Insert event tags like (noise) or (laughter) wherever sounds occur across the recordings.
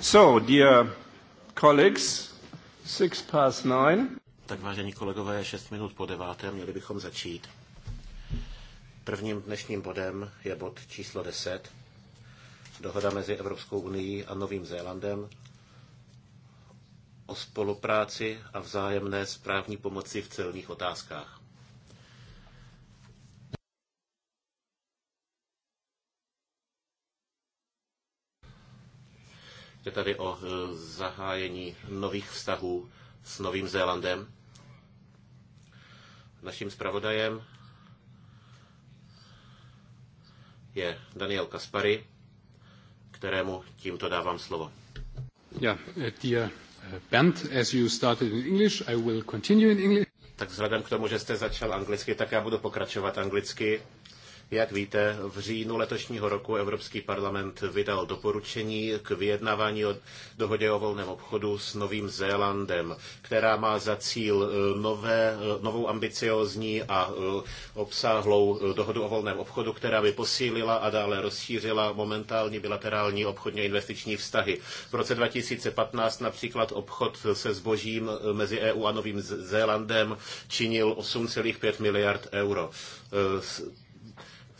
So, dear colleagues, six past nine. Tak vážení kolegové, je 6 minut po deváté, měli bychom začít. Prvním dnešním bodem je bod číslo 10. Dohoda mezi Evropskou unii a Novým Zélandem o spolupráci a vzájemné správní pomoci v celních otázkách. Je tady o e, zahájení nových vztahů s Novým Zélandem. Naším zpravodajem je Daniel Kaspary, kterému tímto dávám slovo. Ja, eh, dear eh, Bernd, as you started in English, I will continue in English. Tak vzhledem k tomu, že jste začal anglicky, tak já budu pokračovat anglicky. Jak víte, v říjnu letošního roku Evropský parlament vydal doporučení k vyjednávání o dohodě o volném obchodu s Novým Zélandem, která má za cíl e, nové, e, novou ambiciózní a e, obsáhlou dohodu o volném obchodu, která by posílila a dále rozšířila momentální bilaterální obchodně investiční vztahy. V roce 2015 například obchod se zbožím mezi EU a Novým Zélandem činil 8,5 miliard euro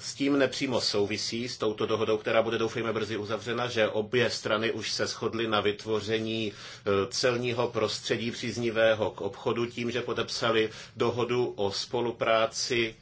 s tím nepřímo souvisí, s touto dohodou, která bude doufejme brzy uzavřena, že obě strany už se shodly na vytvoření e, celního prostředí příznivého k obchodu tím, že podepsali dohodu o spolupráci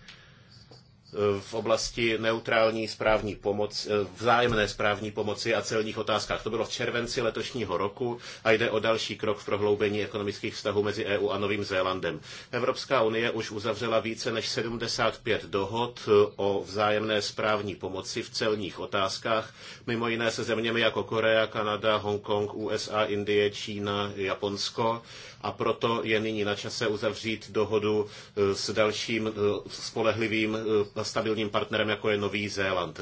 v oblasti neutrální správní pomoc, eh, vzájemné správní pomoci a celních otázkách. To bylo v červenci letošního roku a jde o další krok v prohloubení ekonomických vztahů mezi EU a Novým Zélandem. Evropská unie už uzavřela více než 75 dohod eh, o vzájemné správní pomoci v celních otázkách, mimo jiné se zeměmi jako Korea, Kanada, Hongkong, USA, Indie, Čína, Japonsko a proto je nyní na čase uzavřít dohodu e, s dalším e, spolehlivým a e, stabilním partnerem, jako je Nový Zéland.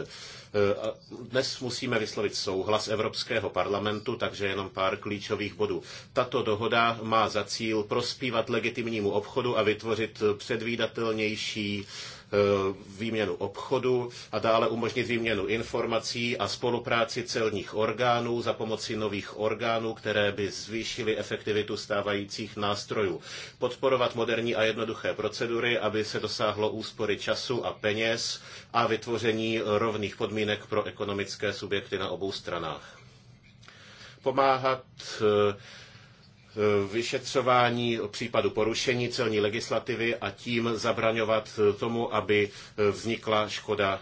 Dnes musíme vyslovit souhlas Evropského parlamentu, takže jenom pár klíčových bodů. Tato dohoda má za cíl prospívat legitimnímu obchodu a vytvořit předvídatelnější Eh, výměnu obchodu a dále umožnit výměnu informací a spolupráci celních orgánů za pomoci nových orgánů, které by zvýšily efektivitu stávajících nástrojů. Podporovat moderní a jednoduché procedury, aby se dosáhlo úspory času a peněz a vytvoření rovných podmínek pro ekonomické subjekty na obou stranách. Pomáhat eh, Eh, vyšetřování případu porušení celní legislativy a tím zabraňovat eh, tomu, aby eh, vznikla škoda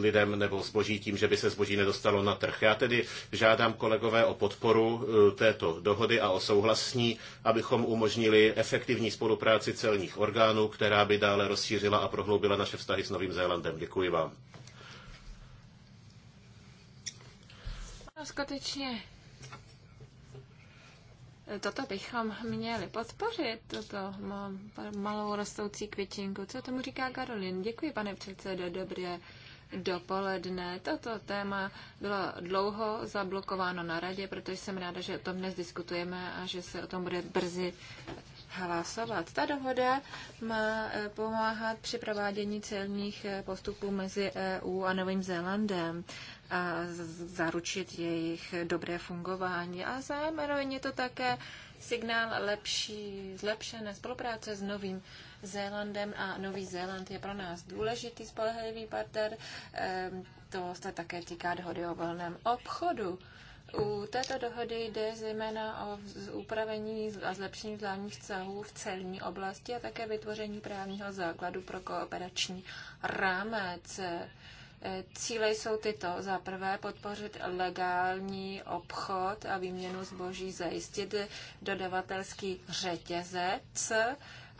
lidem nebo zboží tím, že by se zboží nedostalo na trh. Já tedy žádám kolegové o podporu této dohody a o souhlasní, abychom umožnili efektivní spolupráci celních orgánů, která by dále rozšířila a prohloubila naše vztahy s Novým Zélandem. Děkuji vám. No, skutečně toto bychom měli podpořit, toto malou rostoucí květinku. Co tomu říká Karolin? Děkuji, pane předsedo, dobré dopoledne. Toto téma bylo dlouho zablokováno na radě, protože jsem ráda, že o tom dnes diskutujeme a že se o tom bude brzy hlasovat. Ta dohoda má eh, pomáhat při provádění celních eh, postupů mezi EU a Novým Zélandem a zaručit jejich dobré fungování. A zároveň je to také signál lepší, zlepšené spolupráce s novým Zélandem a Nový Zéland je pro nás důležitý spolehlivý partner. Ehm, to se také týká dohody o volném obchodu. U této dohody jde zejména o upravení a zlepšení vzájemných vztahů v celní oblasti a také vytvoření právního základu pro kooperační rámec. Cíle jsou tyto. Za prvé podpořit legální obchod a výměnu zboží, zajistit dodavatelský řetězec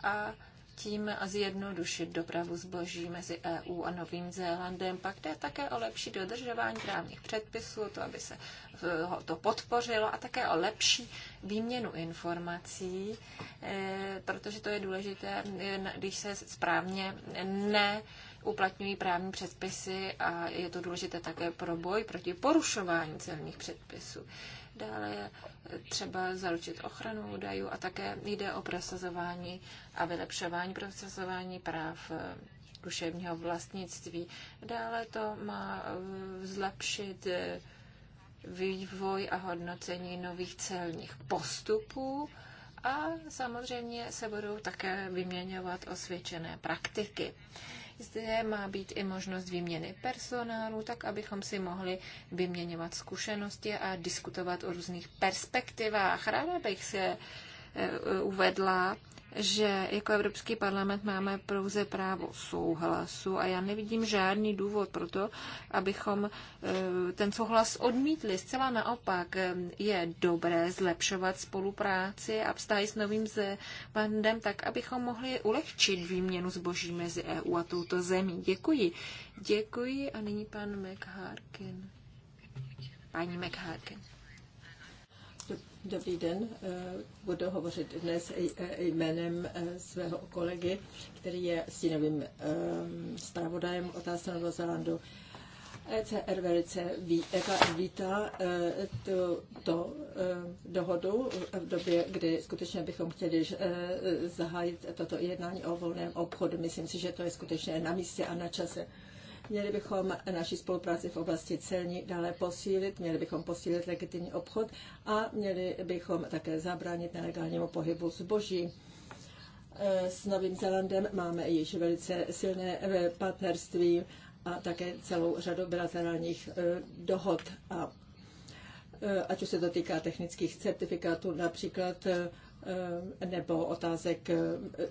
a tím zjednodušit dopravu zboží mezi EU a Novým Zélandem. Pak jde také o lepší dodržování právních předpisů, to, aby se to podpořilo, a také o lepší výměnu informací, eh, protože to je důležité, eh, když se správně ne uplatňují právní předpisy a je to důležité také pro boj proti porušování celních předpisů. Dále je třeba zaručit ochranu údajů a také jde o prosazování a vylepšování prosazování práv eh, duševního vlastnictví. Dále to má eh, zlepšit eh, vývoj a hodnocení nových celních postupů a samozřejmě se budou také vyměňovat osvědčené praktiky. Zde má být i možnost výměny personálu, tak abychom si mohli vyměňovat zkušenosti a diskutovat o různých perspektivách. Ráda bych se eh, eh, uvedla že jako Evropský parlament máme pouze právo souhlasu a já nevidím žádný důvod pro to, abychom e, ten souhlas odmítli. Zcela naopak e, je dobré zlepšovat spolupráci a vztahy s Novým zemandem tak, abychom mohli ulehčit výměnu zboží mezi EU a touto zemí. Děkuji. Děkuji a nyní pan McHarkin. Paní McHarkin. Dobrý den, eh, budu hovořit dnes eh, jménem eh, svého kolegy, který je stínovým zpravodajem otázka Nového Zelandu. ECR velice vítá tu, to dohodu v době, kdy skutečně bychom chtěli zahájit toto jednání o volném obchodu. Myslím si, že to je skutečně na místě a na čase. Měli bychom naši spolupráci v oblasti celní dále posílit, měli bychom posílit legitimní obchod a měli bychom také zabránit nelegálnímu pohybu zboží. E, s Novým Zélandem máme již velice silné e, partnerství a také celou řadu bilaterálních e, dohod a ať už se to týká technických certifikátů například, nebo otázek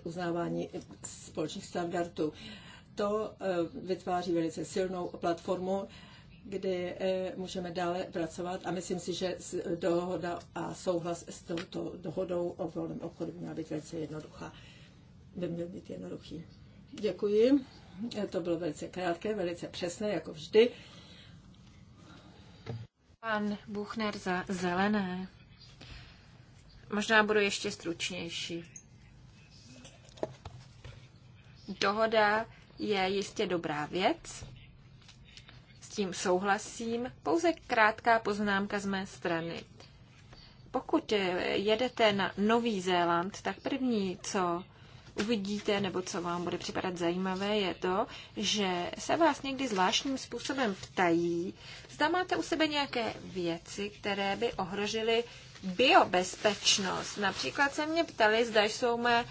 uznávání společných standardů to eh, vytváří velice silnou platformu, kdy eh, můžeme dále pracovat a myslím si, že dohoda a souhlas s touto dohodou o volném obchodu by měla být velice jednoduchá. By měl být jednoduchý. Děkuji. Eh, to bylo velice krátké, velice přesné, jako vždy. Pan Buchner za zelené. Možná budu ještě stručnější. Dohoda je jistě dobrá věc. S tím souhlasím. Pouze krátká poznámka z mé strany. Pokud jedete na Nový Zéland, tak první, co uvidíte, nebo co vám bude připadat zajímavé, je to, že se vás někdy zvláštním způsobem ptají, zda máte u sebe nějaké věci, které by ohrožily biobezpečnost. Například se mě ptali, zda jsou mé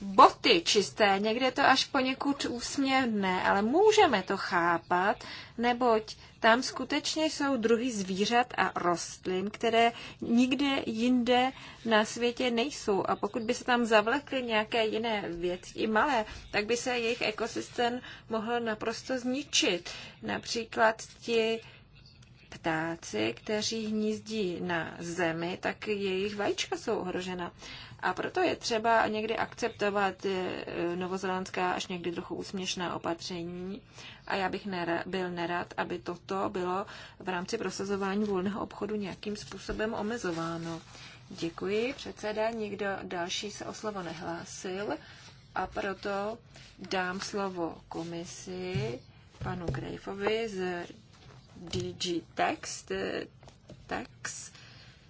boty čisté. někde je to až poněkud úsměvné, ale můžeme to chápat, neboť tam skutečně jsou druhy zvířat a rostlin, které nikde jinde na světě nejsou. A pokud by se tam zavlekly nějaké jiné věci, i malé, tak by se jejich ekosystém mohl naprosto zničit. Například ti ptáci, kteří hnízdí na zemi, tak jejich vajíčka jsou ohrožena. A proto je třeba někdy akceptovat eh, novozelandská až někdy trochu úsměšná opatření. A já bych nera, byl nerad, aby toto bylo v rámci prosazování volného obchodu nějakým způsobem omezováno. Děkuji, předseda. Nikdo další se o slovo nehlásil a proto dám slovo komisi panu Grejfovi z DG Text, eh, Text,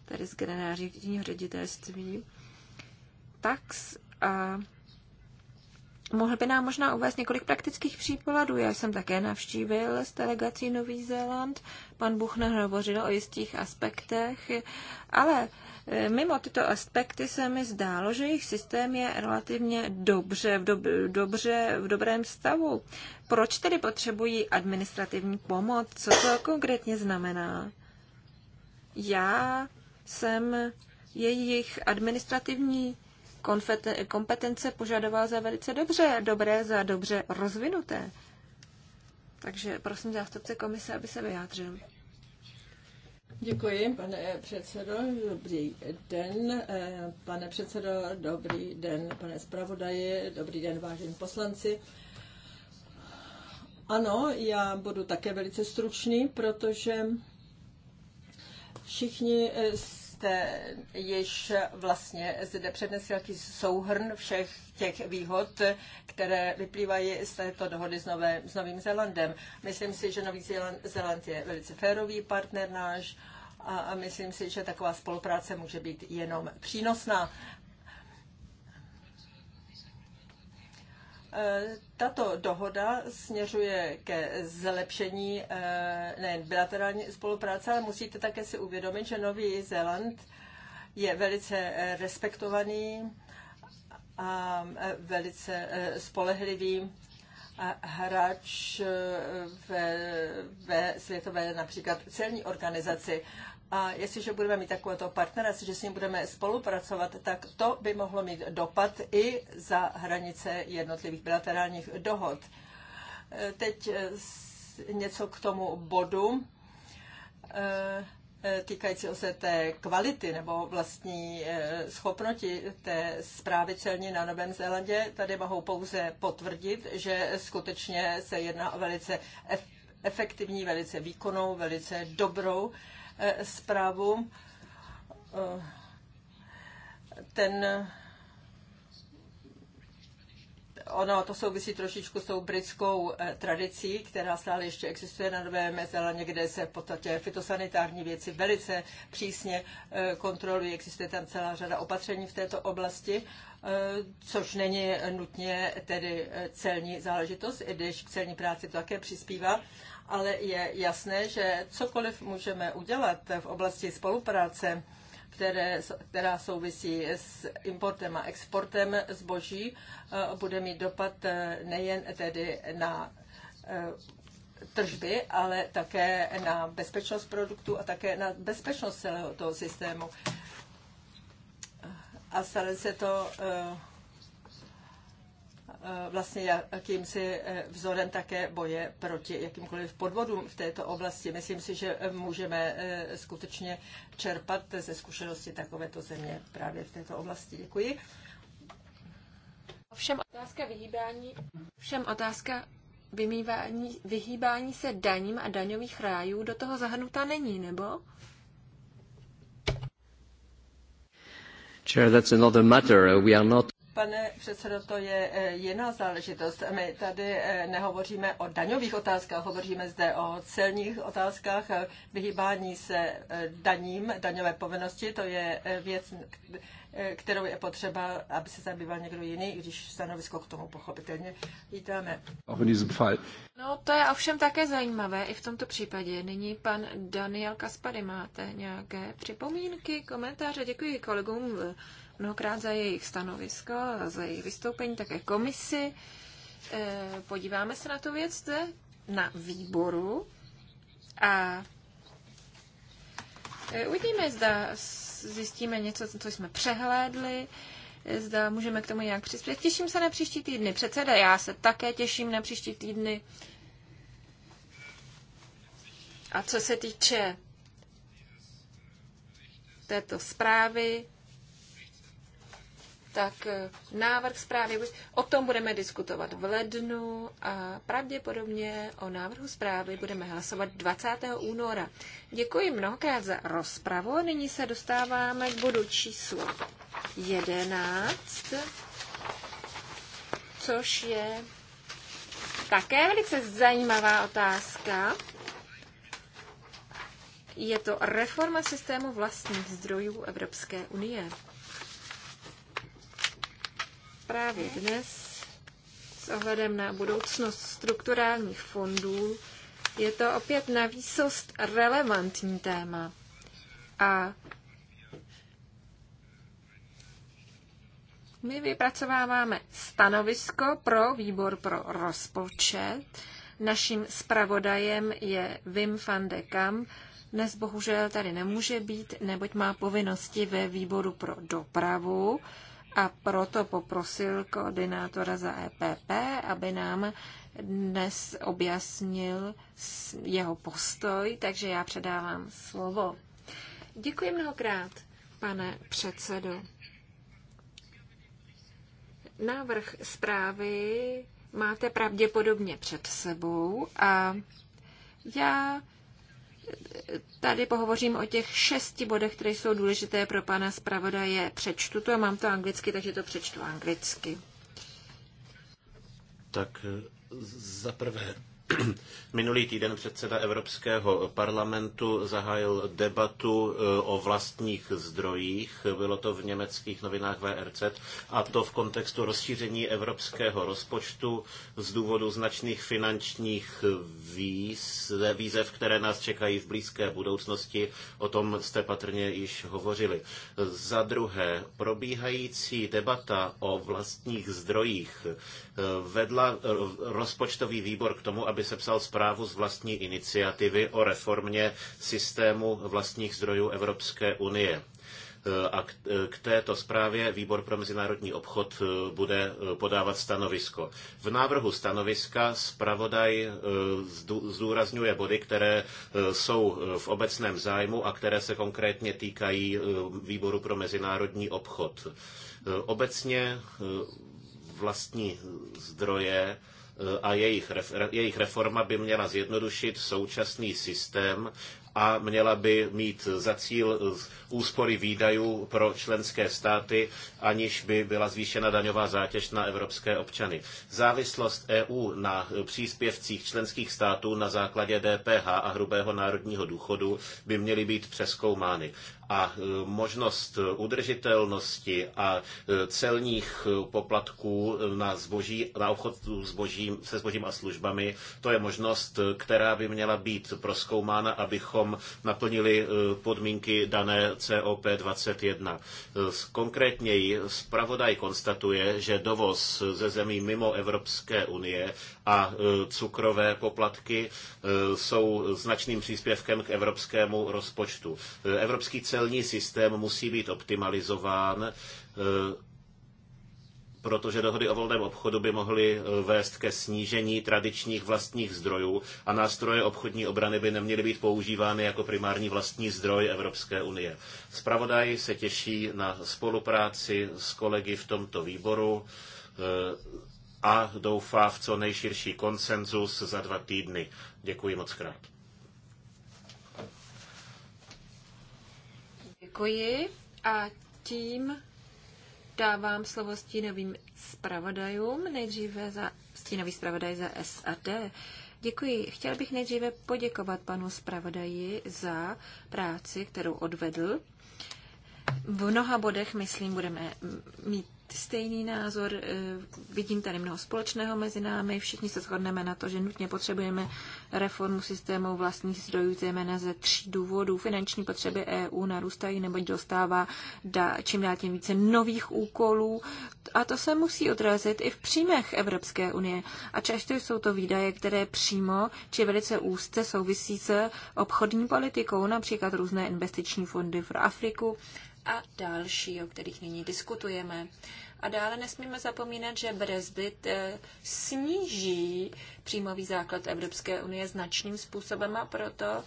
tady z generálního ředitelství tax a mohl by nám možná uvést několik praktických případů. Já jsem také navštívil s delegací Nový Zéland. Pan Buchner hovořil o jistých aspektech, ale e, mimo tyto aspekty se mi zdálo, že jejich systém je relativně dobře, v, dob, dobře, v dobrém stavu. Proč tedy potřebují administrativní pomoc? Co to konkrétně znamená? Já jsem jejich administrativní kompetence požadoval za velice dobře, dobré za dobře rozvinuté. Takže prosím zástupce komise, aby se vyjádřil. Děkuji, pane předsedo. Dobrý den, eh, pane předsedo, dobrý den, pane zpravodaji, dobrý den, vážení poslanci. Ano, já budu také velice stručný, protože všichni jste již vlastně zde přednesl jaký souhrn všech těch výhod, které vyplývají z této dohody s, nové, s Novým Zélandem. Myslím si, že Nový Zéland, je velice férový partner náš a, a myslím si, že taková spolupráce může být jenom přínosná. Tato dohoda směřuje ke zlepšení eh, nejen bilaterální spolupráce, ale musíte také si uvědomit, že Nový Zéland je velice eh, respektovaný a eh, velice spolehlivý hráč ve, ve světové například celní organizaci. A jestliže budeme mít takového partnera, jestliže s ním budeme spolupracovat, tak to by mohlo mít dopad i za hranice jednotlivých bilaterálních dohod. E, teď e, něco k tomu bodu e, týkajícího se té kvality nebo vlastní schopnosti té zprávy celní na Novém Zélandě. Tady mohou pouze potvrdit, že skutečně se jedná o velice efektivní, velice výkonnou, velice dobrou Eh, zprávu. Eh, ten ono to souvisí trošičku s tou britskou eh, tradicí, která stále ještě existuje na Novém Zélandě, někde se v podstatě fitosanitární věci velice přísně kontrolují. Existuje tam celá řada opatření v této oblasti, což není nutně tedy celní záležitost, i když k celní práci to také přispívá ale je jasné, že cokoliv můžeme udělat v oblasti spolupráce, které, která souvisí s importem a exportem zboží, eh, bude mít dopad eh, nejen tedy na eh, tržby, ale také na bezpečnost produktů a také na bezpečnost celého toho systému. A stále se to Eh, vlastně jakýmsi eh, vzorem také boje proti jakýmkoliv podvodům v této oblasti. Myslím si, že můžeme eh, skutečně čerpat ze zkušenosti takovéto země právě v této oblasti. Děkuji. Všem otázka vyhýbání, všem otázka vymývání, vyhýbání se daním a daňových rájů do toho zahrnutá není, nebo? Chair, that's another matter. We are not Pane předsedo, to je e, jiná záležitost. My tady e, nehovoříme o daňových otázkách, hovoříme zde o celních otázkách, e, vyhýbání se daním, daňové povinnosti. To je věc, kterou je potřeba, aby se zabýval někdo jiný, i když stanovisko k tomu pochopitelně vítáme. No, to je ovšem také zajímavé i v tomto případě. Nyní pan Daniel Kaspary, máte nějaké připomínky, komentáře? Děkuji kolegům mnohokrát za jejich stanovisko, za jejich vystoupení, také komisi. E, podíváme se na tu věc zde na výboru a e, uvidíme, zda zjistíme něco, co jsme přehlédli, zda můžeme k tomu nějak přispět. Těším se na příští týdny. Předseda, já se také těším na příští týdny. A co se týče této zprávy, tak e, návrh zprávy, o tom budeme diskutovat v lednu a pravděpodobně o návrhu zprávy budeme hlasovat 20. února. Děkuji mnohokrát za rozpravu. Nyní se dostáváme k bodu číslo 11, což je také velice zajímavá otázka. Je to reforma systému vlastních zdrojů Evropské unie právě dnes s ohledem na budoucnost strukturálních fondů je to opět na výsost relevantní téma. A my vypracováváme stanovisko pro výbor pro rozpočet. Naším zpravodajem je Wim van de Kamp. Dnes bohužel tady nemůže být, neboť má povinnosti ve výboru pro dopravu a proto poprosil koordinátora za EPP, aby nám dnes objasnil jeho postoj, takže já předávám slovo. Děkuji mnohokrát, pane předsedo. Návrh zprávy máte pravděpodobně před sebou a já tady pohovořím o těch šesti bodech, které jsou důležité pro pana zpravodaje. Přečtu to a mám to anglicky, takže to přečtu anglicky. Tak za prvé (clears throat) Minulý týden předseda Evropského parlamentu zahájil debatu eh, o vlastních zdrojích, bylo to v německých novinách VRC, a to v kontextu rozšíření evropského rozpočtu z důvodu značných finančních výz, eh, výzev, které nás čekají v blízké budoucnosti. O tom jste patrně již hovořili. Za druhé, probíhající debata o vlastních zdrojích eh, vedla rozpočtový výbor k tomu, aby sepsal zprávu z vlastní iniciativy o reformě systému vlastních zdrojů Evropské unie. E, a e, k této zprávě výbor pro mezinárodní obchod e, bude podávat stanovisko. V návrhu stanoviska zpravodaj zdůrazňuje body, které jsou v obecném zájmu a které se konkrétně týkají výboru pro mezinárodní obchod. Obecně vlastní zdroje a jejich, jejich reforma by měla zjednodušit současný systém a měla by mít za cíl eh, úspory výdajů pro členské státy, aniž by byla zvýšena daňová zátěž na evropské občany. Závislost EU na eh, příspěvcích členských států na základě DPH a hrubého národního důchodu by měly být přeskoumány a e, možnost udržitelnosti a e, celních e, poplatků na, zboží, na obchod zbožím, se zbožím a službami, to je možnost, která by měla být proskoumána, abychom naplnili podmínky dané COP21. Konkrétněji zpravodaj konstatuje, že dovoz ze zemí mimo Evropské unie a e, cukrové poplatky e, jsou značným příspěvkem k evropskému rozpočtu. E, evropský celní systém musí být optimalizován protože dohody o volném obchodu by mohly vést ke snížení tradičních vlastních zdrojů a nástroje obchodní obrany by neměly být používány jako primární vlastní zdroj Evropské unie. Spravodaj se těší na spolupráci s kolegy v tomto výboru a doufá v co nejširší konsenzus za dva týdny. Děkuji moc krát. Děkuji a tím dávám slovo stínovým zpravodajům, nejdříve za stínový zpravodaj za SAD. Děkuji. Chtěl bych nejdříve poděkovat panu zpravodaji za práci, kterou odvedl. V mnoha bodech, myslím, budeme mít stejný názor, e, vidím tady mnoho společného mezi námi, všichni se shodneme na to, že nutně potřebujeme reformu systému vlastních zdrojů, zejména ze tří důvodů. Finanční potřeby EU narůstají, neboť dostává čím dál tím více nových úkolů a to se musí odrazit i v příjmech Evropské unie. A často jsou to výdaje, které přímo či velice úzce souvisí se obchodní politikou, například různé investiční fondy pro Afriku a další, o kterých nyní diskutujeme. A dále nesmíme zapomínat, že Brexit eh, sníží příjmový základ Evropské unie značným způsobem a proto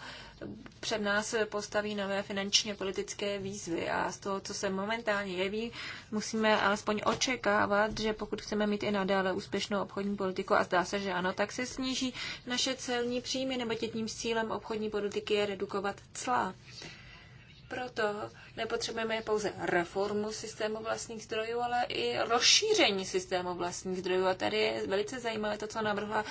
před nás postaví nové finančně politické výzvy. A z toho, co se momentálně jeví, musíme alespoň očekávat, že pokud chceme mít i nadále úspěšnou obchodní politiku, a zdá se, že ano, tak se sníží naše celní příjmy, nebo tím cílem obchodní politiky je redukovat cla. Proto nepotřebujeme pouze reformu systému vlastních zdrojů, ale i rozšíření systému vlastních zdrojů. A tady je velice zajímavé to, co navrhla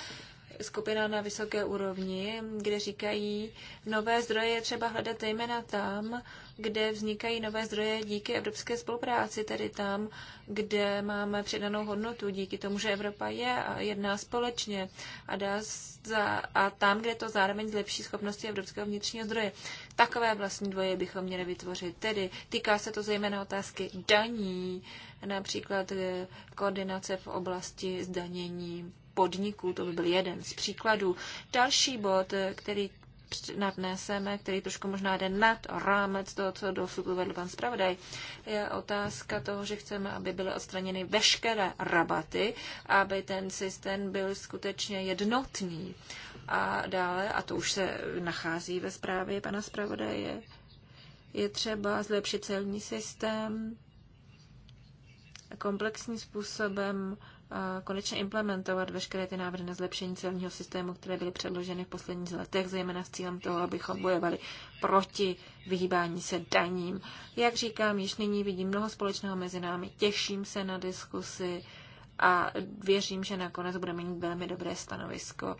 skupina na vysoké úrovni, kde říkají, nové zdroje je třeba hledat zejména tam, kde vznikají nové zdroje díky evropské spolupráci, tedy tam, kde máme přidanou hodnotu díky tomu, že Evropa je a jedná společně a, dá za, a tam, kde to zároveň zlepší schopnosti evropského vnitřního zdroje. Takové vlastní dvoje bychom měli vytvořit. Tedy týká se to zejména otázky daní, například eh, koordinace v oblasti zdanění podniků, to by byl jeden z příkladů. Další bod, eh, který nadneseme, který trošku možná jde nad rámec toho, co dosud uvedl pan zpravodaj, je otázka toho, že chceme, aby byly odstraněny veškeré rabaty, aby ten systém byl skutečně jednotný. A dále, a to už se nachází ve zprávě pana zpravodaje, je třeba zlepšit celní systém komplexním způsobem konečně implementovat veškeré ty návrhy na zlepšení celního systému, které byly předloženy v posledních letech, zejména s cílem toho, abychom bojovali proti vyhýbání se daním. Jak říkám, již nyní vidím mnoho společného mezi námi, těším se na diskusi a věřím, že nakonec budeme mít velmi dobré stanovisko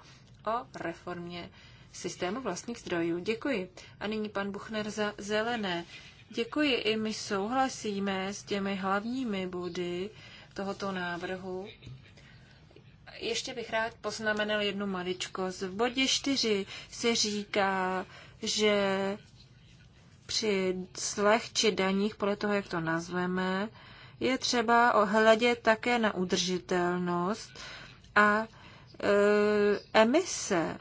o reformě systému vlastních zdrojů. Děkuji. A nyní pan Buchner za zelené. Děkuji, i my souhlasíme s těmi hlavními body, tohoto návrhu. Ještě bych rád poznamenal jednu maličkost. V bodě 4 se říká, že při slech či daních, podle toho, jak to nazveme, je třeba ohledět také na udržitelnost a e, emise,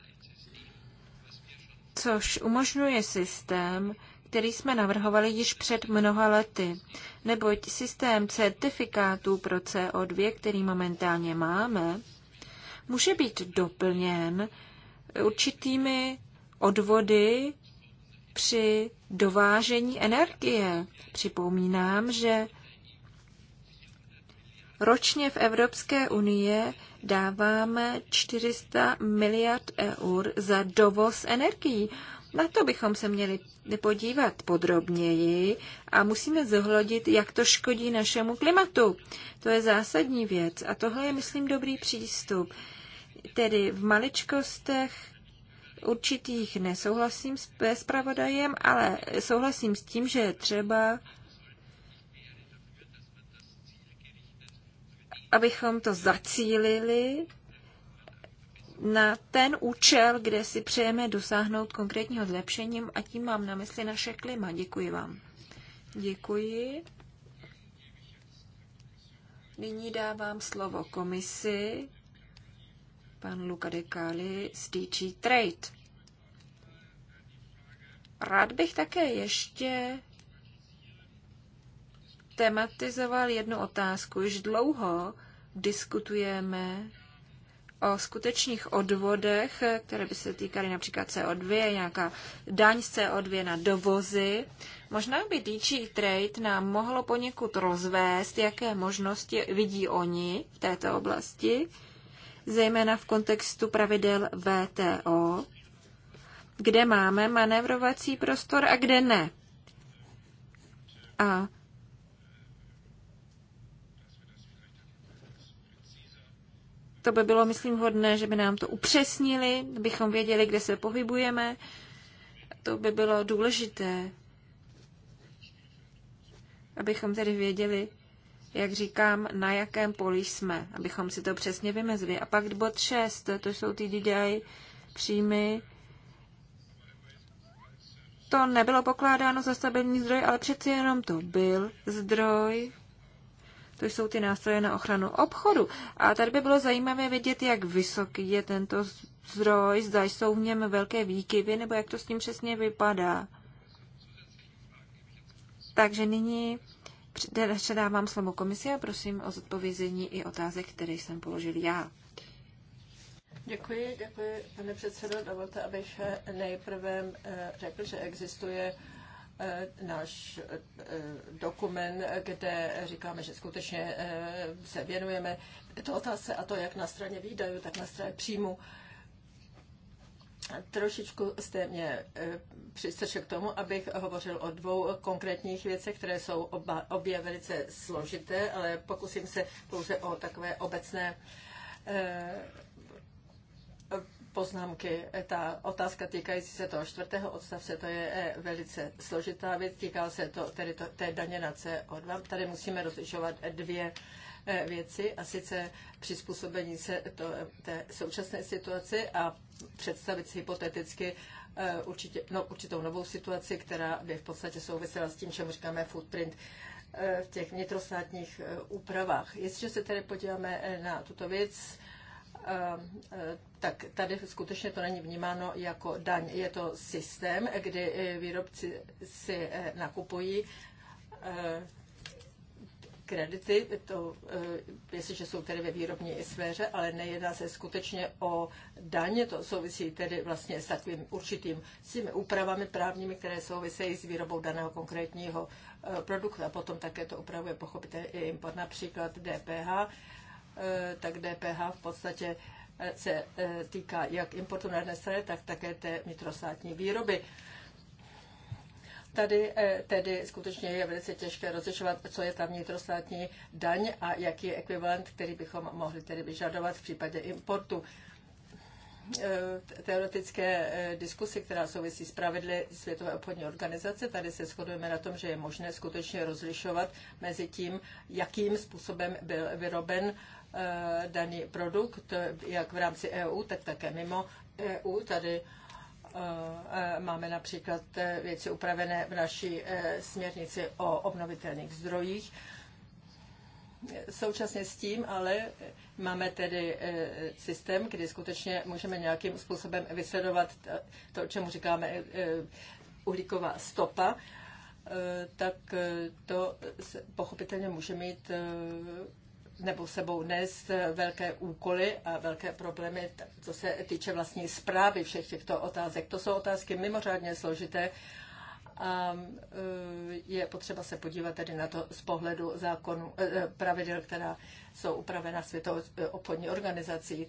což umožňuje systém, který jsme navrhovali již před mnoha lety, neboť systém certifikátů pro CO2, který momentálně máme, může být doplněn určitými odvody při dovážení energie. Připomínám, že ročně v Evropské unii dáváme 400 miliard eur za dovoz energií. Na to bychom se měli podívat podrobněji a musíme zohlodit, jak to škodí našemu klimatu. To je zásadní věc a tohle je, myslím, dobrý přístup. Tedy v maličkostech určitých nesouhlasím s zpravodajem, ale souhlasím s tím, že je třeba abychom to zacílili na ten účel, kde si přejeme dosáhnout konkrétního zlepšení a tím mám na mysli naše klima. Děkuji vám. Děkuji. Nyní dávám slovo komisi, pan Luka Dekali z DG Trade. Rád bych také ještě tematizoval jednu otázku. Již dlouho diskutujeme o skutečných odvodech, které by se týkaly například CO2, nějaká daň z CO2 na dovozy. Možná by DG Trade nám mohlo poněkud rozvést, jaké možnosti vidí oni v této oblasti, zejména v kontextu pravidel VTO, kde máme manevrovací prostor a kde ne. A to by bylo, myslím, hodné, že by nám to upřesnili, abychom věděli, kde se pohybujeme. To by bylo důležité, abychom tedy věděli, jak říkám, na jakém poli jsme, abychom si to přesně vymezili. A pak bod 6, to jsou ty DDI příjmy. To nebylo pokládáno za stabilní zdroj, ale přeci jenom to byl zdroj to jsou ty nástroje na ochranu obchodu. A tady by bylo zajímavé vidět, jak vysoký je tento zdroj, zda jsou v něm velké výkyvy, nebo jak to s tím přesně vypadá. Takže nyní předávám slovo komisi a prosím o zodpovězení i otázek, které jsem položil já. Děkuji, děkuji, pane předsedo. Dovolte, abych nejprve eh, řekl, že existuje Eh, náš eh, eh, dokument, kde říkáme, že skutečně se věnujeme to otázce a to jak na straně výdajů, tak na straně příjmu. Trošičku jste mě přistrčil k tomu, abych hovořil o dvou konkrétních věcech, které jsou oba, obě velice složité, ale pokusím se pouze o takové obecné poznámky. Ta otázka týkající se toho čtvrtého odstavce, to je eh, velice složitá věc. Týká se to tedy to, té daně na CO2. Tady musíme rozlišovat dvě eh, věci, a sice přizpůsobení se to, eh, té současné situaci a představit si hypoteticky určitě, no, určitou novou situaci, která by v podstatě souvisela s tím, čemu říkáme footprint v těch vnitrostátních úpravách. Jestliže se tedy podíváme na tuto věc, Eh, tak tady skutečně to není vnímáno jako daň. Je to systém, kdy eh, výrobci si eh, nakupují kredity, to, jestliže jsou tedy ve výrobní sféře, ale nejedná se skutečně o daně, to souvisí tedy vlastně s takovým určitým, s těmi úpravami právními, které souvisejí s výrobou daného konkrétního produktu a potom také to upravuje pochopitelně i import, například DPH Eh, tak DPH v podstatě eh, se eh, týká jak importu na jedné straně, tak také té vnitrostátní výroby. Tady tedy skutečně je velice těžké rozlišovat, co je ta vnitrostátní daň a jaký je ekvivalent, který bychom mohli tedy vyžadovat v případě importu teoretické diskusy, která souvisí s pravidly Světové obchodní organizace. Tady se shodujeme na tom, že je možné skutečně rozlišovat mezi tím, jakým způsobem byl vyroben Eh, daný produkt, jak v rámci EU, tak také mimo EU. Tady eh, eh, máme například věci upravené v naší směrnici o obnovitelných zdrojích. Současně s tím ale máme tedy systém, kdy skutečně můžeme nějakým způsobem vysledovat to, čemu říkáme uhlíková stopa, tak to pochopitelně může mít nebo sebou nést velké úkoly a velké problémy, co se týče vlastní zprávy všech těchto otázek. To jsou otázky mimořádně složité a e, je potřeba se podívat tedy na to z pohledu zákonu, e, e, pravidel, která jsou upravena Světovou obchodní organizací.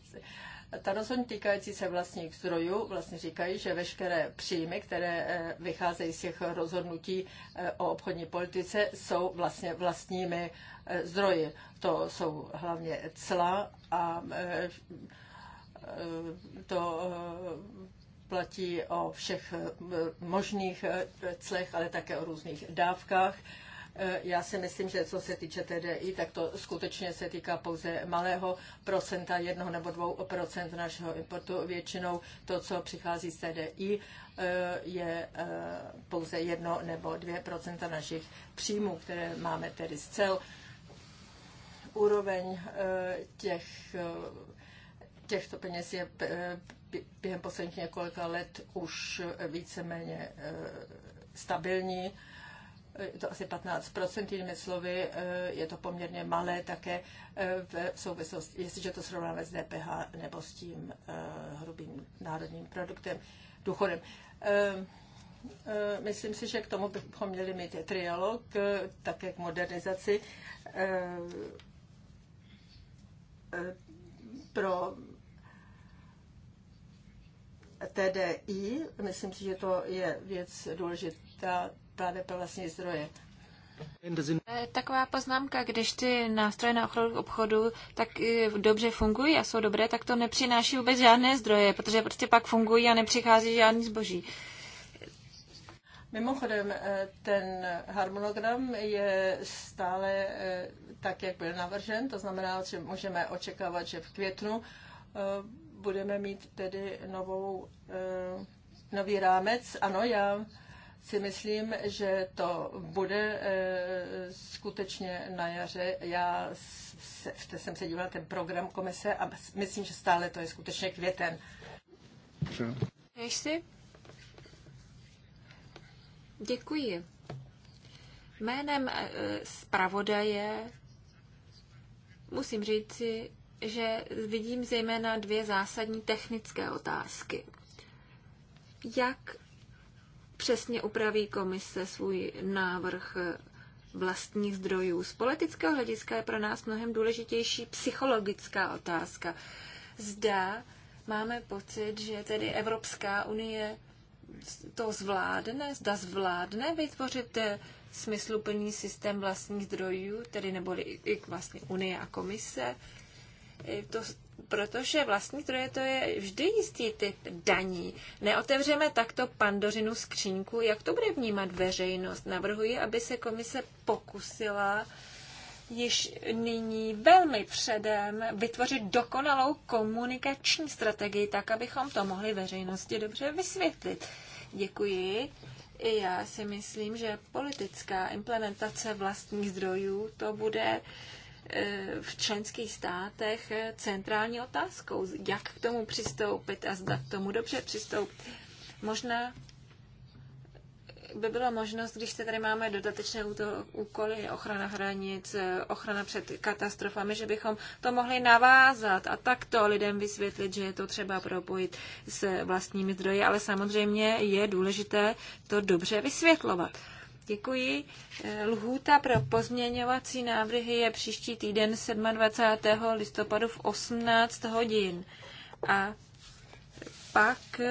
Ta rozhodně týkající se vlastních zdrojů vlastně říkají, že veškeré příjmy, které eh, vycházejí z těch rozhodnutí eh, o obchodní politice, jsou vlastně vlastními eh, zdroji. To jsou hlavně cla a to platí o všech možných clech, ale také o různých dávkách Eh, já si myslím, že co se týče TDI, tak to skutečně se týká pouze malého procenta, jednoho nebo dvou procent našeho importu. Většinou to, co přichází z TDI, eh, je eh, pouze jedno nebo dvě procenta našich příjmů, které máme tedy z cel. Úroveň těch, těchto peněz je během posledních několika let už víceméně stabilní je to asi 15%, jinými slovy, eh, je to poměrně malé také eh, v souvislosti, jestliže to srovnáme s DPH nebo s tím eh, hrubým národním produktem, důchodem. Ehm, myslím si, že k tomu bychom měli mít trialog, také k modernizaci pro TDI. Myslím si, že to je věc důležitá pladeb pro vlastní zdroje. Eh, taková poznámka, když ty nástroje na ochranu obchodu tak eh, dobře fungují a jsou dobré, tak to nepřináší vůbec žádné zdroje, protože prostě pak fungují a nepřichází žádný zboží. Mimochodem, eh, ten harmonogram je stále tak, jak byl navržen, to znamená, že můžeme očekávat, že v květnu budeme mít tedy novou, nový rámec. Ano, já si myslím, že to bude eh, skutečně na jaře. Já se, jsem se dívala ten program komise a myslím, že stále to je skutečně květen. Ještě? Děkuji. Jménem eh, zpravodaje musím říci, že vidím zejména dvě zásadní technické otázky. Jak přesně upraví komise svůj návrh vlastních zdrojů. Z politického hlediska je pro nás mnohem důležitější psychologická otázka. Zda máme pocit, že tedy Evropská unie to zvládne, zda zvládne vytvořit eh, smysluplný systém vlastních zdrojů, tedy neboli i vlastně Unie a komise, to, protože vlastní je to je vždy jistý typ daní. Neotevřeme takto pandořinu skřínku, jak to bude vnímat veřejnost. Navrhuji, aby se komise pokusila již nyní velmi předem vytvořit dokonalou komunikační strategii, tak abychom to mohli veřejnosti dobře vysvětlit. Děkuji. I já si myslím, že politická implementace vlastních zdrojů to bude uh, E, v členských státech e, centrální otázkou, jak k tomu přistoupit a zda k tomu dobře přistoupit. Možná by byla možnost, když se tady máme dodatečné úkoly, ochrana hranic, e, ochrana před katastrofami, že bychom to mohli navázat a takto lidem vysvětlit, že je to třeba propojit s vlastními zdroji, ale samozřejmě je důležité to dobře vysvětlovat. Děkuji. E, lhůta pro pozměňovací návrhy je příští týden 27. listopadu v 18 hodin. A pak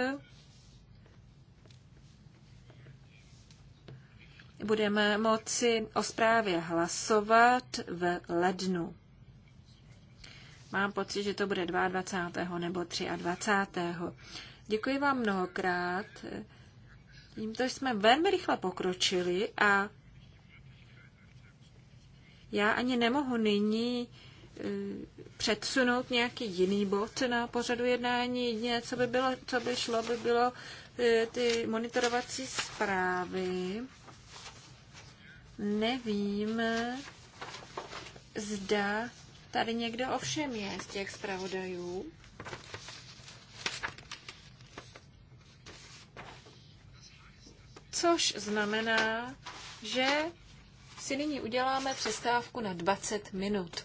budeme moci o zprávě hlasovat v lednu. Mám pocit, že to bude 22. nebo 23. Děkuji vám mnohokrát. Tímto jsme velmi rychle pokročili a já ani nemohu nyní e, předsunout nějaký jiný bod na pořadu jednání. Jediné, co by, bylo, co by šlo, by bylo e, ty monitorovací zprávy. Nevím, zda tady někdo ovšem je z těch zpravodajů. což znamená, že si nyní uděláme přestávku na 20 minut.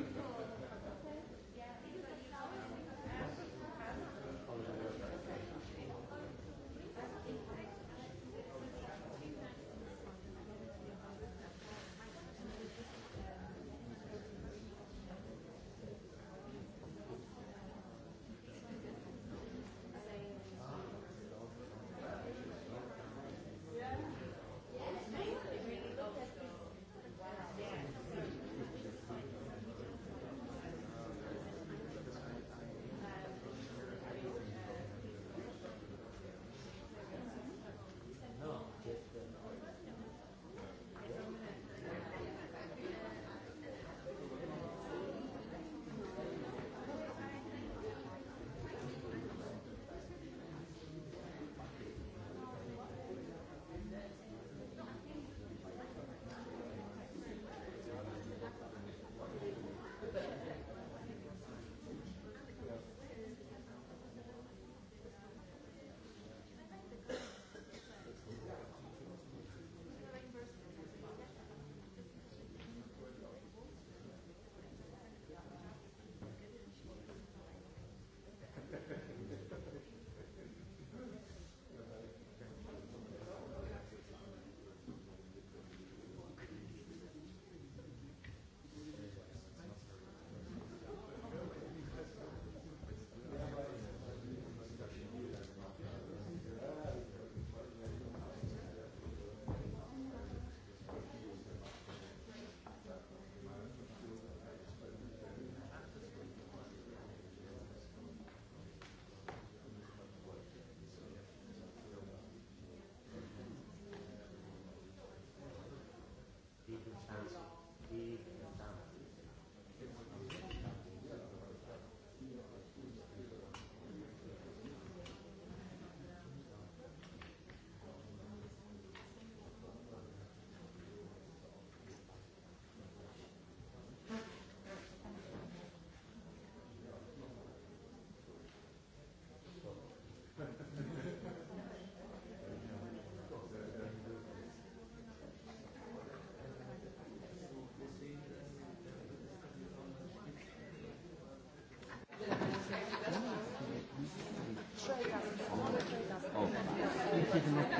give him a because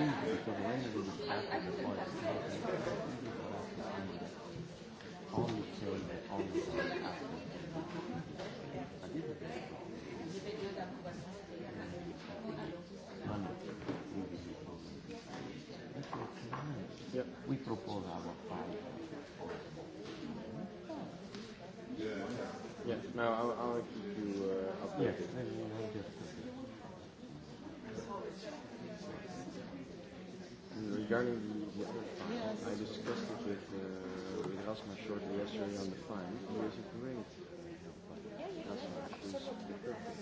when he was the after. I did Yep. We propose our five. Yeah. Yeah. No, I'll, I'll keep you uh, updated. Yeah. regarding the, the other fine, I discussed it with, uh, with Rasmus shortly yesterday on the fine. He was a great yeah, yeah, Rasmus. is absolutely. perfect.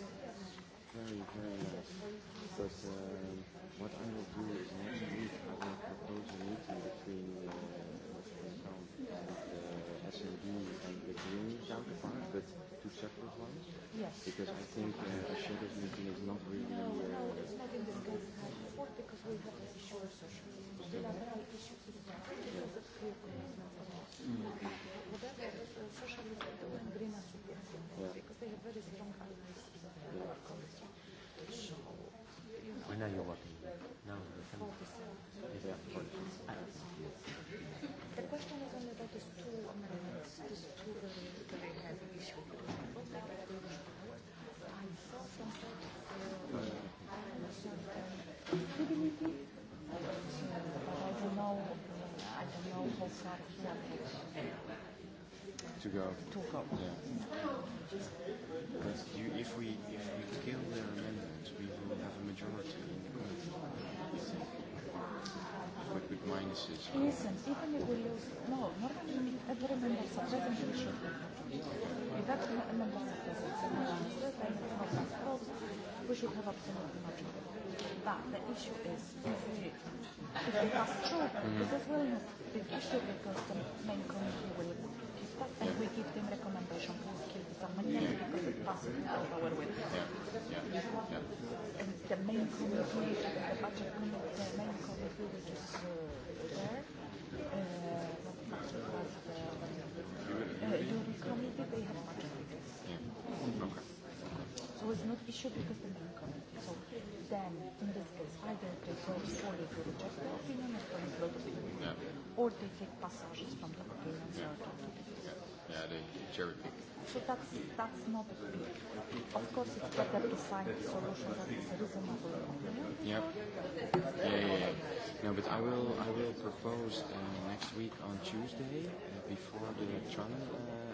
Very, very nice. But um, what I will do is next week I will propose a meeting between uh, the uh, S&D and the Green counterpart, but two separate ones. Yes. Because I think uh, a shadow meeting is not really... Uh, no, uh, no, it's not in the because we have To go. To go. Yeah. But you, if we if we kill their amendment, we will have a majority in the committee. But with minuses. Listen, even if we lose, no, not only every member state doesn't should. If that member state doesn't we should have absolute majority. No But the issue is, if we, if we pass through, mm. this is willingness the issue because the main committee will take that and we give them recommendation to kill this amendment because it passes out of our will. Yeah. Yeah. Yeah. And the main committee, the budget committee, the main committee which is uh, there, uh, not budget, but the uh, UV committee, they have budget figures. Yeah. Okay. So it's not issue because the main committee. So then, in this case, either they go fully to reject the opinion or to include the opinion. Yeah all they take passages from the European yeah. Circle. Yeah. yeah, So that's, that's not big. Of course, it's better to find a solution that is reasonable. Yeah. Yeah, yeah, yeah. No, but I will, I will propose uh, next week on Tuesday uh, before the Tran uh,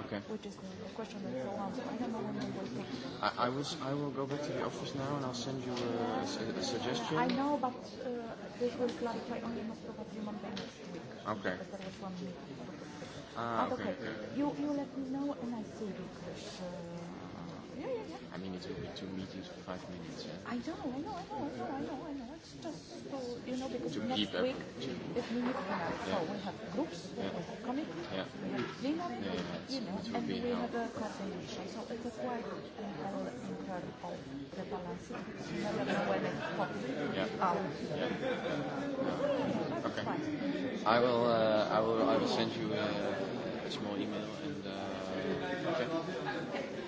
Okay. Which is the question that you want? I don't know when we will take I, was, I will go back to the office now and I'll send you a, a, a suggestion. I know, but uh, this will clarify only most probably Monday next week. Okay. Because there was one Ah, okay. okay. You, you let me know and I see because... Uh, Yeah, yeah, yeah. I mean, it's only two meetings for five minutes. Yeah? I know, I know, I know, I know, I know, I know. It's just so you know because to next keep week to... it we have yeah. so we have groups, yeah. we have committees, yeah. we have plenary, yeah, yeah, you know, and we help. have a coordination. So it is quite important in terms of the balancing. You never know when it pops yeah. out. Yeah. Yeah. Yeah. Okay. Fine. I will. Uh, I will. I will send you a, a small email and. Uh, okay. okay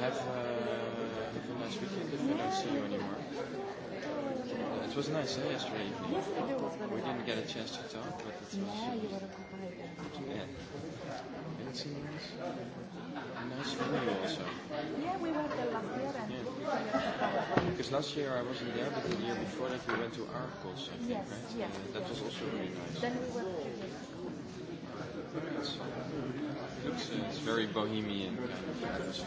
have, uh, have a nice weekend if I don't see you anymore. It was nice eh, yesterday evening. Yes, it was We didn't get a chance to talk, but it was. yeah, you were occupied. Yeah. It's a nice venue also. Yeah, we were there last year and. Yeah. Because last year I wasn't there, but the year before that we went to Arcos, I think, yes, right? Yes. Uh, that yes. was also really nice. Then we went to. Yes. Looks, uh, it's very bohemian kind uh, of atmosphere.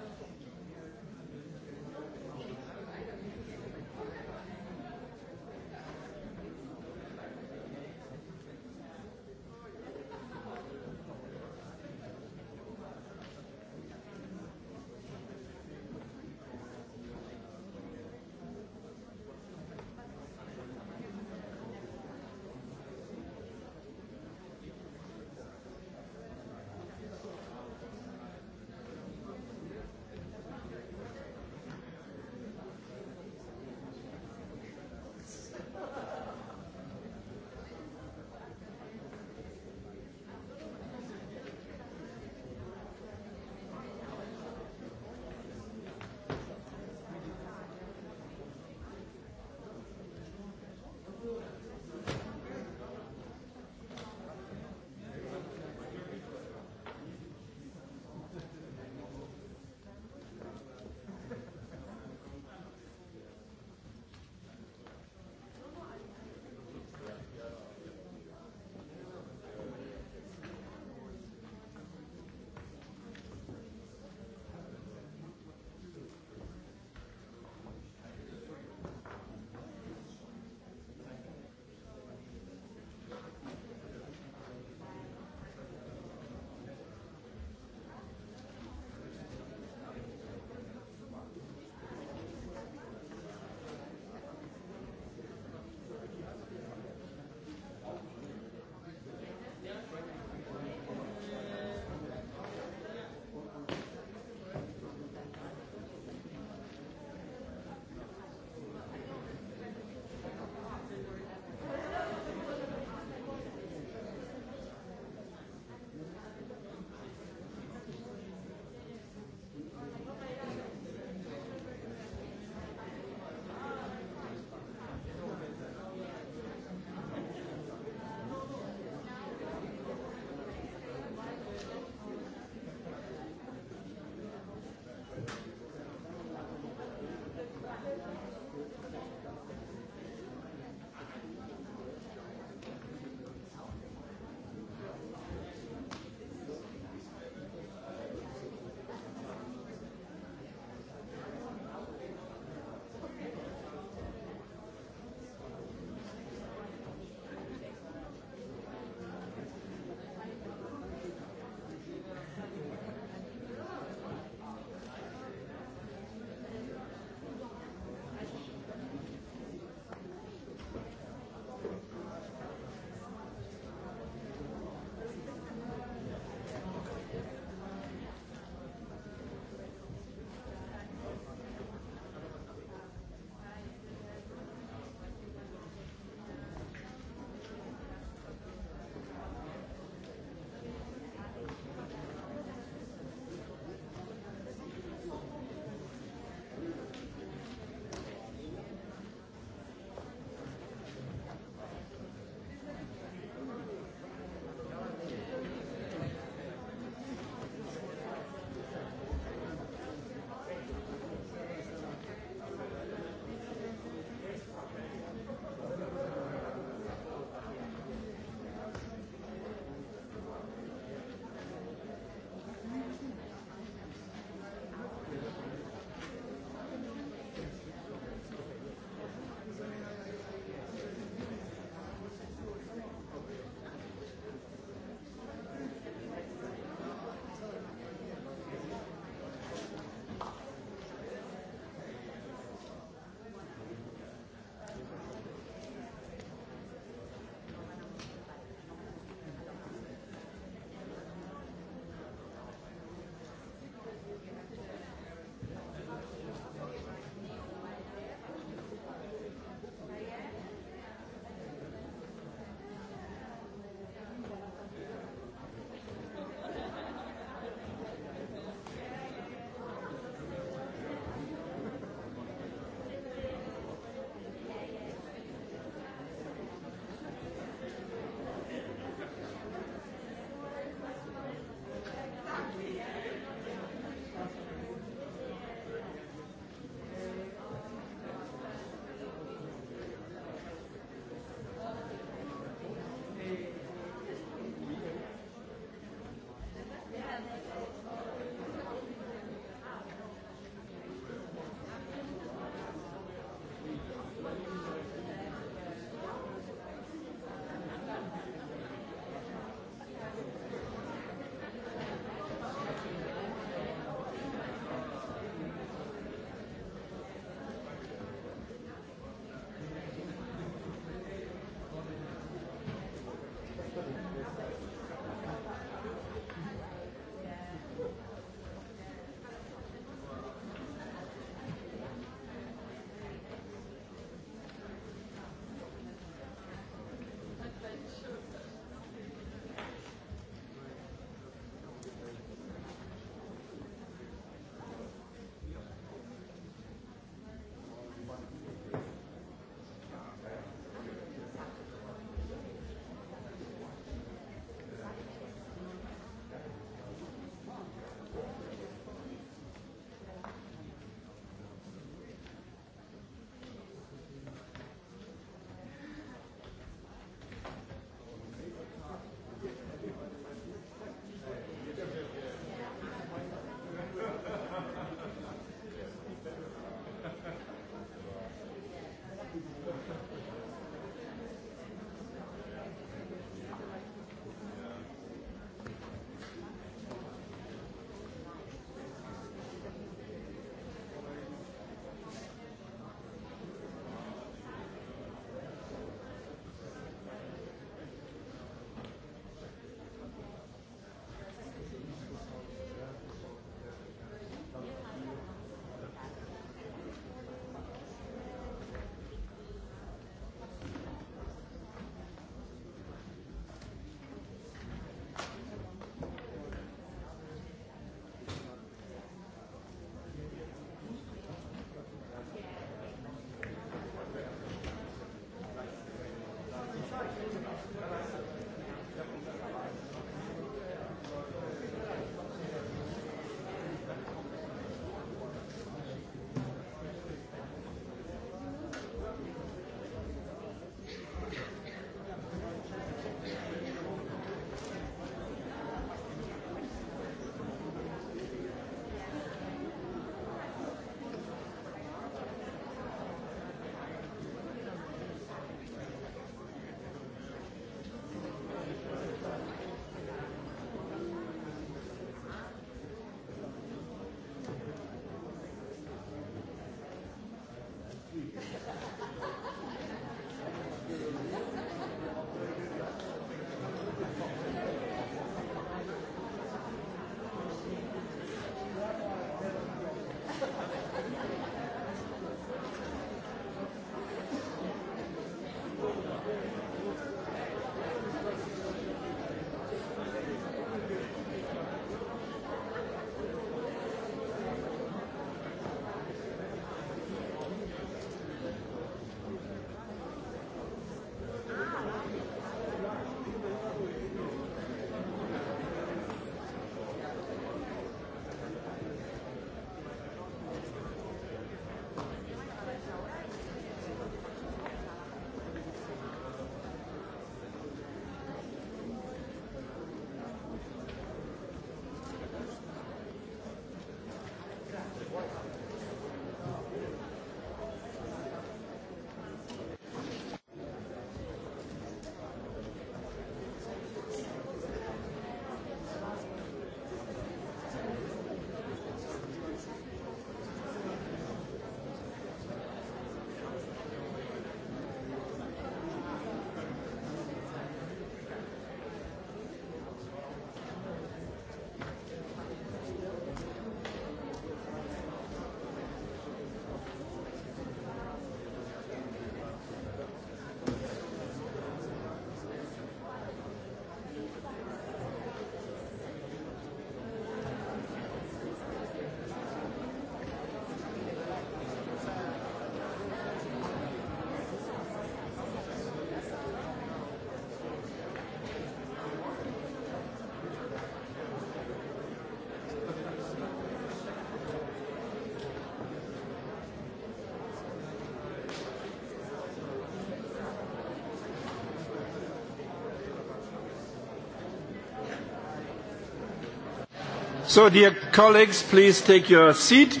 So, dear colleagues, please take your seat.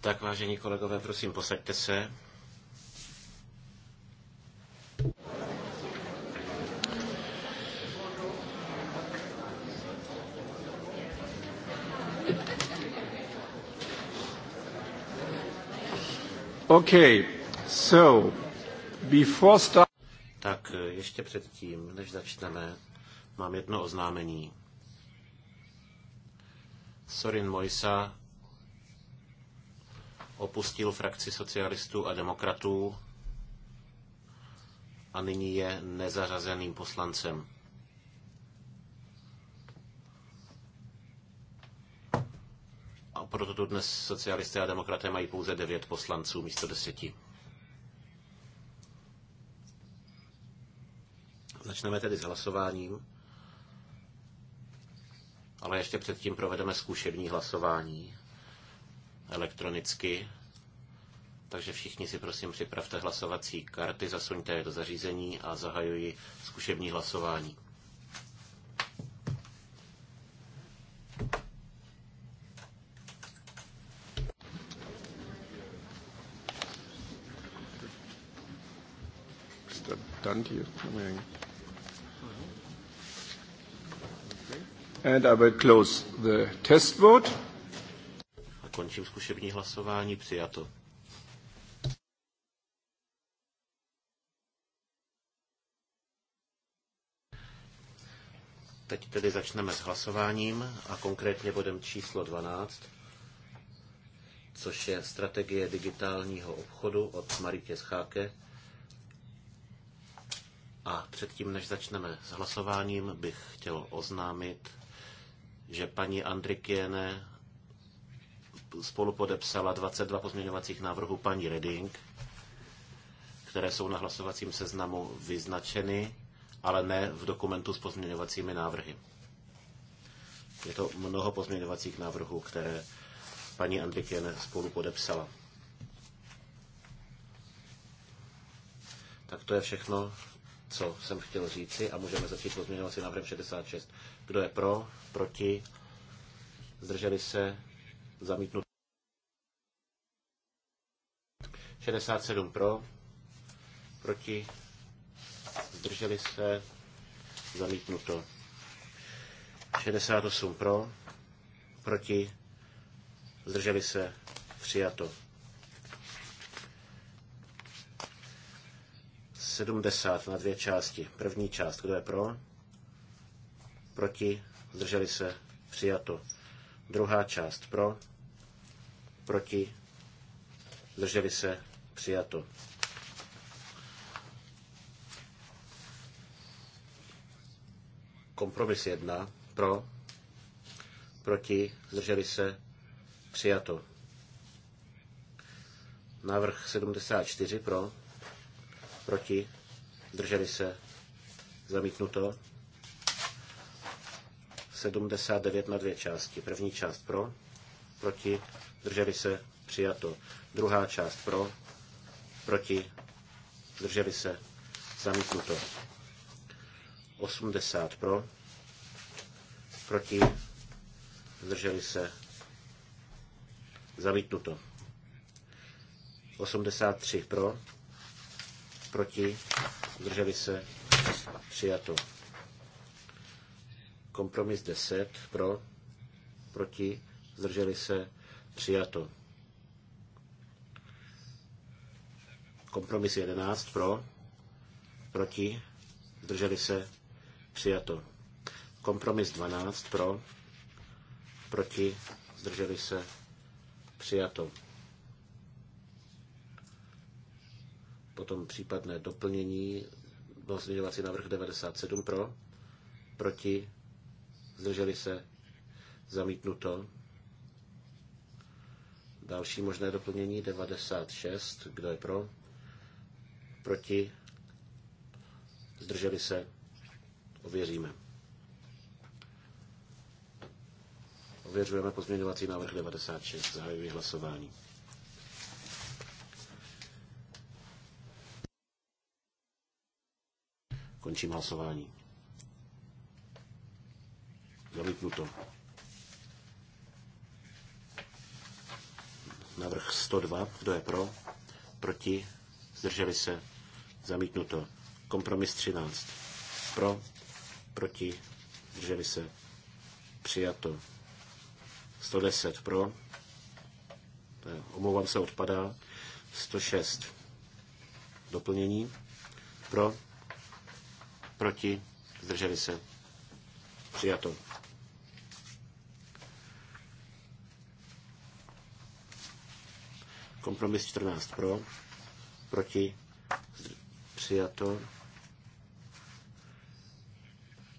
Tak, vážení kolegové, prosím, posaďte se. Okay, so, before start... Tak ještě předtím, než začneme, mám jedno oznámení. Sorin Mojsa opustil frakci socialistů a demokratů a nyní je nezařazeným poslancem. A proto tu dnes socialisté a demokraté mají pouze devět poslanců místo deseti. Začneme tedy s hlasováním ale ještě předtím provedeme zkušební hlasování elektronicky. Takže všichni si prosím připravte hlasovací karty, zasuňte je do zařízení a zahajuji zkušební hlasování. Stand hier. And I will close the test vote. A končím zkušební hlasování, přijato. Teď tedy začneme s hlasováním a konkrétně bodem číslo 12, což je strategie digitálního obchodu od Maritě Scháke. A předtím, než začneme s hlasováním, bych chtěl oznámit, že paní Andrikiene spolu podepsala 22 pozměňovacích návrhů paní Reding, které jsou na hlasovacím seznamu vyznačeny, ale ne v dokumentu s pozměňovacími návrhy. Je to mnoho pozměňovacích návrhů, které paní Andrikiene spolu podepsala. Tak to je všechno, co jsem chtěl říci a můžeme začít pozměňovací návrhem 66. Kdo je pro? Proti? Zdrželi se? Zamítnut. 67 pro, proti, zdrželi se, zamítnuto. 68 pro, proti, zdrželi se, přijato. 70 na dvě části. První část, kdo je pro? proti, zdrželi se, přijato. Druhá část pro, proti, zdrželi se, přijato. Kompromis jedna pro, proti, zdrželi se, přijato. Návrh 74 pro, proti, zdrželi se, zamítnuto. 79 na dvě části. První část pro, proti, drželi se, přijato. Druhá část pro, proti, drželi se, zamítnuto. 80 pro, proti, zdrželi se, zamítnuto. 83 pro, proti, zdrželi se, přijato. Kompromis 10 pro, proti, zdrželi se, přijato. Kompromis 11 pro, proti, zdrželi se, přijato. Kompromis 12 pro, proti, zdrželi se, přijato. Potom případné doplnění, pozměňovací návrh 97 pro, proti, zdrželi se, zamítnuto. Další možné doplnění 96, kdo je pro, proti, zdrželi se, ověříme. Ověřujeme pozměňovací návrh 96, zahajuji hlasování. Končím hlasování to. Navrh 102. Kdo je pro? Proti? Zdrželi se? Zamítnuto. Kompromis 13. Pro? Proti? Zdrželi se? Přijato. 110 pro. Omlouvám se, odpadá. 106 doplnění. Pro? Proti? Zdrželi se? Přijato. Kompromis 14 pro, proti, přijato.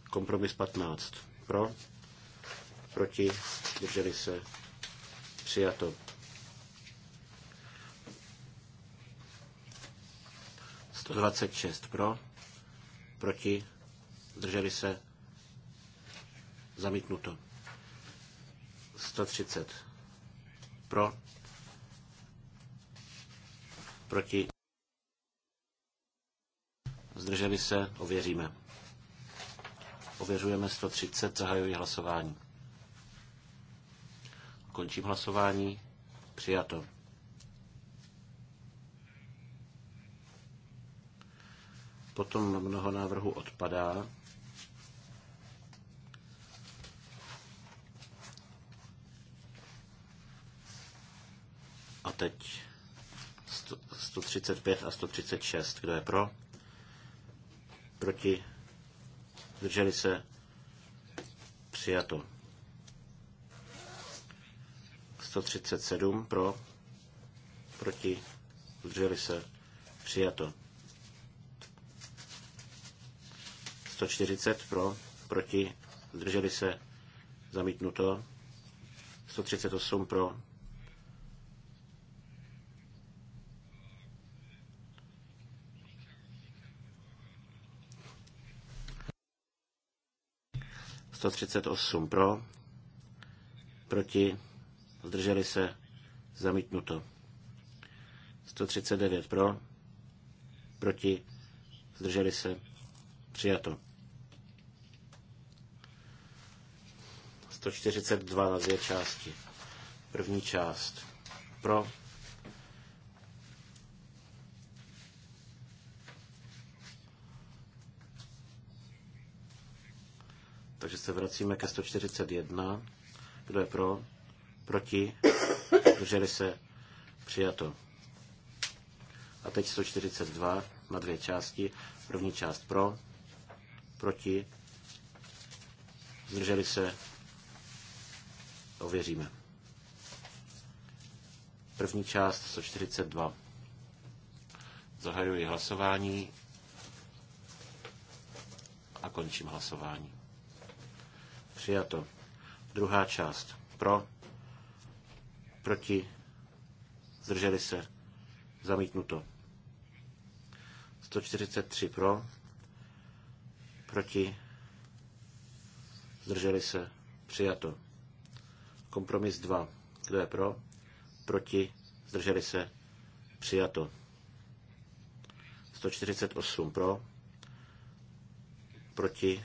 Kompromis 15 pro, proti, drželi se, přijato. Sto dvacet pro, proti, zdrželi se, zamítnuto. 130 pro, proti, zdrželi se, ověříme. Ověřujeme 130, zahajuji hlasování. Končím hlasování, přijato. Potom mnoho návrhů odpadá. A teď 135 a 136. Kdo je pro? Proti? Zdrželi se? Přijato. 137 pro? Proti? Zdrželi se? Přijato. 140 pro? Proti? Zdrželi se? Zamítnuto. 138 pro? 138 pro, proti, zdrželi se, zamítnuto. 139 pro, proti, zdrželi se, přijato. 142 na dvě části. První část pro, takže se vracíme ke 141. Kdo je pro? Proti? Drželi se? Přijato. A teď 142 na dvě části. První část pro, proti, zdrželi se, ověříme. První část 142. Zahajuji hlasování a končím hlasování. Přijato. Druhá část. Pro. Proti. Zdrželi se. Zamítnuto. 143 pro. Proti. Zdrželi se. Přijato. Kompromis 2. Kdo je pro? Proti. Zdrželi se. Přijato. 148 pro. Proti.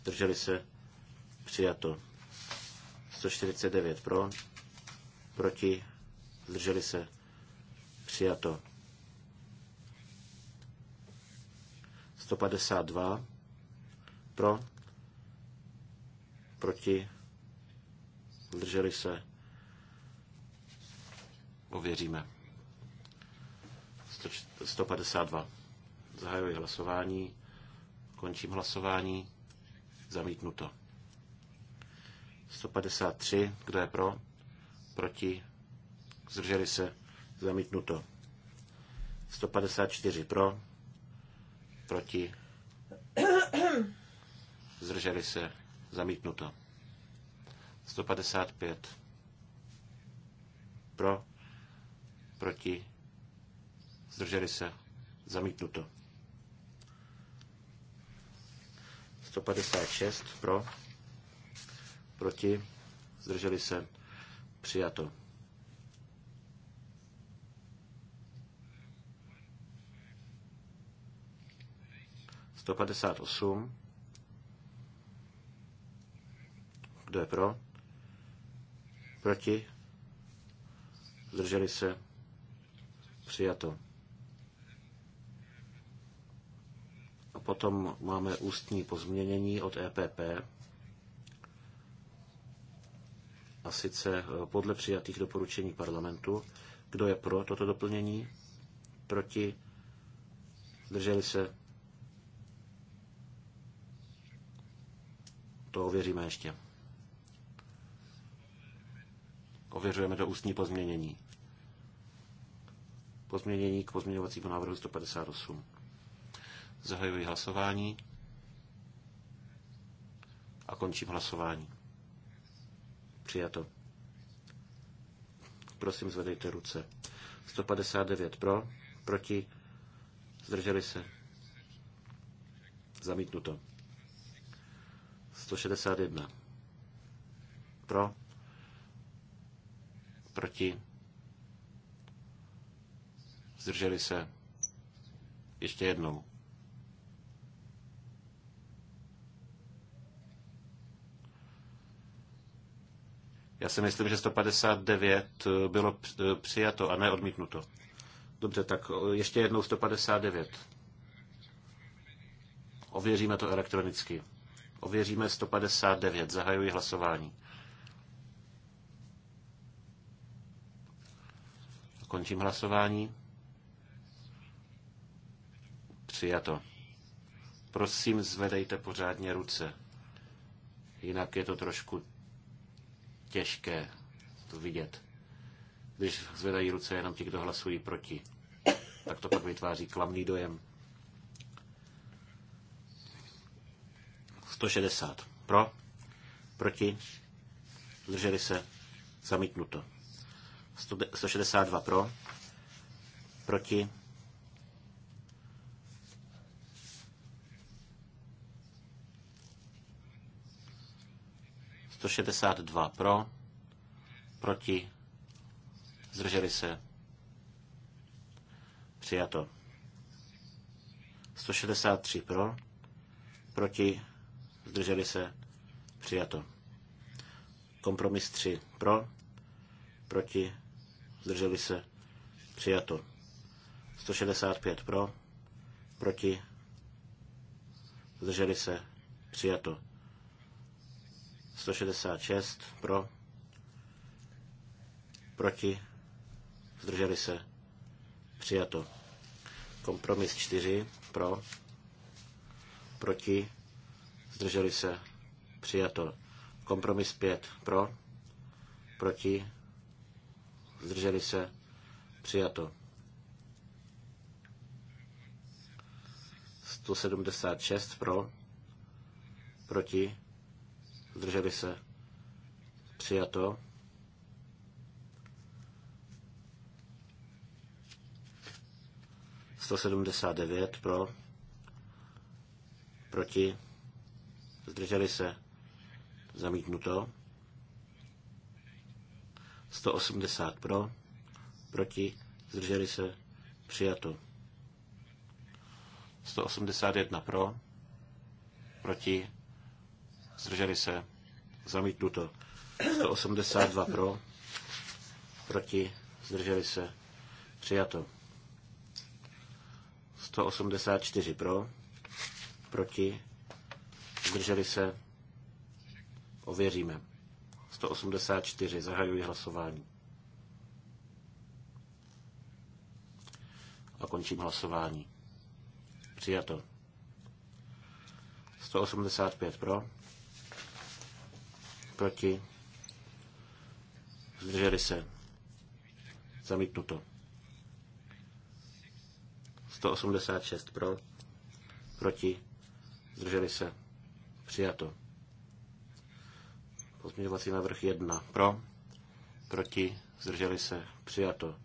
Zdrželi se. Přijato. 149 pro, proti, zdrželi se, přijato. 152 pro, proti, zdrželi se, ověříme. 152. Zahajuji hlasování, končím hlasování, zamítnuto. 153, kdo je pro, proti, zdrželi se, zamítnuto. 154 pro, proti, zdrželi se, zamítnuto. 155 pro, proti, zdrželi se, zamítnuto. 156 pro, Proti? Zdrželi se? Přijato. Sto padesát osm. Kdo je pro? Proti? Zdrželi se? Přijato. A potom máme ústní pozměnění od EPP. A sice eh, podle přijatých doporučení parlamentu. Kdo je pro toto doplnění? Proti? Drželi se? To ověříme ještě. Ověřujeme do ústní pozměnění. Pozměnění k pozměňovacímu návrhu 158. Zahajuji hlasování a končím hlasování. Přijato. Prosím, zvedejte ruce. 159 pro, proti, zdrželi se. Zamítnuto. 161 pro, proti, zdrželi se. Ještě jednou. Já si myslím, že 159 eh, bylo eh, přijato a ne odmítnuto. Dobře, tak eh, ještě jednou 159. Ověříme to elektronicky. Ověříme 159. Zahajuji hlasování. Končím hlasování. Přijato. Prosím, zvedejte pořádně ruce. Jinak je to trošku těžké to vidět, když zvedají ruce jenom ti, kdo hlasují proti. Tak to pak vytváří klamný dojem. 160. Pro, proti, zdrželi se, zamítnuto. 162 pro, proti, 162 pro, proti, zdrželi se, přijato. 163 pro, proti, zdrželi se, přijato. Kompromis 3 pro, proti, zdrželi se, přijato. 165 pro, proti, zdrželi se, přijato. 166 pro, proti, zdrželi se, přijato. Kompromis 4 pro, proti, zdrželi se, přijato. Kompromis 5 pro, proti, zdrželi se, přijato. 176 pro, proti, zdrželi se, přijato. Sto sedmdesát devět pro, proti, zdrželi se, zamítnuto. 180 pro, proti, zdrželi se, přijato. 181 pro, proti, zdrželi se, zamítnuto. 182 pro, proti, zdrželi se, přijato. 184 pro, proti, zdrželi se, ověříme. 184, zahajuji hlasování. A končím hlasování. Přijato. 185 pro, proti, zdrželi se, zamítnuto. 186 pro, proti, zdrželi se, přijato. Pozměňovací návrh 1 pro, proti, zdrželi se, přijato.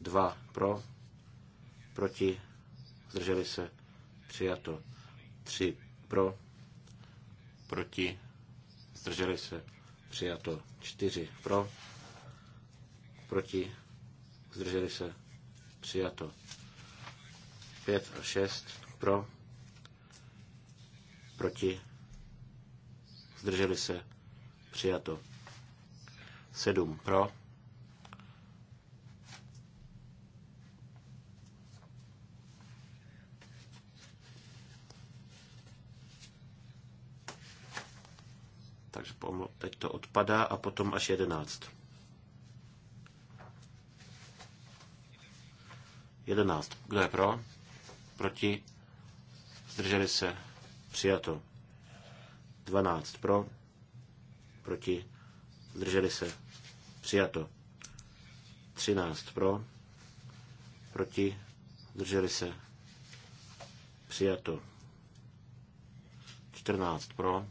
2 pro, proti, zdrželi se, přijato. 3 pro, proti, zdrželi se, přijato 4 pro, proti, zdrželi se, přijato 5 a 6 pro, proti, zdrželi se, přijato 7 pro, teď to odpadá a potom až 11. 11. Kdo je pro? Proti? Zdrželi se? Přijato. 12. Pro? Proti? Zdrželi se? Přijato. 13. Pro? Proti? Zdrželi se? Přijato. 14. Pro?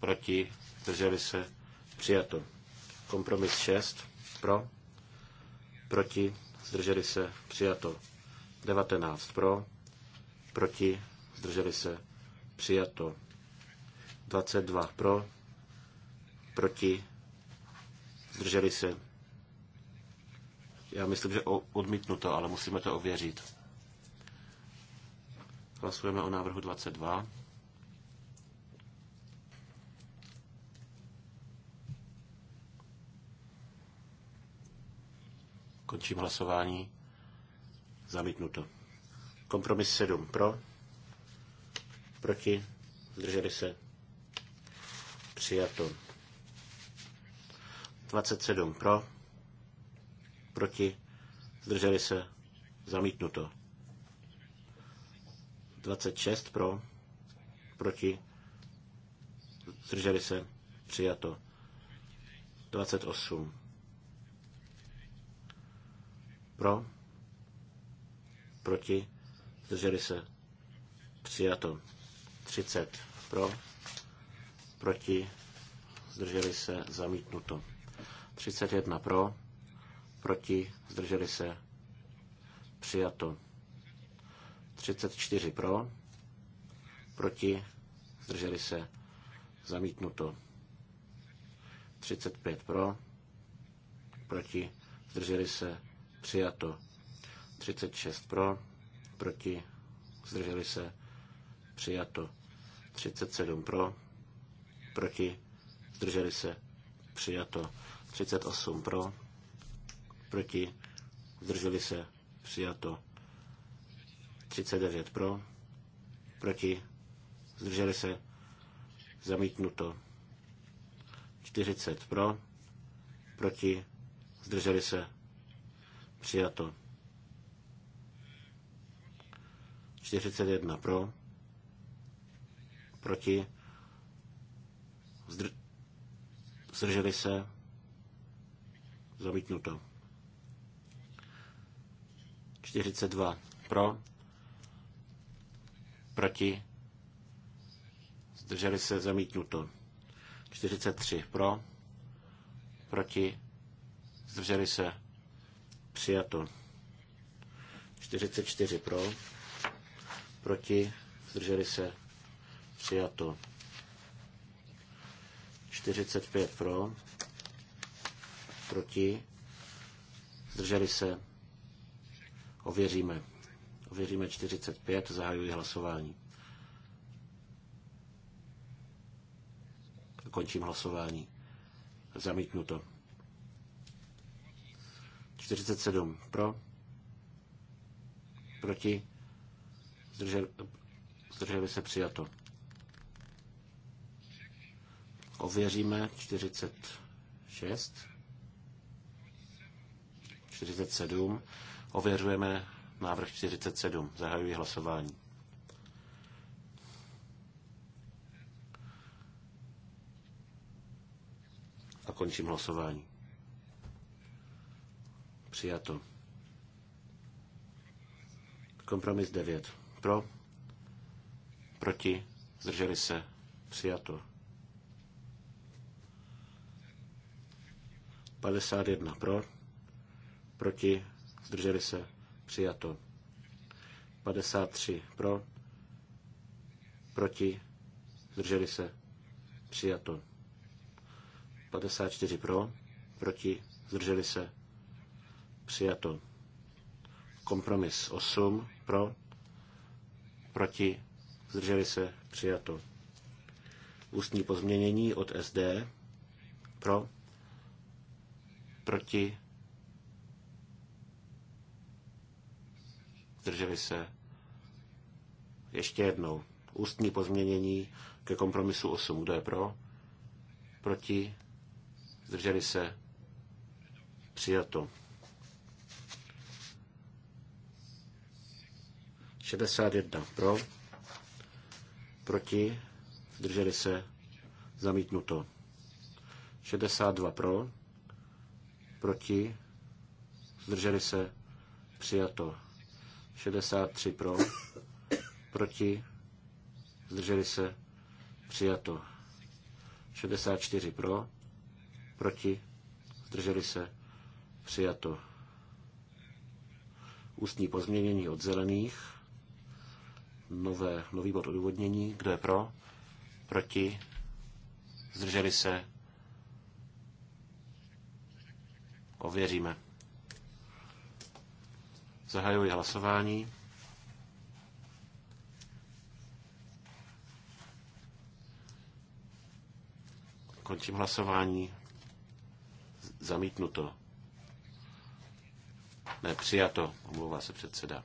proti, zdrželi se, přijato. Kompromis 6, pro, proti, zdrželi se, přijato. 19 pro, proti, zdrželi se, přijato. 22 pro, proti, zdrželi se. Já myslím, že odmítnuto, ale musíme to ověřit. Hlasujeme o návrhu 22. Končím hlasování. Zamítnuto. Kompromis 7 pro. Proti. Zdrželi se. Přijato. 27 pro. Proti. Zdrželi se. Zamítnuto. 26 pro. Proti. Zdrželi se. Přijato. 28 pro? Proti? Zdrželi se? Přijato. 30. Pro? Proti? Zdrželi se? Zamítnuto. 31. Pro? Proti? Zdrželi se? Přijato. 34 pro, proti, zdrželi se, zamítnuto. 35 pro, proti, zdrželi se, Přijato. 36 pro, proti, zdrželi se, přijato. 37 pro, proti, zdrželi se, přijato. 38 pro, proti, zdrželi se, přijato. 39 pro, proti, zdrželi se, zamítnuto. 40 pro, proti, zdrželi se, Přijato. 41 pro. Proti. Zdr- zdrželi se. Zamítnuto. 42 pro. Proti. Zdrželi se. Zamítnuto. 43 pro. Proti. Zdrželi se Přijato. 44 pro. Proti. Zdrželi se. Přijato. 45 pro. Proti. Zdrželi se. Ověříme. Ověříme 45. Zahajuji hlasování. Končím hlasování. Zamítnuto. 47 pro, proti, zdrželi, zdrželi se přijato. Ověříme 46, 47, ověřujeme návrh 47, zahajuji hlasování. A končím hlasování. Přijato. Kompromis 9. Pro. Proti. Zdrželi se. Přijato. 51 pro. Proti. Zdrželi se. Přijato. 53 pro. Proti. Zdrželi se. Přijato. 54 pro. Proti. Zdrželi se. Přijato. Kompromis 8 pro, proti, zdrželi se, přijato. Ústní pozměnění od SD pro, proti, zdrželi se. Ještě jednou. Ústní pozměnění ke kompromisu 8. Kdo je pro? Proti? Zdrželi se? Přijato. 61 pro, proti, zdrželi se, zamítnuto. 62 pro, proti, zdrželi se, přijato. 63 pro, proti, zdrželi se, přijato. 64 pro, proti, zdrželi se, přijato. Ústní pozměnění od zelených nové, nový bod odůvodnění. Kdo je pro? Proti? Zdrželi se? Ověříme. Zahajuji hlasování. Končím hlasování. Zamítnuto. Ne, přijato, omlouvá se předseda.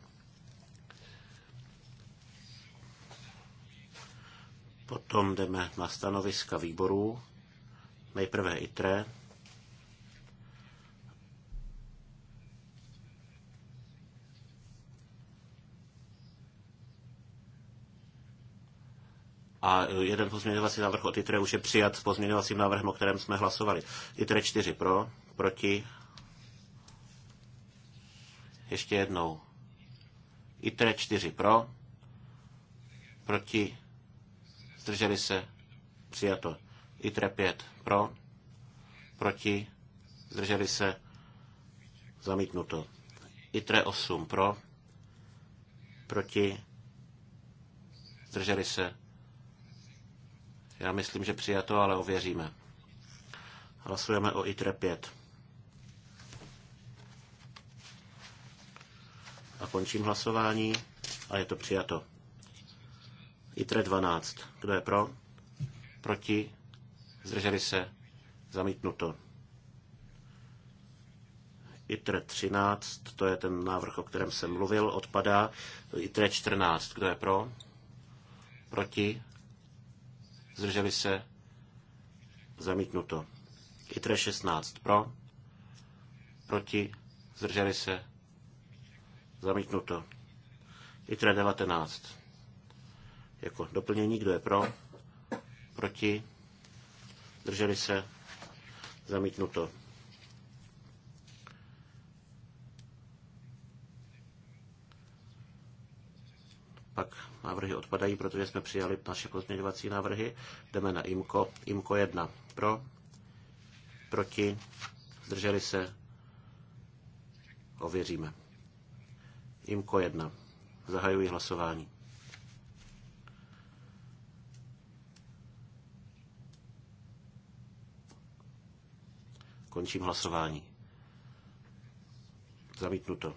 Potom jdeme na stanoviska výborů. Nejprve ITRE. A jeden pozměňovací návrh od ITRE už je přijat s pozměňovacím návrhem, o kterém jsme hlasovali. ITRE 4 pro, proti. Ještě jednou. ITRE 4 pro, proti zdrželi se, přijato. ITRE 5 pro, proti, zdrželi se, zamítnuto. ITRE 8 pro, proti, zdrželi se. Já myslím, že přijato, ale ověříme. Hlasujeme o ITRE 5. A končím hlasování a je to přijato. ITRE 12. Kdo je pro? Proti? Zdrželi se? Zamítnuto. ITRE 13, to je ten návrh, o kterém jsem mluvil, odpadá. ITRE 14, kdo je pro? Proti? Zdrželi se? Zamítnuto. ITRE 16, pro? Proti? Zdrželi se? Zamítnuto. ITRE 19, jako doplnění. Kdo je pro? Proti? Drželi se? Zamítnuto. Pak návrhy odpadají, protože jsme přijali naše pozměňovací návrhy. Jdeme na IMKO. IMKO 1 pro, proti, zdrželi se, ověříme. IMKO 1. Zahajuji hlasování. Končím hlasování. Zamítnuto.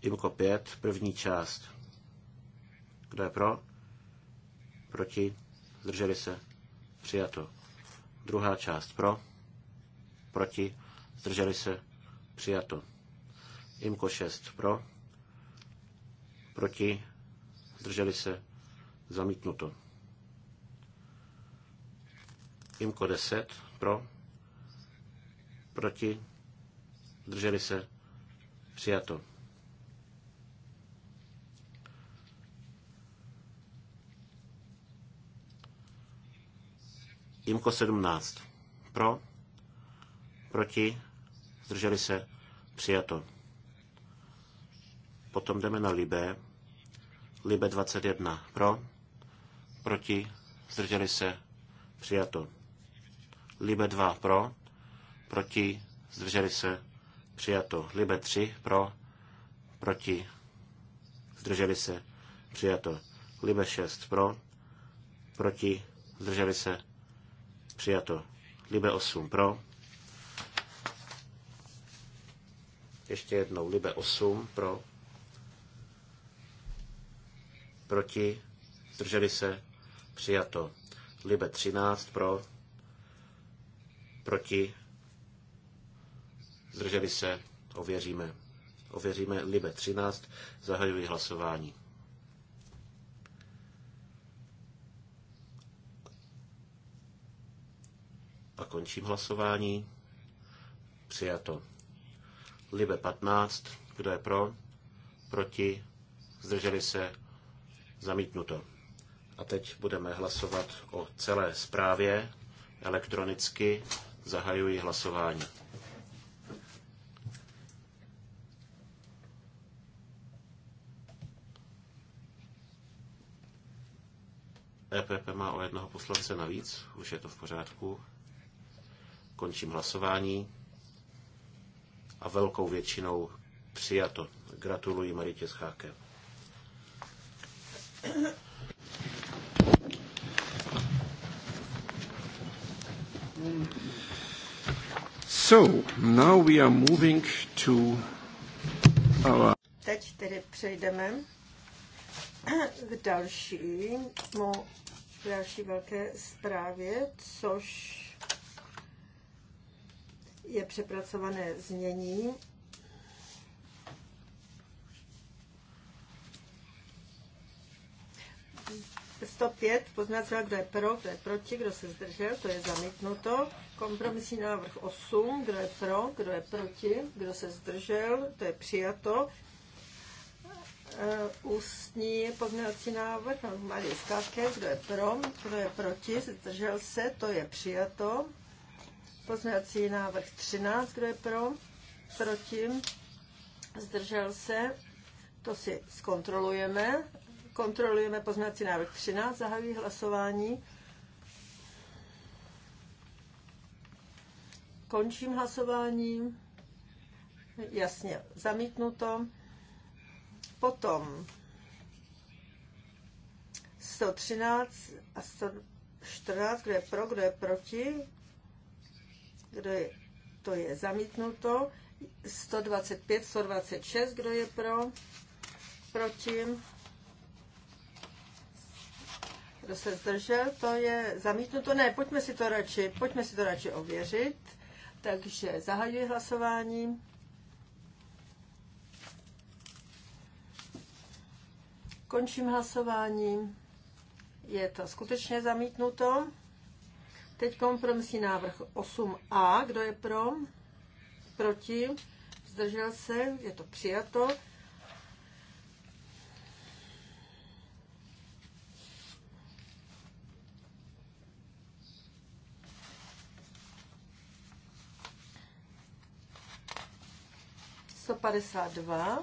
Imko 5, první část. Kdo je pro? Proti? Zdrželi se? Přijato. Druhá část pro? Proti? Zdrželi se? Přijato. Imko 6 pro? proti, zdrželi se, zamítnuto. Imko 10, pro, proti, zdrželi se, přijato. Imko 17. Pro, proti, zdrželi se, přijato. Potom jdeme na Libé. Libe 21 pro, proti, zdrželi se, přijato. Libe 2 pro, proti, zdrželi se, přijato. Libe 3 pro, proti, zdrželi se, přijato. Libe 6 pro, proti, zdrželi se, přijato. Libe 8 pro, ještě jednou Libe 8 pro, proti, zdrželi se, přijato. Libe 13 pro, proti, zdrželi se, ověříme. Ověříme Libe 13, zahajuji hlasování. A končím hlasování. Přijato. Libe 15, kdo je pro, proti, zdrželi se, Zamítnuto. A teď budeme hlasovat o celé zprávě elektronicky. Zahajuji hlasování. EPP má o jednoho poslance navíc, už je to v pořádku. Končím hlasování a velkou většinou přijato. Gratuluji Maritě Scháke. So, now we are moving to our... Teď tedy přejdeme k dalšímu, k další velké zprávě, což je přepracované znění 105, poznat kdo je pro, kdo je proti, kdo se zdržel, to je zamítnuto. Kompromisní návrh 8, kdo je pro, kdo je proti, kdo se zdržel, to je přijato. Eh, ústní pozměňovací návrh, eh, malý skákev, kdo je pro, kdo je proti, zdržel se, to je přijato. Pozměňovací návrh 13, kdo je pro, proti, zdržel se, to si zkontrolujeme Kontrolujeme poznací návrh 13, zahajuji hlasování. Končím hlasování. Jasně, zamítnuto. Potom 113 a 114, kdo je pro, kdo je proti, kdo je, to je zamítnuto. 125, 126, kdo je pro, proti kdo se zdržel, to je zamítnuto. Ne, pojďme si to radši, pojďme si to radši ověřit. Takže zahajuji hlasování. Končím hlasování. Je to skutečně zamítnuto. Teď kompromisní návrh 8a. Kdo je pro? Proti? Zdržel se? Je to přijato. 152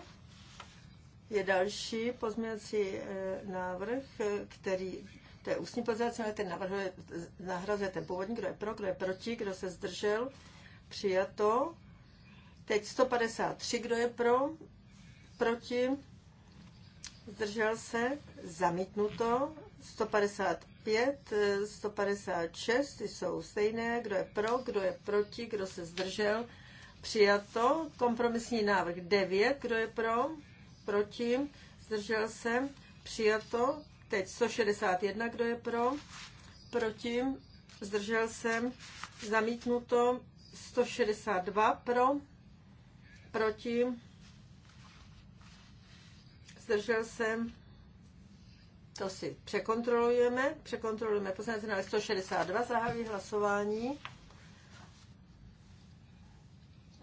je další pozměnací eh, návrh, eh, který to je ústní pozměnací návrh, ten navrhuje, nahrazuje ten původní, kdo je pro, kdo je proti, kdo se zdržel, přijato. Teď 153, kdo je pro, proti, zdržel se, zamítnuto. 155, 156, ty jsou stejné, kdo je pro, kdo je proti, kdo se zdržel, Přijato. Kompromisní návrh 9. Kdo je pro? Proti? Zdržel se? Přijato. Teď 161. Kdo je pro? Proti? Zdržel se? Zamítnuto. 162 pro, proti, zdržel se. to si překontrolujeme, překontrolujeme poslanec na 162, zahájí hlasování.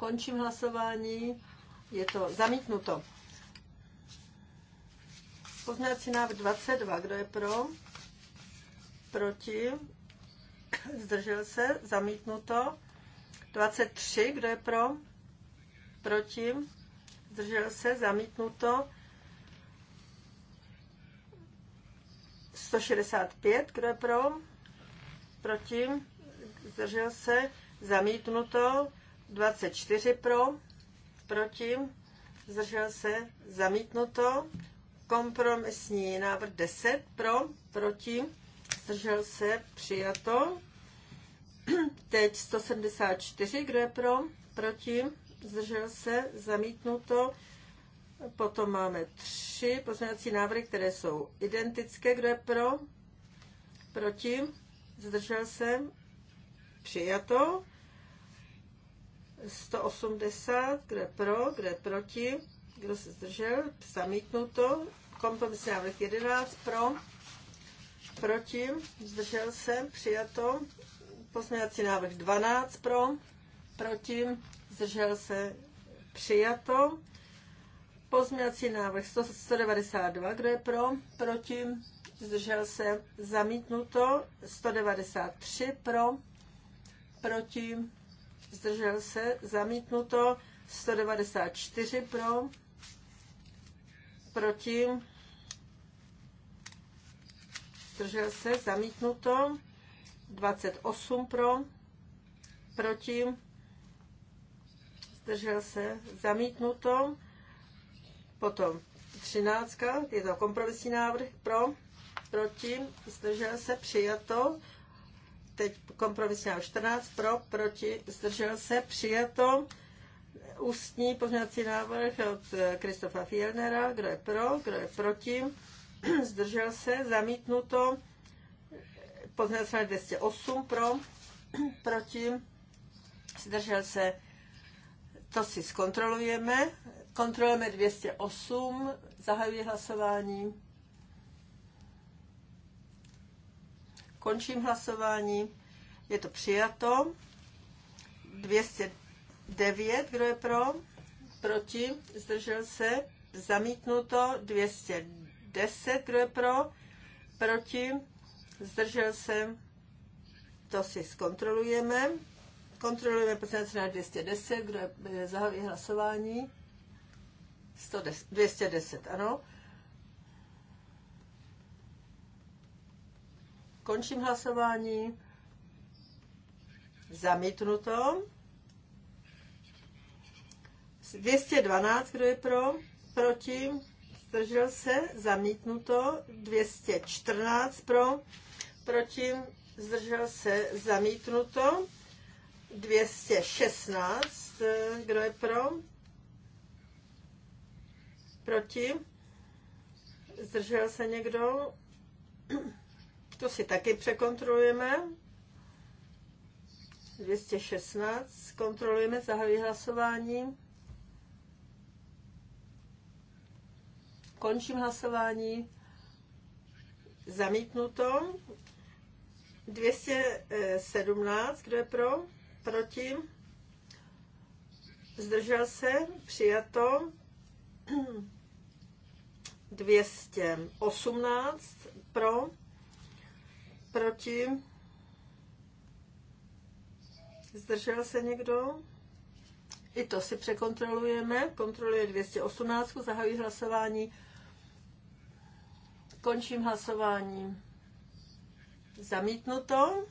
Končím hlasování. Je to zamítnuto. Pozměňovací návrh 22. Kdo je pro? Proti? Zdržel se? Zamítnuto. 23. Kdo je pro? Proti? Zdržel se? Zamítnuto. 165. Kdo je pro? Proti? Zdržel se? Zamítnuto. 24 pro, proti, zdržel se, zamítnuto. Kompromisní návrh 10 pro, proti, zdržel se, přijato. Teď 174, kdo je pro, proti, zdržel se, zamítnuto. Potom máme tři pozměňovací návrhy, které jsou identické, kdo je pro, proti, zdržel se, přijato. 180, kde pro, kde proti, kdo se zdržel, zamítnuto. Kompromisní návrh 11, pro, proti, zdržel se, přijato. Pozměňovací návrh 12, pro, proti, zdržel se, přijato. Pozměňovací návrh 192, kdo je pro, proti, zdržel se, zamítnuto. 193, pro, proti, zdržel se, zamítnuto 194 pro, proti, zdržel se, zamítnuto 28 pro, proti, zdržel se, zamítnuto, potom 13, je to kompromisní návrh pro, proti, zdržel se, přijato, teď kompromisně 14 pro, proti, zdržel se, přijato. Ústní pozměňovací návrh od Kristofa Fielnera, kdo je pro, kdo je proti, (clears throat) zdržel se, zamítnuto. Pozměňovací návrh 208 pro, (clears throat) proti, zdržel se, to si zkontrolujeme. Kontrolujeme 208, zahajuji hlasování. Končím hlasování. Je to přijato. 209, kdo je pro? Proti? Zdržel se? Zamítnuto. 210, kdo je pro? Proti? Zdržel se? To si zkontrolujeme. Kontrolujeme poslanec na 210, kdo je, zahajuje hlasování. 110, 210, ano. Končím hlasování. Zamítnuto. 212, kdo je pro? Proti? Zdržel se? Zamítnuto. 214 pro? Proti? Zdržel se? Zamítnuto. 216, kdo je pro? Proti? Zdržel se někdo? To si taky překontrolujeme. 216. Kontrolujeme, zahajuji hlasování. Končím hlasování. Zamítnuto. 217. Kdo je pro? Proti? Zdržel se? Přijato. 218 pro, Proti? Zdržel se někdo? I to si překontrolujeme. Kontroluje 218, zahajuji hlasování. Končím hlasování. Zamítnuto.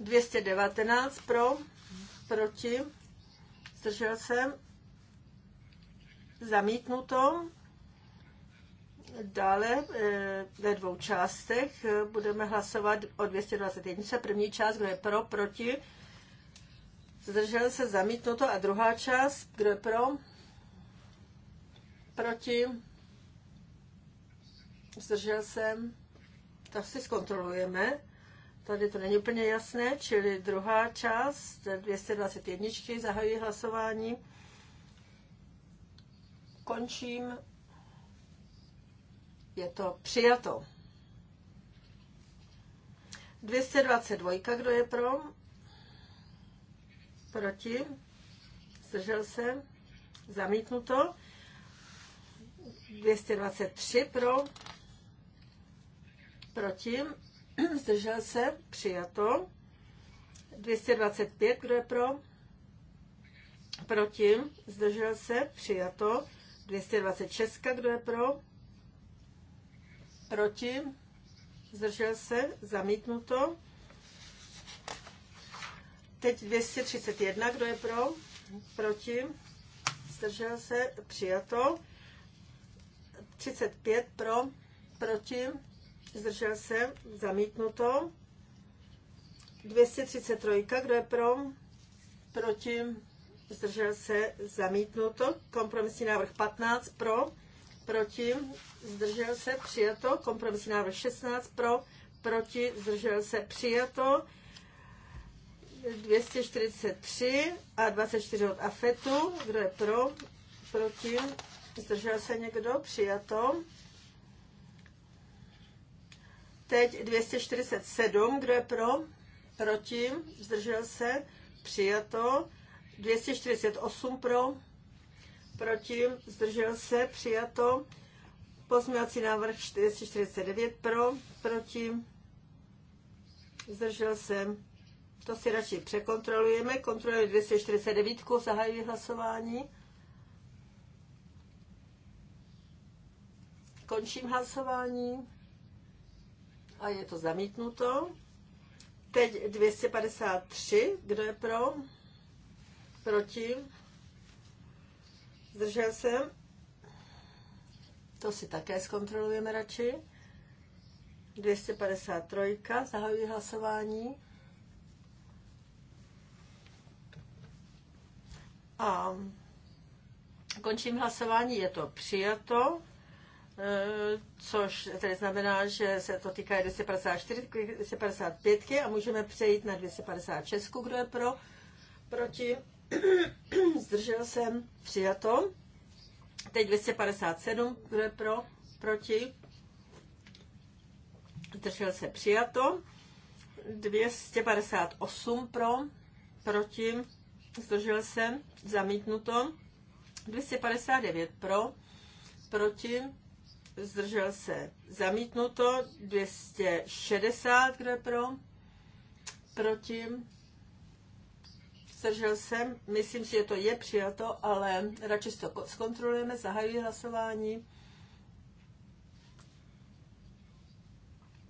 219 pro, proti, zdržel se. Zamítnuto. Dále eh, ve dvou částech eh, budeme hlasovat o 221. První část, kdo je pro, proti, zdržel se zamítnuto a druhá část, kdo je pro, proti, zdržel jsem, tak si zkontrolujeme. Tady to není úplně jasné, čili druhá část 221. zahají hlasování. Končím je to přijato. 222, kdo je pro? Proti? Zdržel se? Zamítnuto. 223 pro? Proti? Zdržel se? Přijato. 225, kdo je pro? Proti? Zdržel se? Přijato. 226, kdo je pro? proti, zdržel se, zamítnuto. Teď 231, kdo je pro, proti, zdržel se, přijato. 35 pro, proti, zdržel se, zamítnuto. 233, kdo je pro, proti, zdržel se, zamítnuto. Kompromisní návrh 15 pro, proti, zdržel se, přijato. Kompromisní návrh 16 pro, proti, zdržel se, přijato. 243 a 24 od AFETu. Kdo je pro? Proti? Zdržel se někdo? Přijato. Teď 247. Kdo je pro? Proti? Zdržel se? Přijato. 248 pro? proti, zdržel se, přijato. Pozměňovací návrh 449 pro, proti, zdržel se. To si radši překontrolujeme. Kontrolujeme 249, zahajuji hlasování. Končím hlasování a je to zamítnuto. Teď 253, kdo je pro? Proti? Zdržel jsem. To si také zkontrolujeme radši. 253. Zahajuji hlasování. A končím hlasování. Je to přijato, e, což tedy znamená, že se to týká 254, 255 a můžeme přejít na 256. Kdo je pro? Proti? zdržel jsem, přijato. Teď 257, kdo je pro, proti, zdržel se, přijato. 258 pro, proti, zdržel se, zamítnuto. 259 pro, proti, zdržel se, zamítnuto. 260, kdo je pro, proti, zdržel se, myslím, si, že to je přijato, ale radši to zkontrolujeme, zahajuji hlasování.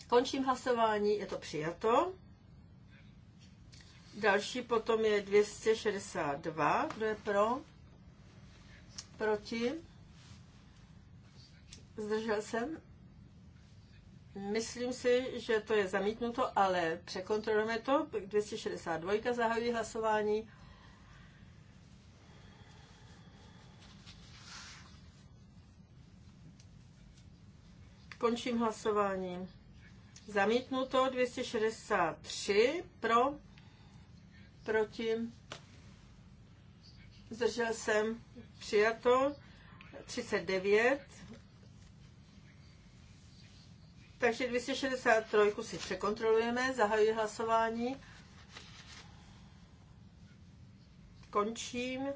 Končím hlasování, je to přijato. Další potom je 262, kdo je pro, proti, zdržel jsem, Myslím si, že to je zamítnuto, ale překontrolujeme to. 262 zahajují hlasování. Končím hlasování. Zamítnuto 263 pro, proti, zdržel jsem, přijato 39 takže 263 si překontrolujeme, zahajuji hlasování. Končím.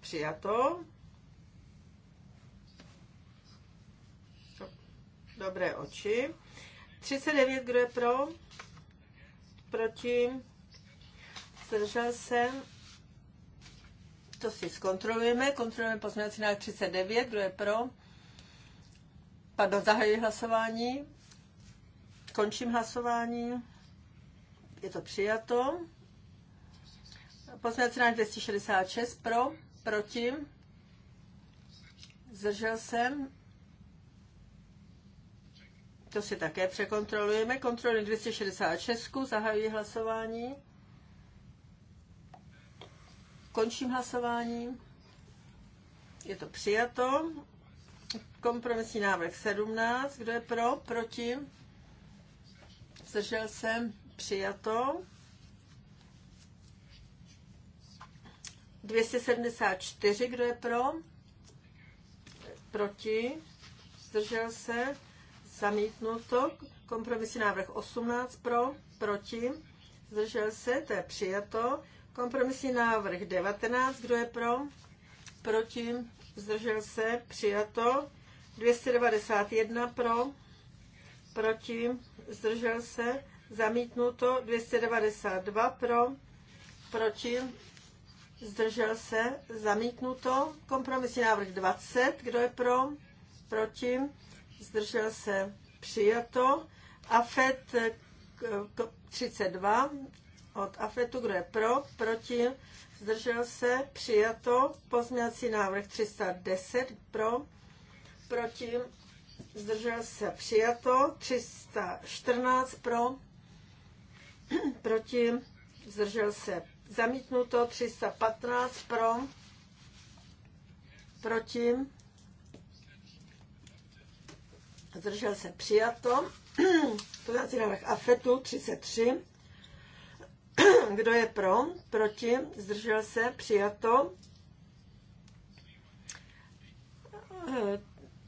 Přijato. Dobré oči. 39, kdo je pro? Proti? Zdržel se? To si zkontrolujeme. Kontrolujeme pozměňovací návrh 39, kdo je pro? Pardon, zahajuji hlasování. Končím hlasování. Je to přijato. Poslanec návrh 266 pro, proti. Zdržel jsem. To si také překontrolujeme. Kontroluji 266. Zahajuji hlasování. Končím hlasování. Je to přijato. Kompromisní návrh 17. Kdo je pro? Proti? Zdržel se? Přijato. 274. Kdo je pro? Proti? Zdržel se? Zamítnuto. Kompromisní návrh 18 pro, proti, zdržel se, to je přijato. Kompromisní návrh 19, kdo je pro, proti, zdržel se, přijato. 291 pro, proti, zdržel se, zamítnuto, 292 pro, proti, zdržel se, zamítnuto, kompromisní návrh 20, kdo je pro, proti, zdržel se, přijato, AFET 32 eh, od AFETu, kdo je pro, proti, zdržel se, přijato, pozměňovací návrh 310 pro, proti, zdržel se přijato, 314 pro, (clears throat) proti, zdržel se zamítnuto, 315 pro, proti, zdržel se přijato, (clears throat) podací návrh AFETu 33, (clears throat) kdo je pro, proti, zdržel se přijato,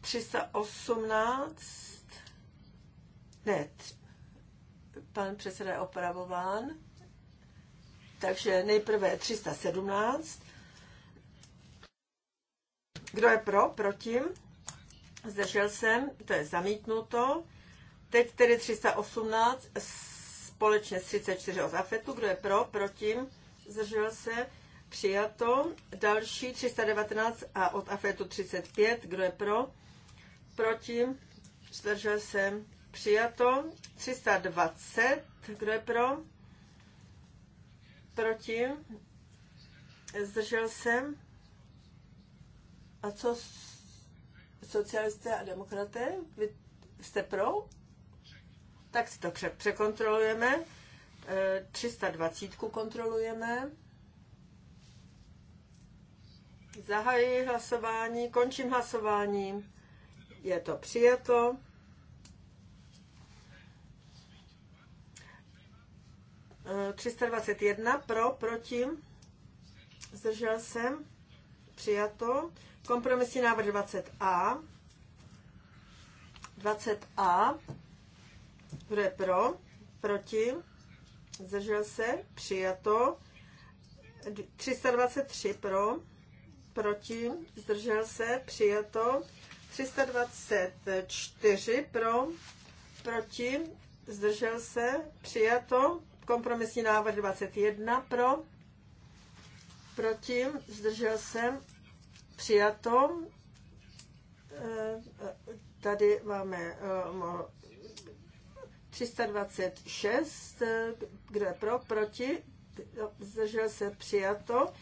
318, ne, pan předseda je opravován, takže nejprve 317. Kdo je pro, proti? Zdržel jsem, to je zamítnuto. Teď tedy 318 společně s 34 od AFETu. Kdo je pro, proti? Zdržel se, přijato. Další 319 a od AFETu 35. Kdo je pro? proti, zdržel se, přijato. 320, kdo je pro, proti, zdržel se. A co socialisté a demokraté? Vy jste pro? Tak si to překontrolujeme. 320 e, kontrolujeme. Zahajuji hlasování, končím hlasování. Je to přijato. E, 321 pro, proti, zdržel jsem, přijato. Kompromisní návrh 20a. 20a. Kdo je pro? Proti? Zdržel se? Přijato. 323 pro. Proti? Zdržel se? Přijato. 324 pro, proti, zdržel se, přijato. Kompromisní návrh 21 pro, proti, zdržel se, přijato. Eh, eh, tady máme 326, eh, kdo je pro, proti, zdržel se, přijato.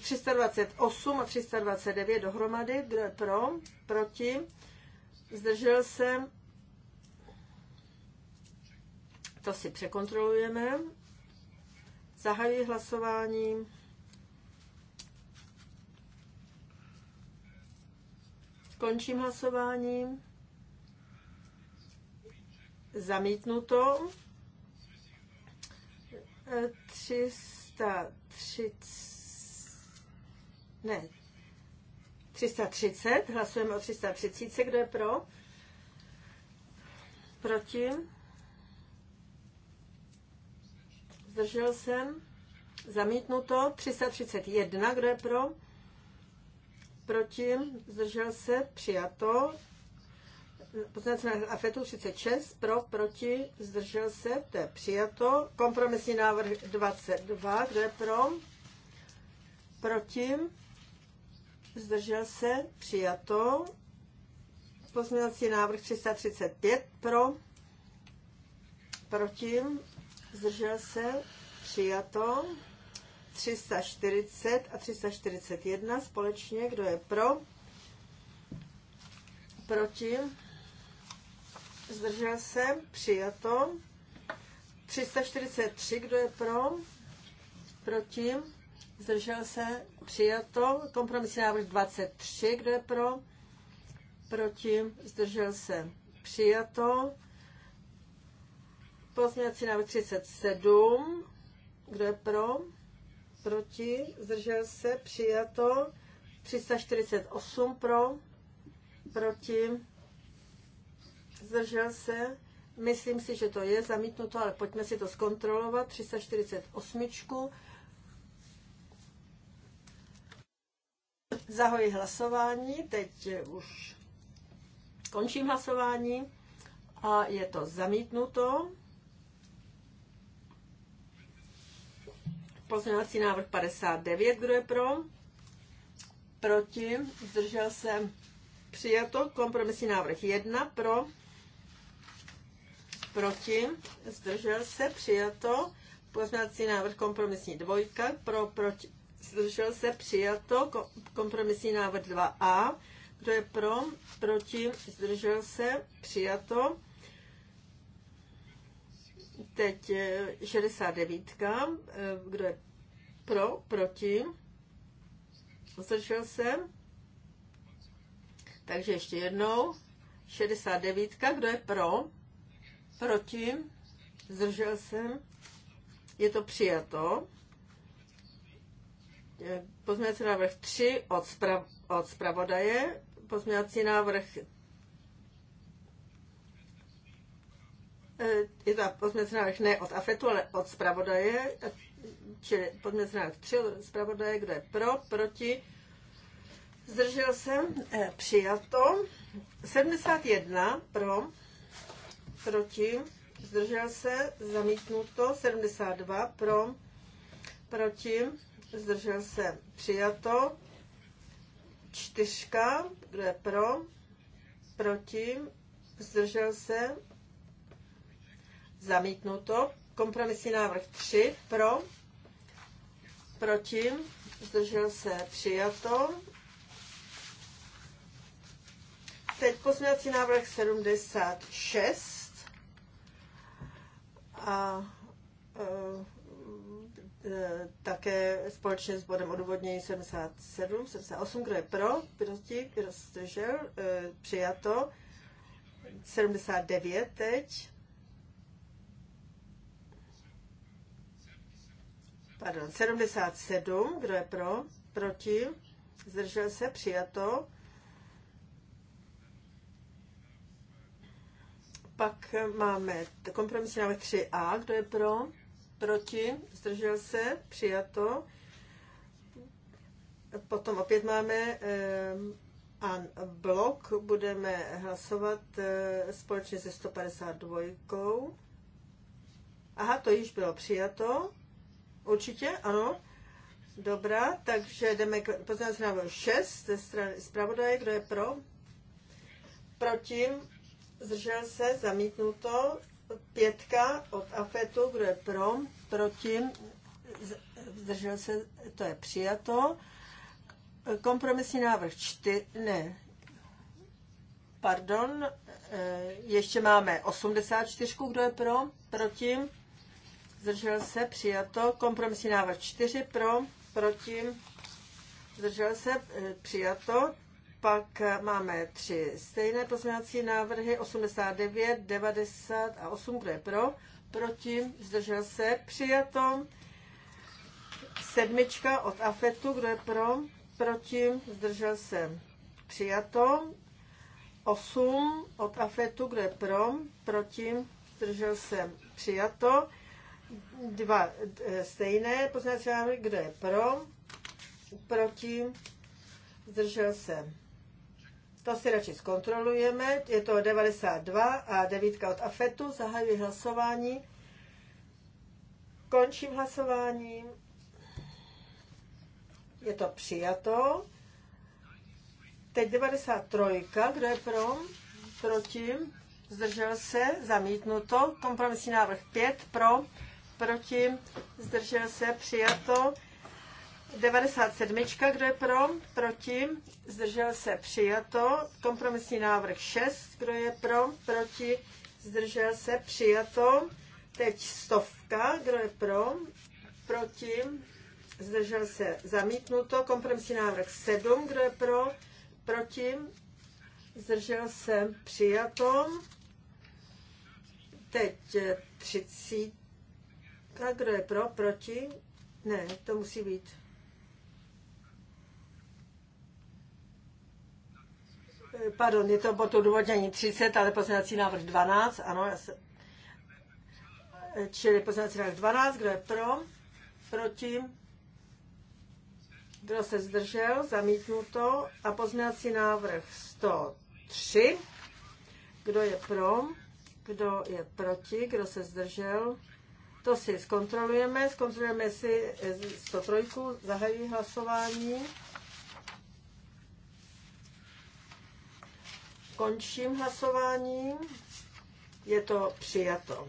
328 a 329 dohromady, kdo je pro, proti, zdržel se, to si překontrolujeme, zahajuji hlasování, končím hlasování, zamítnuto, 330 e, ne. 330. Hlasujeme o 330. Kdo je pro? Proti? Zdržel jsem. Zamítnuto. 331. Kdo je pro? Proti? Zdržel se. Přijato. na AFETu 36. Pro, proti, zdržel se. To je přijato. Kompromisní návrh 22. Kdo je pro? Proti? zdržel se, přijato. Pozměňovací návrh 335 pro, proti, zdržel se, přijato. 340 a 341 společně, kdo je pro, proti, zdržel se, přijato. 343, kdo je pro, proti, zdržel se, Přijato. Kompromisní návrh 23. Kdo je pro? Proti? Zdržel se. Přijato. Pozměňovací návrh 37. Kdo je pro? Proti? Zdržel se. Přijato. 348 pro. Proti? Zdržel se. Myslím si, že to je zamítnuto, ale pojďme si to zkontrolovat. 348. Zahoji hlasování, teď už končím hlasování a je to zamítnuto. Pozměňovací návrh 59, kdo je pro? Proti, zdržel se přijato. Kompromisní návrh 1 pro, proti, zdržel se přijato. Pozměňovací návrh kompromisní 2, pro, proti, zdržel se, přijato. Kompromisní návrh 2a. Kdo je pro, proti, zdržel se, přijato. Teď 69. Eh, eh, kdo je pro, proti, zdržel se. Takže ještě jednou. 69. Kdo je pro, proti, zdržel se. Je to přijato. Pozměňovací návrh 3 od, zprav, od zpravodaje, pozměňovací návrh eh, je to pozměňovací návrh ne od AFETu, ale od zpravodaje, čili pozměňovací návrh 3 od zpravodaje, kdo je pro, proti, zdržel se eh, přijato, 71 pro, proti, zdržel se, zamítnuto, 72 pro, proti, zdržel se, přijato. Čtyřka, kdo je pro, proti, zdržel se, zamítnuto. Kompromisní návrh 3, pro, proti, zdržel se, přijato. Teď pozměňovací návrh 76 a uh, Eh, také společně s bodem odůvodnění 77, 78, kdo je pro, proti, kdo zdržel, eh, přijato. 79 teď. Pardon, 77, kdo je pro, proti, zdržel se, přijato. Pak máme kompromisní návrh 3a, kdo je pro, proti, zdržel se, přijato. Potom opět máme a blok budeme hlasovat eh, společně se 152. Aha, to již bylo přijato. Určitě, ano. Dobrá, takže jdeme k poznávací návrhu 6 ze strany zpravodaje. Kdo je pro? Proti? Zdržel se? Zamítnuto? Pětka od Afetu, kdo je pro, proti, zdržel se, to je přijato. Kompromisní návrh čty, ne, pardon, eh, ještě máme 84, kdo je pro, proti, zdržel se, přijato. Kompromisní návrh čtyři pro, proti, zdržel se, eh, přijato. Pak máme tři stejné pozměňovací návrhy 89, 90 a 8, kdo je pro, proti, zdržel se, přijato. Sedmička od AFETu, kdo je pro, proti, zdržel se, přijato. 8 od AFETu, kdo je pro, proti, zdržel se, přijato. Dva e, stejné pozměňovací návrhy, kdo je pro, proti, zdržel se, to si radši zkontrolujeme. Je to 92 a 9 od AFETu. Zahajuji hlasování. Končím hlasování. Je to přijato. Teď 93. Kdo je pro? Proti? Zdržel se? Zamítnuto. Kompromisní návrh 5. Pro? Proti? Zdržel se? Přijato. 97. Kdo je pro? Proti? Zdržel se? Přijato. Kompromisní návrh 6. Kdo je pro? Proti? Zdržel se? Přijato. Teď stovka. Kdo je pro? Proti? Zdržel se? Zamítnuto. Kompromisní návrh 7. Kdo je pro? Proti? Zdržel se? Přijato. Teď 30. Kdo je pro? Proti? Ne, to musí být. pardon, je to bod odůvodnění 30, ale pozměňovací návrh 12, ano, já se, čili pozměňovací návrh 12, kdo je pro, proti, kdo se zdržel, zamítnuto a pozměňovací návrh 103, kdo je pro, kdo je proti, kdo se zdržel, to si zkontrolujeme, zkontrolujeme si 103, zahajuji hlasování. Končím hlasování. Je to přijato.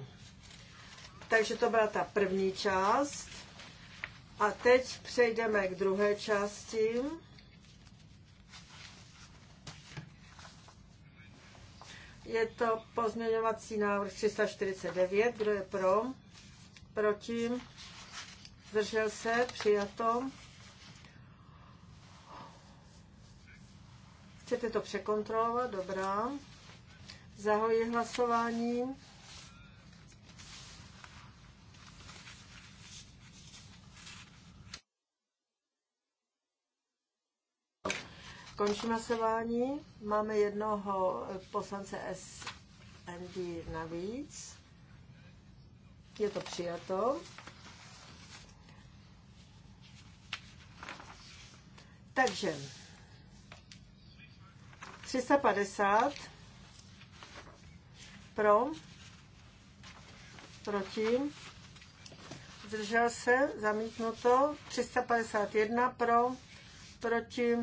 Takže to byla ta první část. A teď přejdeme k druhé části. Je to pozměňovací návrh 349. Kdo je pro? Proti? Zdržel se? Přijato? Chcete to překontrolovat? Dobrá. Zahoji hlasování. Končím hlasování. Máme jednoho poslance SND navíc. Je to přijato. Takže 350 pro, proti, zdržel se, zamítnuto, 351 pro, proti,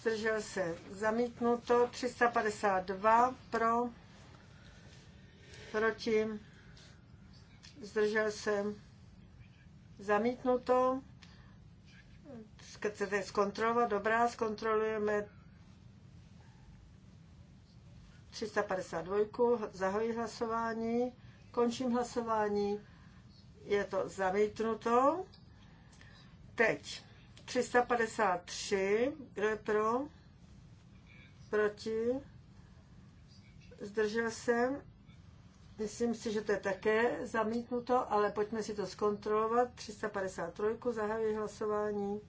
zdržel se, zamítnuto, 352 pro, proti, zdržel se, zamítnuto, chcete zkontrolovat, dobrá, zkontrolujeme 352. Zahoji hlasování. Končím hlasování. Je to zamítnuto. Teď 353. Kdo je pro? Proti? Zdržel jsem. Myslím si, že to je také zamítnuto, ale pojďme si to zkontrolovat. 353. Zahajuji hlasování.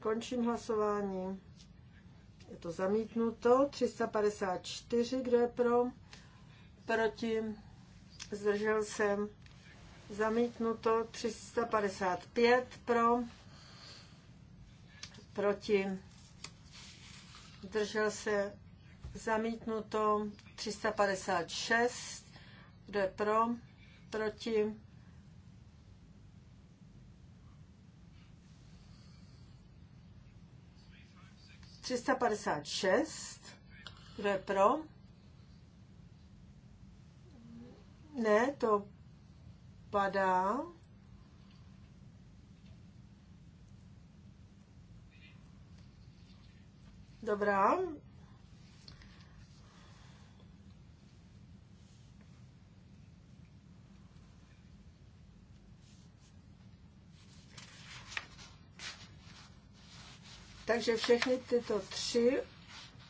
Končím hlasování. Je to zamítnuto. 354, kdo je pro? Proti? Zdržel se. Zamítnuto. 355 pro? Proti? Zdržel se. Zamítnuto. 356, kdo je pro? Proti? 356. Kdo je pro? Ne, to padá. Dobrá, Takže všechny tyto tři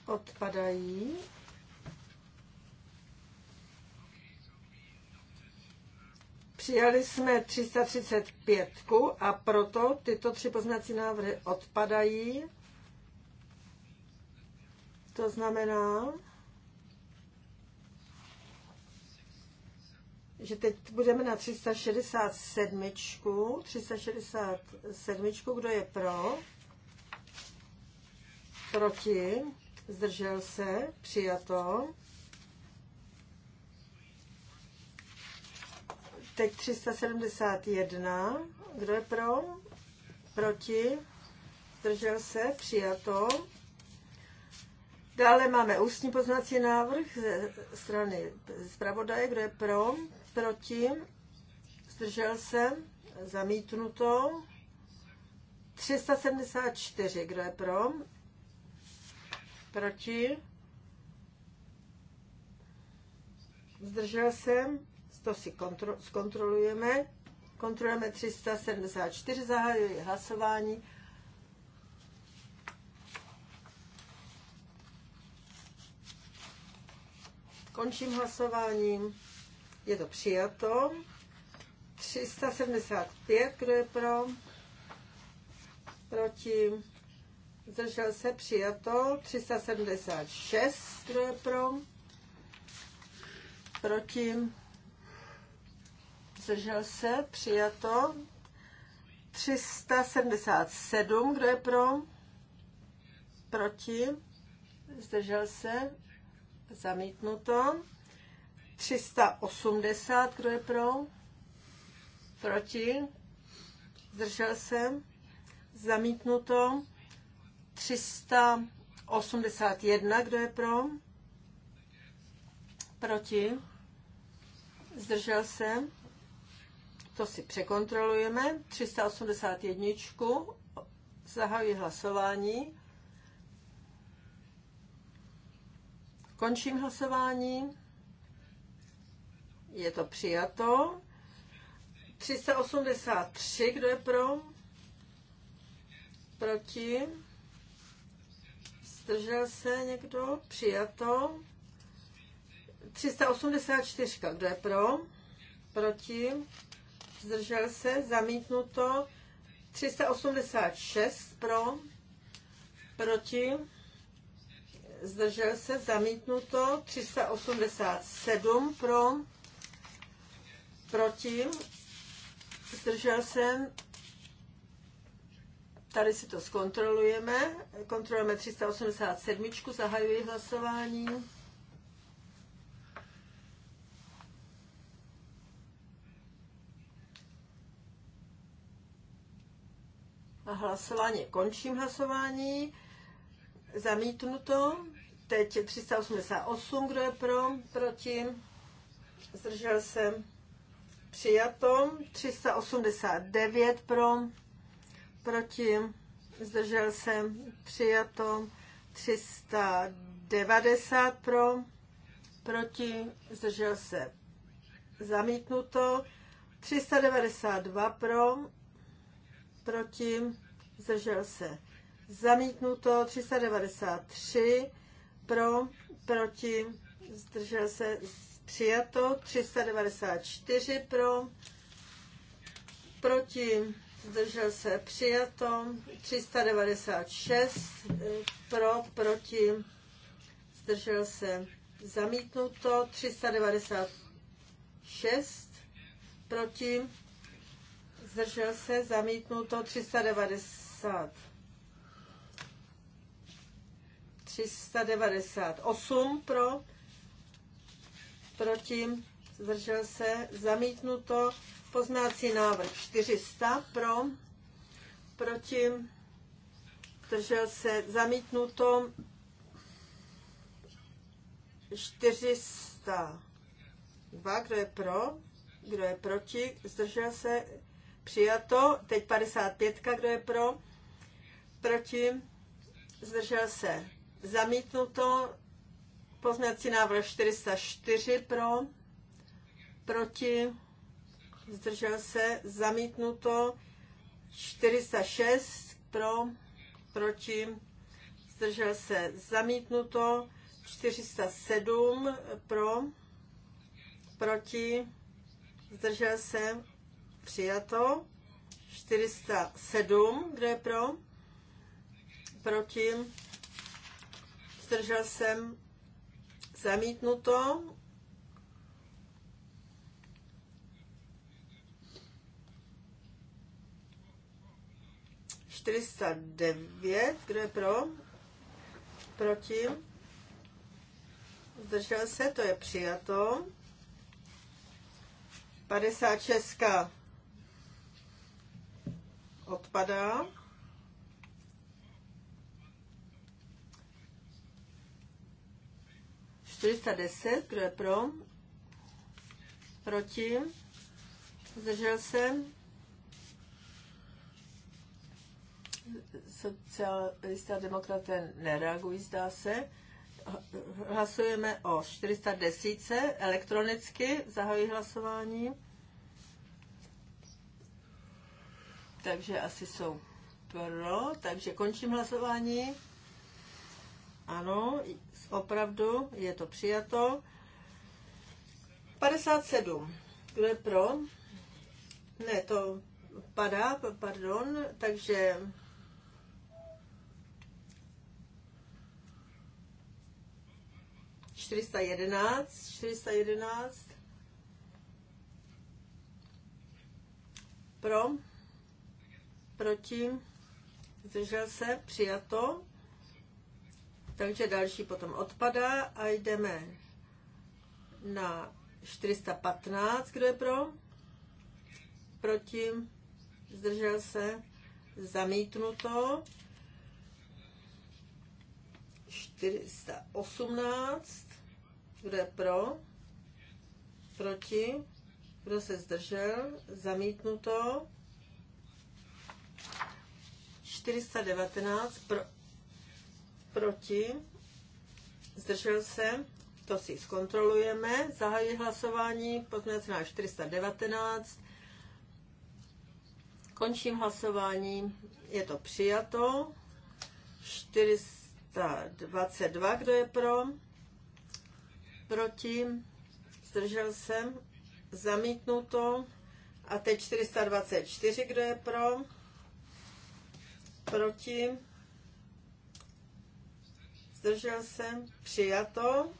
odpadají. Přijali jsme 335 a proto tyto tři poznací návrhy odpadají. To znamená, že teď budeme na 367. 367. Kdo je pro? proti, zdržel se, přijato. Teď 371, kdo je pro, proti, zdržel se, přijato. Dále máme ústní poznací návrh ze strany zpravodaje, kdo je pro, proti, zdržel se, zamítnuto. 374, kdo je pro, Proti? Zdržel jsem. To si kontro- zkontrolujeme. Kontrolujeme 374, zahajuji hlasování. Končím hlasováním. Je to přijato. 375, kdo je pro? Proti? zdržel se, přijato. 376, je pro, proti, zdržel se, přijato. 377, kdo je pro, proti, zdržel se, zamítnuto. 380, kdo je pro? Proti? Zdržel se? Zamítnuto. 381, kdo je pro? Proti? Zdržel se? To si překontrolujeme. 381. Zahajuji hlasování. Končím hlasování. Je to přijato. 383, kdo je pro? Proti? Zdržel se někdo? Přijato. 384. Kdo je pro? Proti? Zdržel se? Zamítnuto. 386 pro, proti, zdržel se, zamítnuto, 387 pro, proti, zdržel se, Tady si to zkontrolujeme. Kontrolujeme 387. Zahajuji hlasování. A hlasování. Končím hlasování. Zamítnuto. Teď 388. Kdo je pro? Proti? Zdržel se. Přijato. 389 pro proti, zdržel se, přijato 390 pro, proti, zdržel se, zamítnuto 392 pro, proti, zdržel se, zamítnuto 393 pro, proti, zdržel se, přijato 394 pro, proti, zdržel se přijato, 396 pro, proti, zdržel se zamítnuto, 396 proti, zdržel se zamítnuto, 390. 398 pro, proti, zdržel se, zamítnuto. poznáci návrh 400 pro, proti, zdržel se, zamítnuto. 402, kdo je pro, kdo je proti, zdržel se, přijato. Teď 55, kdo je pro, proti, zdržel se, zamítnuto. Poznací návrh 404 pro, proti, zdržel se, zamítnuto, 406 pro, proti, zdržel se, zamítnuto, 407 pro, proti, zdržel se, přijato, 407, kdo je pro, proti, zdržel jsem, zamítnuto, 409, kdo je pro? Proti? Zdržel se, to je přijato. 56 odpadá. Čtyřista deset, kdo je pro? Proti? Zdržel se? socialisté a demokraté nereagují, zdá se. Hlasujeme o 410 elektronicky, zahají hlasování. Takže asi jsou pro, takže končím hlasování. Ano, opravdu je to přijato. 57. Kdo je pro? Ne, to padá, pardon, takže 411, 411. Pro, proti, zdržel se, přijato. Takže další potom odpadá a jdeme na 415, kdo je pro, proti, zdržel se, zamítnuto. 418 kdo je pro? Proti? Kdo se zdržel? Zamítnuto. 419 pro, proti. Zdržel se. To si zkontrolujeme. Zahajuji hlasování. Pozměnec 419. Končím hlasování. Je to přijato. 422, kdo je pro? proti, zdržel jsem, zamítnuto. A teď 424, kdo je pro, proti, zdržel jsem. přijato.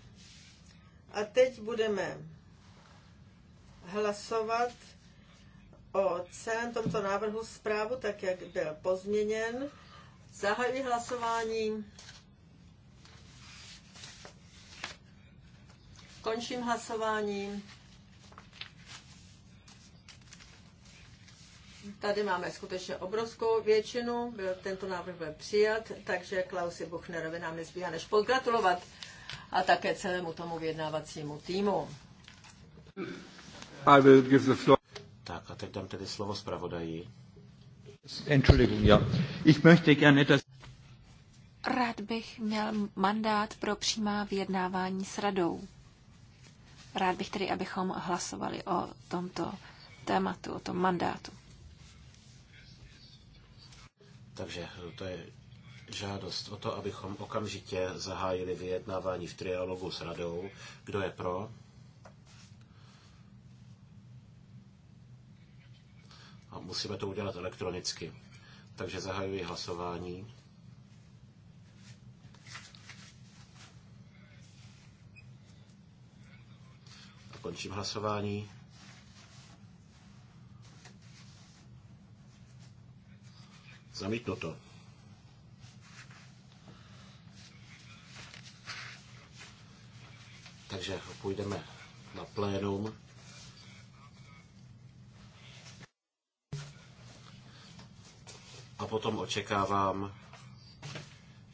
A teď budeme hlasovat o celém tomto návrhu zprávu, tak jak byl pozměněn. Zahajuji hlasování. Končím hlasování. Tady máme skutečně obrovskou většinu, byl, tento návrh byl přijat, takže Klausi Buchnerovi nám nezbývá než pogratulovat a také celému tomu vyjednávacímu týmu. I will give the floor. Tak a teď dám tedy slovo zpravodaji. Entschuldigung, ja. Ich möchte gerne das... Rád bych měl mandát pro přímá vyjednávání s radou. Rád bych tedy, abychom hlasovali o tomto tématu, o tom mandátu. Takže to je žádost o to, abychom okamžitě zahájili vyjednávání v trialogu s radou. Kdo je pro? A musíme to udělat elektronicky. Takže zahajuji hlasování. Končím hlasování. Zamítnuto. Takže půjdeme na plénum. A potom očekávám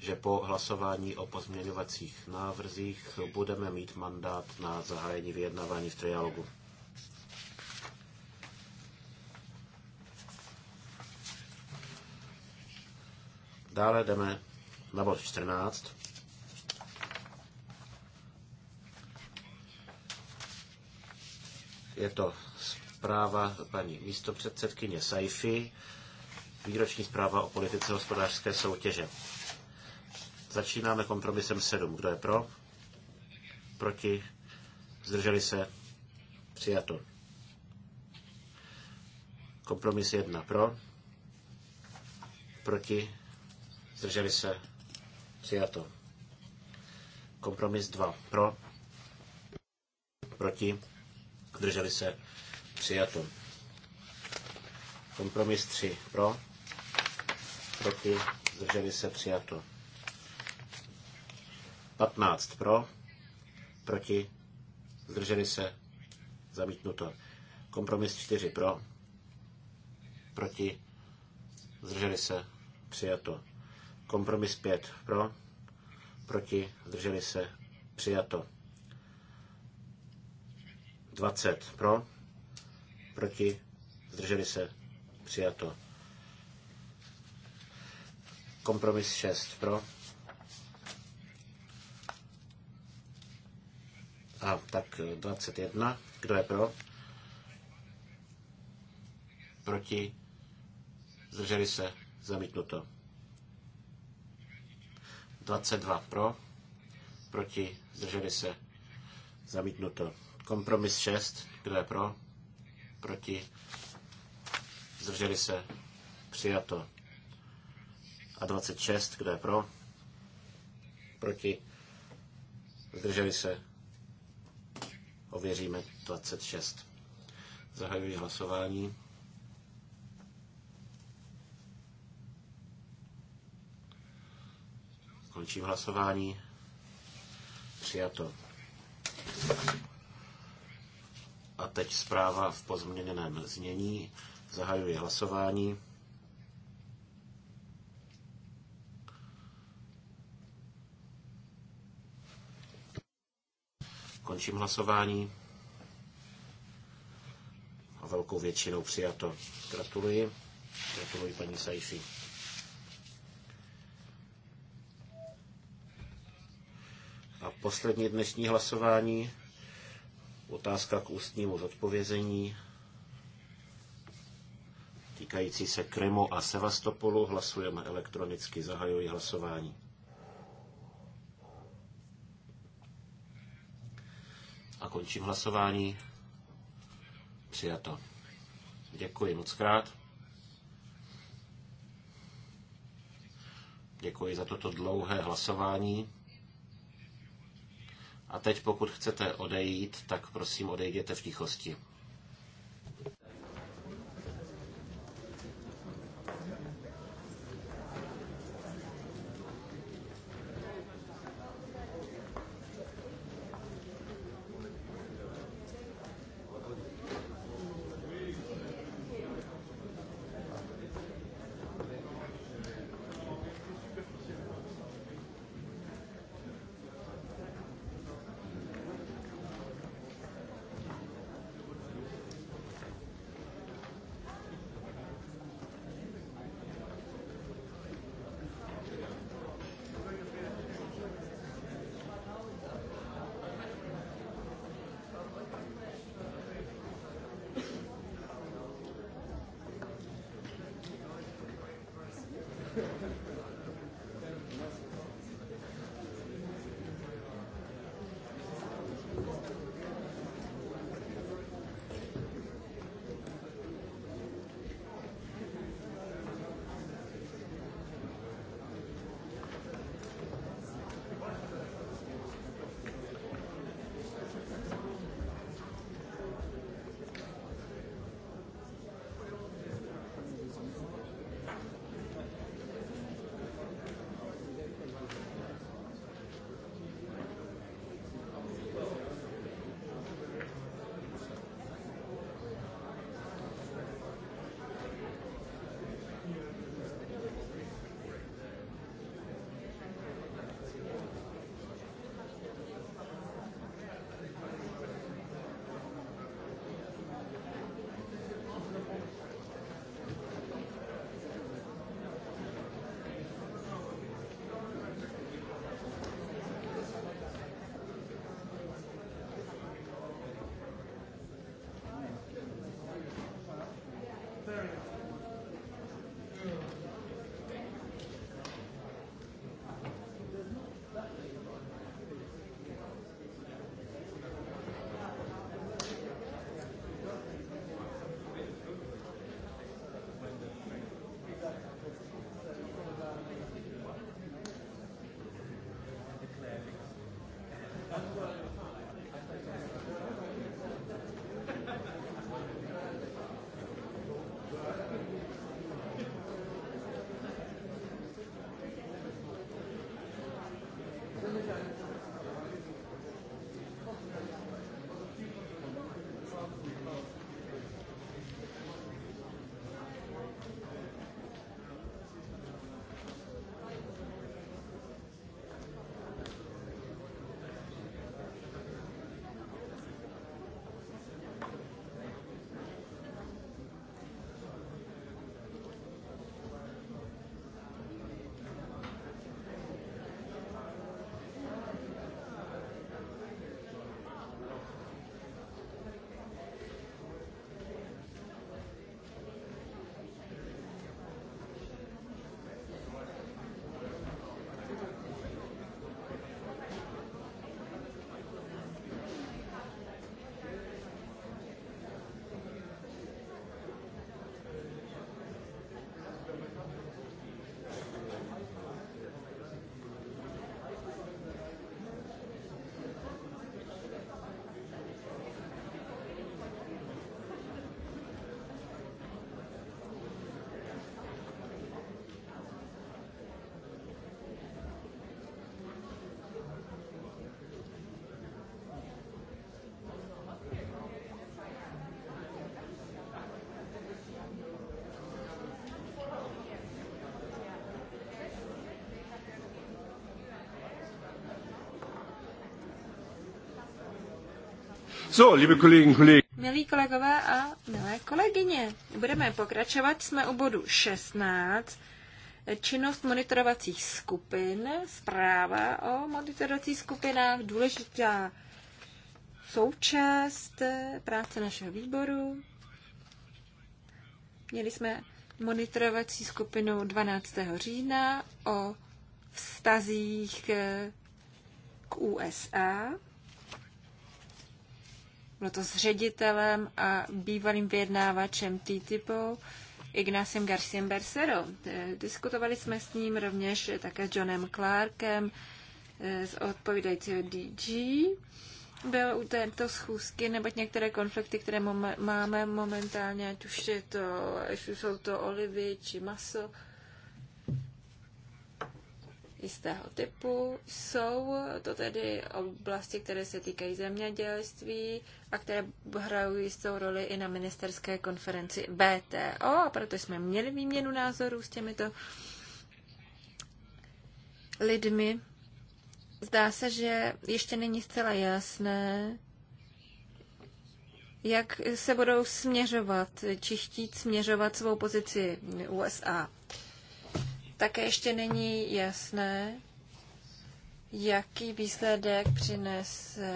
že po hlasování o pozměňovacích návrzích budeme mít mandát na zahájení vyjednávání v trialogu. Dále jdeme na bod 14. Je to zpráva paní místopředsedkyně Saifi, výroční zpráva o politice hospodářské soutěže. Začínáme kompromisem 7. Kdo je pro? Proti? Zdrželi se? Přijato. Kompromis 1 pro? Proti? Zdrželi se? Přijato. Kompromis 2 pro? Proti? Zdrželi se? Přijato. Kompromis 3 pro? Proti? Zdrželi se? Přijato. 15 pro, proti, zdrželi se, zamítnuto. Kompromis 4 pro, proti, zdrželi se, přijato. Kompromis 5 pro, proti, zdrželi se, přijato. 20 pro, proti, zdrželi se, přijato. Kompromis 6 pro, A tak 21. Eh, kdo je pro? Proti? Zdrželi se? Zamítnuto. 22 pro, proti, zdrželi se, zamítnuto. Kompromis 6, kdo je pro, proti, zdrželi se, přijato. A 26, kdo je pro, proti, zdrželi se, Ověříme 26. Zahajuji hlasování. Končím hlasování. Přijato. A teď zpráva v pozměněném znění. Zahajuji hlasování. Končím hlasování. A velkou většinou přijato. Gratuluji. Gratuluji paní Saifi. A poslední dnešní hlasování. Otázka k ústnímu zodpovězení týkající se Krymu a Sevastopolu. Hlasujeme elektronicky. Zahajuji hlasování. Končím hlasování. Přijato. Děkuji moc krát. Děkuji za toto dlouhé hlasování. A teď, pokud chcete odejít, tak prosím odejděte v tichosti. So, liebe Kollegen, Kollegen. Milí kolegové a milé kolegyně, budeme pokračovat. Jsme u bodu 16. Činnost monitorovacích skupin, zpráva o monitorovacích skupinách, důležitá součást práce našeho výboru. Měli jsme monitorovací skupinu 12. října o vztazích k USA. Bylo to s ředitelem a bývalým vyjednávačem TTIPu Ignacem Garciem Bersero. Eh, Diskutovali jsme s ním rovněž také s Johnem Clarkem eh, z odpovídajícího DG. Byl u této schůzky, neboť některé konflikty, které máme momentálně, ať už, je to, ať už jsou to olivy či maso, jistého typu. Jsou to tedy oblasti, které se týkají zemědělství a které hrají jistou roli i na ministerské konferenci BTO a proto jsme měli výměnu názorů s těmito lidmi. Zdá se, že ještě není zcela jasné, jak se budou směřovat, čiští směřovat svou pozici USA. Také ještě není jasné, jaký výsledek přinese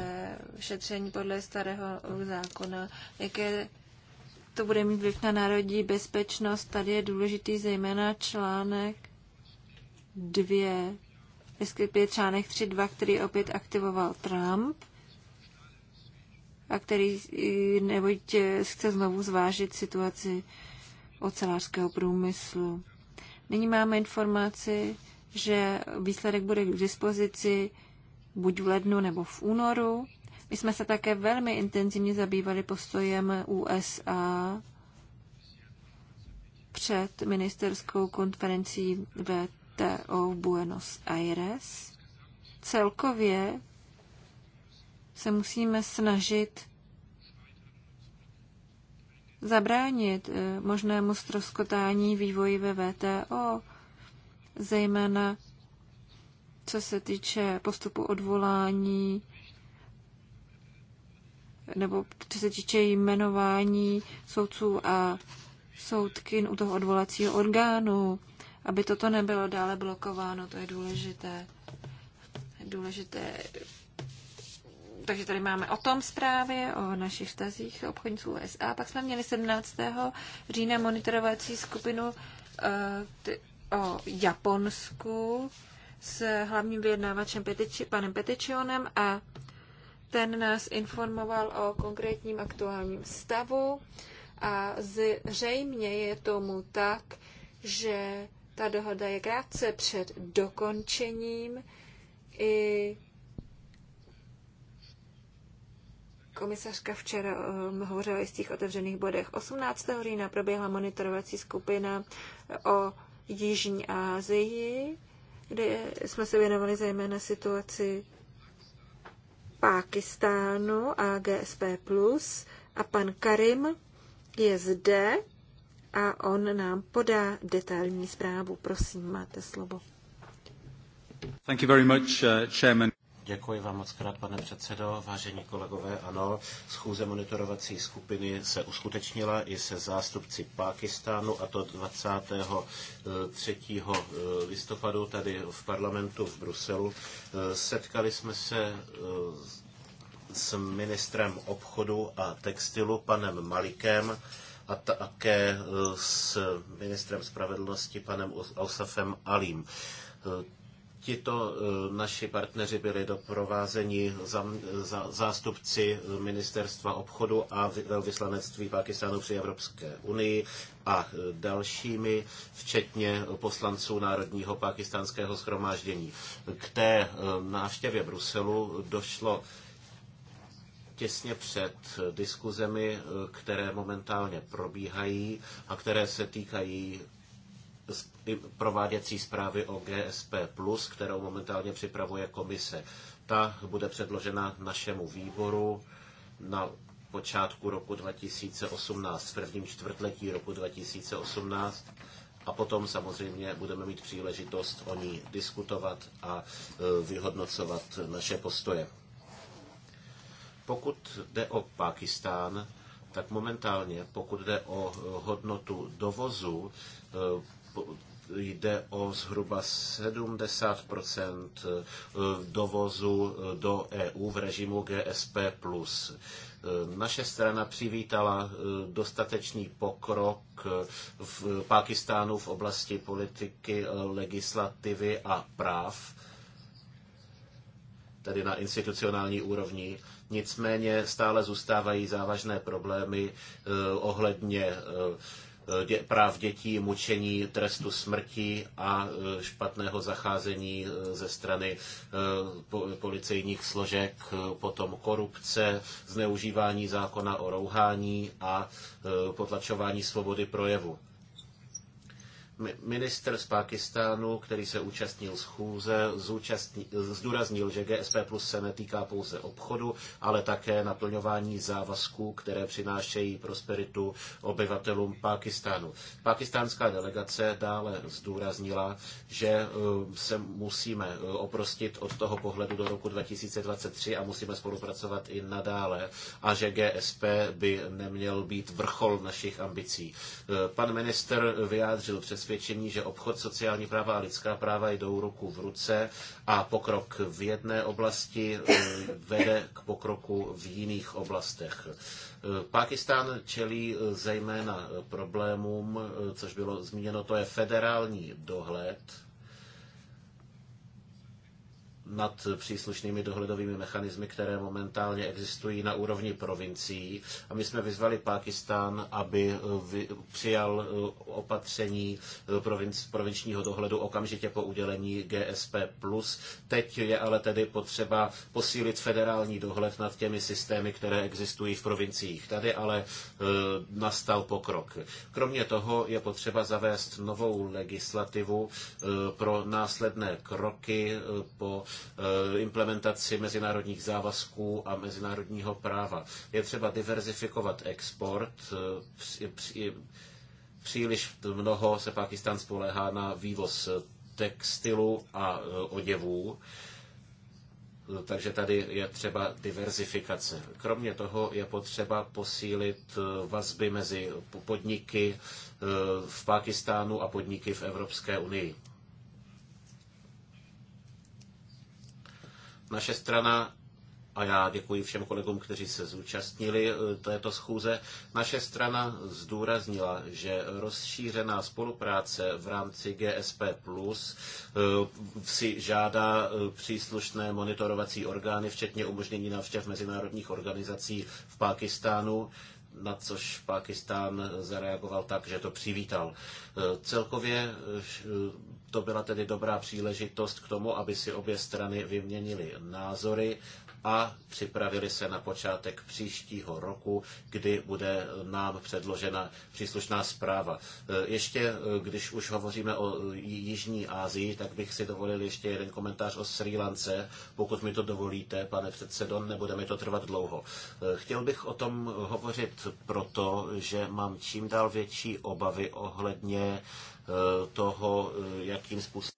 šetření podle starého zákona, jaké to bude mít vliv na národní bezpečnost. Tady je důležitý zejména článek 2, respektive článek 2, který opět aktivoval Trump a který neboť chce znovu zvážit situaci ocelářského průmyslu. Nyní máme informaci, že výsledek bude k dispozici buď v lednu nebo v únoru. My jsme se také velmi intenzivně zabývali postojem USA před ministerskou konferencí VTO v Buenos Aires. Celkově se musíme snažit zabránit eh, možnému stroskotání vývoji ve VTO, zejména co se týče postupu odvolání nebo co se týče jmenování soudců a soudkyn u toho odvolacího orgánu, aby toto nebylo dále blokováno, to je důležité. Důležité takže tady máme o tom zprávy, o našich vztazích obchodníců USA. Pak jsme měli 17. října monitorovací skupinu eh, o Japonsku s hlavním vyjednávačem Petiči, panem Petičionem a ten nás informoval o konkrétním aktuálním stavu a zřejmě je tomu tak, že ta dohoda je krátce před dokončením i komisařka včera um, hovořila o těch otevřených bodech. 18. října proběhla monitorovací skupina o Jižní Asii, kde jsme se věnovali zejména situaci Pákistánu a GSP+. A pan Karim je zde a on nám podá detailní zprávu. Prosím, máte slovo. Thank you very much, uh, chairman. Děkuji vám moc krát, pane předsedo. Vážení kolegové, ano, schůze monitorovací skupiny se uskutečnila i se zástupci Pákistánu a to 23. Eh, eh, listopadu tady v parlamentu v Bruselu. Eh, setkali jsme se s ministrem obchodu a textilu, panem Malikem, a také s ministrem spravedlnosti, panem Ausafem Alím. Tito eh, naši partneři byli doprovázeni za, za, zástupci Ministerstva obchodu a velvyslanectví Pakistánu při Evropské unii a eh, dalšími, včetně poslanců Národního pakistánského schromáždění. K té eh, návštěvě Bruselu došlo těsně před diskuzemi, které momentálně probíhají a které se týkají prováděcí zprávy o GSP+, kterou momentálně připravuje komise. Ta bude předložena našemu výboru na počátku roku 2018, v prvním čtvrtletí roku 2018 a potom samozřejmě budeme mít příležitost o ní diskutovat a e, vyhodnocovat naše postoje. Pokud jde o Pákistán, tak momentálně, pokud jde o e, hodnotu dovozu, e, jde o zhruba 70 eh, dovozu eh, do EU v režimu GSP. Eh, naše strana přivítala dostatečný pokrok v Pákistánu v oblasti politiky, legislativy a práv, tedy na institucionální úrovni. Nicméně stále zůstávají závažné problémy ohledně dě, práv dětí, mučení, trestu smrti a e, špatného zacházení e, ze strany e, policejních složek, potom korupce, zneužívání zákona o rouhání a potlačování svobody projevu. Minister z Pákistánu, který se účastnil schůze, zdůraznil, že GSP Plus se netýká pouze obchodu, ale také naplňování závazků, které přinášejí prosperitu obyvatelům Pákistánu. Pakistánská delegace dále zdůraznila, že e, se musíme e, oprostit od toho pohledu do roku 2023 a musíme spolupracovat i nadále a že GSP by neměl být vrchol našich ambicí. E, pan minister vyjádřil přesvědčení, přesvědčení, že obchod, sociální práva a lidská práva jdou ruku v ruce a pokrok v jedné oblasti eh, vede k pokroku v jiných oblastech. Eh, Pákistán čelí eh, zejména problémům, což bylo zmíněno, to je federální dohled nad příslušnými dohledovými mechanismy, které momentálně existují na úrovni provincií. A my jsme vyzvali Pákistán, aby eh, přijal eh, opatření eh, provinčního dohledu okamžitě po udělení GSP+. Teď je ale tedy potřeba posílit federální dohled nad těmi systémy, které existují v provinciích. Tady ale nastal pokrok. Kromě toho je potřeba zavést novou legislativu pro následné kroky po Eh, implementaci mezinárodních závazků a mezinárodního práva. Je třeba diverzifikovat export. Eh, příliš mnoho se Pakistan spoléhá na vývoz textilu a eh, oděvů. Takže tady je třeba diverzifikace. Kromě toho je potřeba posílit vazby mezi podniky v Pákistánu a podniky v Evropské unii. Naše strana a já děkuji všem kolegům, kteří se zúčastnili eh, této schůze. Naše strana zdůraznila, že rozšířená spolupráce v rámci GSP Plus eh, si žádá eh, příslušné monitorovací orgány, včetně umožnění návštěv mezinárodních organizací v Pákistánu, na což Pákistán zareagoval tak, že to přivítal. E, celkově e, to byla tedy dobrá příležitost k tomu, aby si obě strany vyměnily názory a připravili se na počátek příštího roku, kdy bude nám předložena příslušná zpráva. E, ještě, e, když už hovoříme o Jižní Asii, tak bych si dovolil ještě jeden komentář o Sri Lance, pokud mi to dovolíte, pane předsedo, nebude mi to trvat dlouho. E, chtěl bych o tom hovořit proto, že mám čím dál větší obavy ohledně toho, jakým způsobem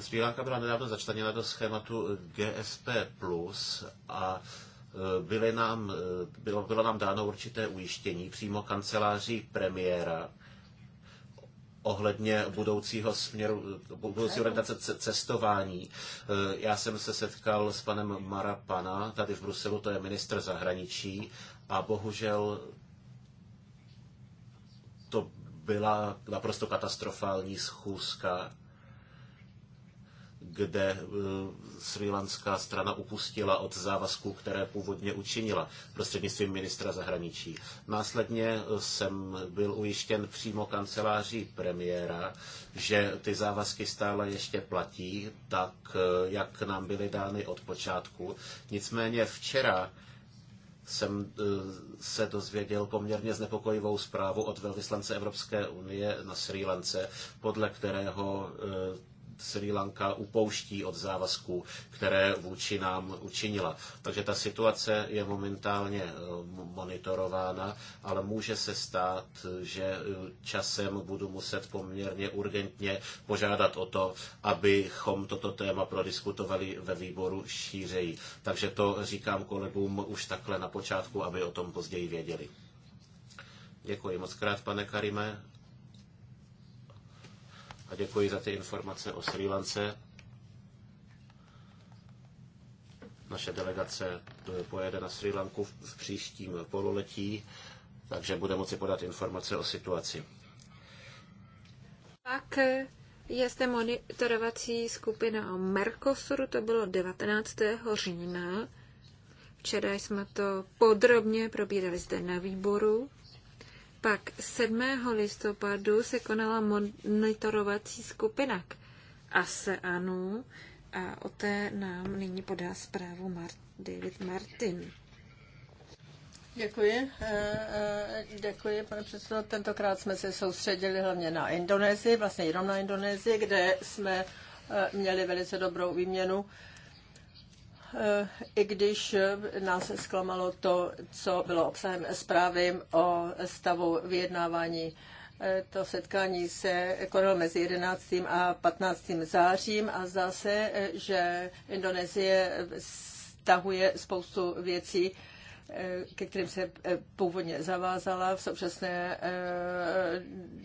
Sri Lanka byla nedávno začleněna do schématu eh, GSP+, a eh, byly nám, eh, bylo, bylo nám dáno určité ujištění přímo kanceláří premiéra ohledně budoucího směru, budoucí orientace cestování. Já jsem se setkal s panem Marapana tady v Bruselu, to je ministr zahraničí, a bohužel to byla naprosto katastrofální schůzka kde eh, Sri Lanská strana upustila od závazků, které původně učinila prostřednictvím ministra zahraničí. Následně eh, jsem byl ujištěn přímo kanceláří premiéra, že ty závazky stále ještě platí, tak eh, jak nám byly dány od počátku. Nicméně včera jsem se dozvěděl poměrně znepokojivou zprávu od velvyslance Evropské unie na Sri Lance, podle kterého Sri Lanka upouští od závazků, které vůči nám učinila. Takže ta situace je momentálně eh, monitorována, ale může se stát, že eh, časem budu muset poměrně urgentně požádat o to, abychom toto téma prodiskutovali ve výboru šířejí. Takže to říkám kolegům už takhle na počátku, aby o tom později věděli. Děkuji moc krát, pane Karime a děkuji za ty informace o Sri Lance. Naše delegace pojede na Sri Lanku v příštím pololetí, takže bude moci podat informace o situaci. Tak je zde monitorovací skupina o Mercosuru, to bylo 19. října. Včera jsme to podrobně probírali zde na výboru. Pak 7. listopadu se konala monitorovací skupina k ASEANu a o té nám nyní podá zprávu Mart- David Martin. Děkuji. Eh, eh, děkuji, pane předsedo. Tentokrát jsme se soustředili hlavně na Indonésii, vlastně jenom na Indonésii, kde jsme eh, měli velice dobrou výměnu i když nás zklamalo to, co bylo obsahem zprávy o stavu vyjednávání. To setkání se konalo mezi 11. a 15. zářím a zdá se, že Indonésie stahuje spoustu věcí, ke kterým se původně zavázala. V současné eh,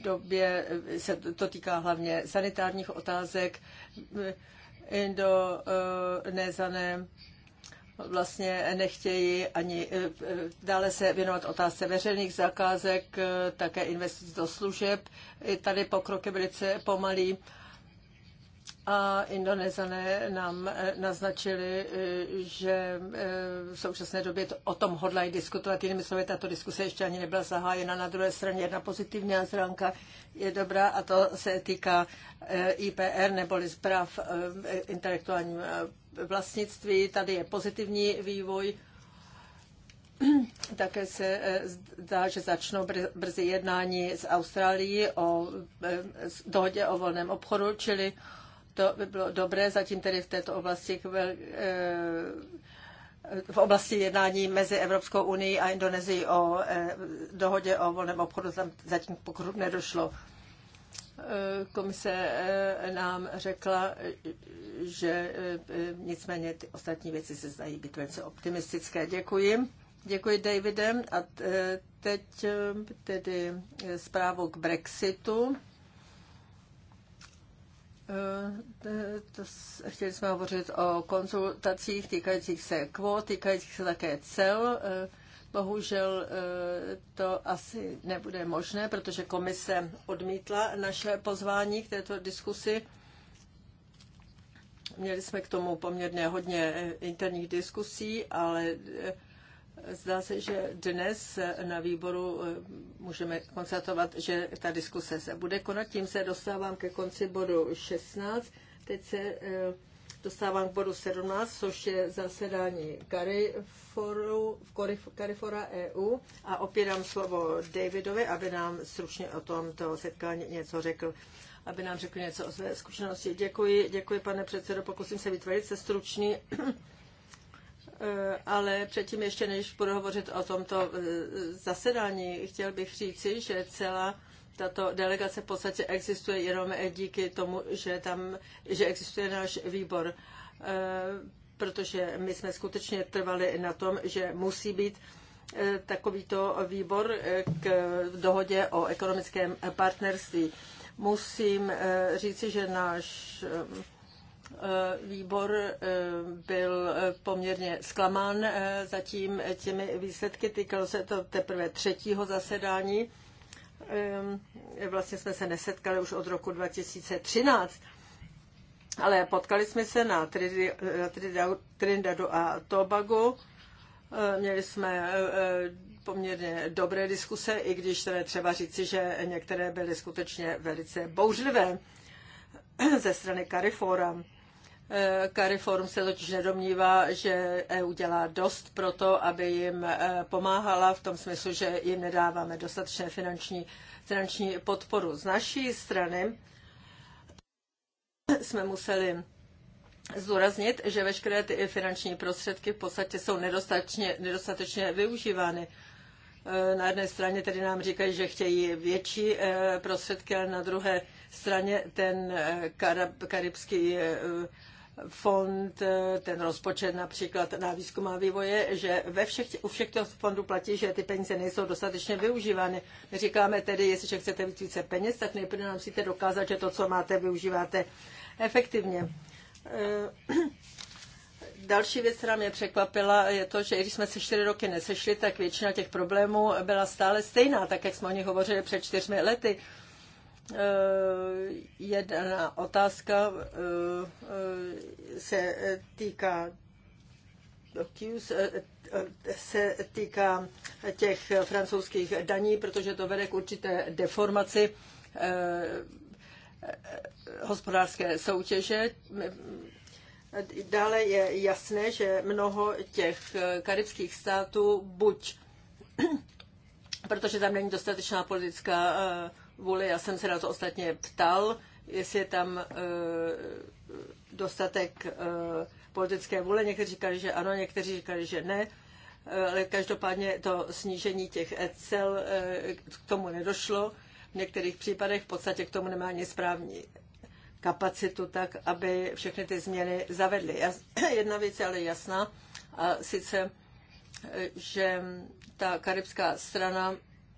době se to týká hlavně sanitárních otázek. Indonézané vlastně nechtějí ani eh, eh, dále se věnovat otázce veřejných zakázek, eh, také investic do služeb. I tady pokroky velice pomalý a indonezané nám eh, naznačili, eh, že eh, v současné době o tom hodlají diskutovat. Jinými slovy, tato diskuse ještě ani nebyla zahájena. Na druhé straně jedna pozitivní zránka je dobrá a to se týká IPR neboli zpráv intelektuálním vlastnictví. Tady je pozitivní vývoj. (clears throat) Také se zdá, že začnou brzy jednání s Austrálií o dohodě o volném obchodu, čili to by bylo dobré, zatím tedy v této oblasti eh, v oblasti jednání mezi Evropskou unii a Indonésií o eh, dohodě o volném obchodu tam zatím pokud nedošlo. Eh, komise nám řekla, že nicméně ty ostatní věci se zdají být velice optimistické. Děkuji. Děkuji, Davidem A teď tedy zprávu k Brexitu. Eh, eh, chtěli jsme hovořit o konzultacích týkajících se kvót, týkajících se také cel. Eh, bohužel to asi nebude možné, protože komise odmítla naše pozvání k této diskusi. Měli jsme k tomu poměrně hodně interních diskusí, ale Zdá se, že dnes na výboru eh, můžeme konstatovat, že ta diskuse se bude konat. Tím se dostávám ke konci bodu 16. Teď se eh, dostávám k bodu 17, což je zasedání Cariforu, Carifora EU a opírám slovo Davidovi, aby nám stručně o tomto setkání něco řekl aby nám řekl něco o své zkušenosti. Děkuji, děkuji pane předsedo, pokusím se být velice stručný. (clears throat) Eh, ale předtím ještě než budu hovořit o tomto eh, zasedání, chtěl bych říci, že celá tato delegace v podstatě existuje jenom díky tomu, že tam, že existuje náš výbor, eh, protože my jsme skutečně trvali na tom, že musí být takovýto výbor k dohodě o ekonomickém partnerství. Musím říci, že náš Eh, výbor eh, byl eh, poměrně zklamán zatím těmi výsledky. Týkalo se to teprve třetího zasedání. Vlastně jsme se nesetkali už od roku 2013. Ale potkali jsme se na Trinidadu a Tobago. Měli jsme poměrně dobré diskuse, i když je třeba říci, že některé byly skutečně velice bouřlivé ze strany Carifora. CARIFORM se totiž nedomnívá, že EU dělá dost pro to, aby jim e, pomáhala v tom smyslu, že jim nedáváme dostatečné finanční, finanční podporu. Z naší strany jsme museli zdůraznit, že veškeré ty finanční prostředky v podstatě jsou nedostatečně, nedostatečně využívány. E, na jedné straně tedy nám říkají, že chtějí větší e, prostředky, ale na druhé straně ten karibský fond, eh, ten rozpočet například na výzkum a vývoje, že ve všech, u všech těch fondů platí, že ty peníze nejsou dostatečně využívány. My říkáme tedy, jestliže chcete víc více peněz, tak nejprve nám musíte dokázat, že to, co máte, využíváte efektivně. Eh, (clears throat) další věc, která mě překvapila, je to, že i když jsme se čtyři roky nesešli, tak většina těch problémů byla stále stejná, tak jak jsme o nich hovořili před čtyřmi lety. Eh, jedna otázka eh, eh, se týká se týká těch francouzských daní, protože to vede k určité deformaci hospodářské soutěže. Dále je jasné, že mnoho těch karibských států buď (coughs) protože tam není dostatečná politická vůli. Já jsem se na to ostatně ptal, jestli je tam eh, dostatek eh, politické vůle. Někteří říkali, že ano, někteří říkali, že ne. Eh, ale každopádně to snížení těch cel k tomu nedošlo. V některých případech v podstatě k tomu nemá ani správní kapacitu tak, aby všechny ty změny zavedly. (clears throat) Jedna věc je ale jasná, a sice, že ta karibská strana (clears throat)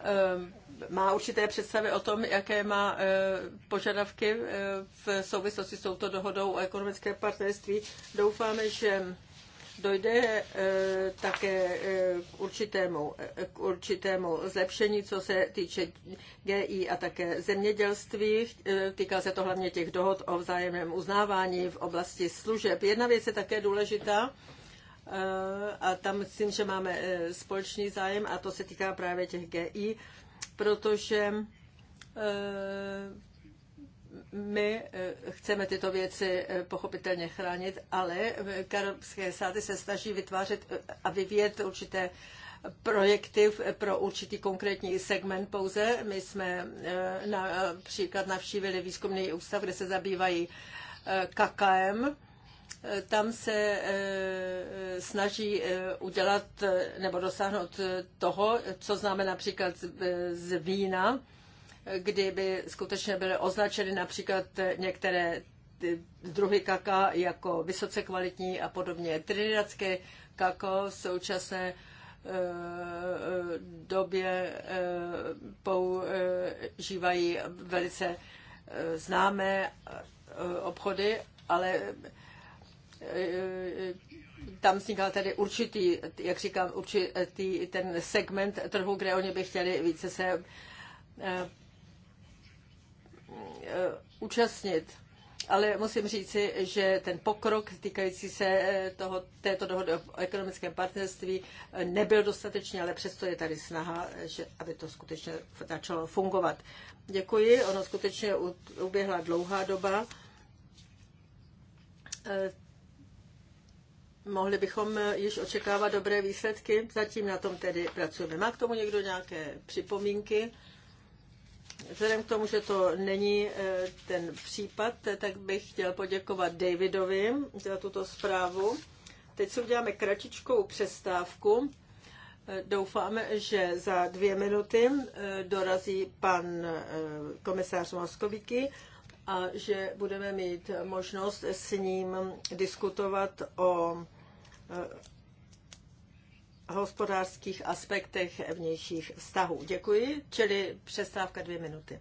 Eh, má určité představy o tom, jaké má eh, požadavky eh, v souvislosti s touto dohodou o ekonomické partnerství. Doufáme, že dojde také k určitému, k určitému zlepšení, co se týče GI a také zemědělství. Týká se to hlavně těch dohod o vzájemném uznávání v oblasti služeb. Jedna věc je také důležitá, Eh, a tam myslím, že máme eh, společný zájem a to se týká právě těch GI, protože eh, my chceme tyto věci pochopitelně chránit, ale karibské státy se snaží vytvářet a vyvíjet určité projekty pro určitý konkrétní segment pouze. My jsme například navštívili výzkumný ústav, kde se zabývají kakaem tam se eh, snaží eh, udělat eh, nebo dosáhnout toho, co známe například z vína, kdyby skutečně byly označeny například některé druhy kaka jako vysoce kvalitní a podobně. Trinidadské kako v současné době používají velice známé obchody, ale tam vznikal tedy určitý, jak říkám, určitý ten segment trhu, kde oni by chtěli více se eh, účastnit. Ale musím říci, že ten pokrok týkající se eh, toho, této dohody o ekonomickém partnerství eh, nebyl dostatečný, ale přesto je tady snaha, že, aby to skutečně začalo fungovat. Děkuji, ono skutečně uběhla dlouhá doba mohli bychom eh, již očekávat dobré výsledky. Zatím na tom tedy pracujeme. Má k tomu někdo nějaké připomínky? Vzhledem k tomu, že to není eh, ten případ, tak bych chtěl poděkovat Davidovi za tuto zprávu. Teď si uděláme kratičkou přestávku. Eh, doufáme, že za dvě minuty dorazí pan komisář Moskovíky a že budeme mít možnost s ním diskutovat o Eh, hospodářských aspektech vnějších vztahů. Děkuji, čili přestávka dvě minuty.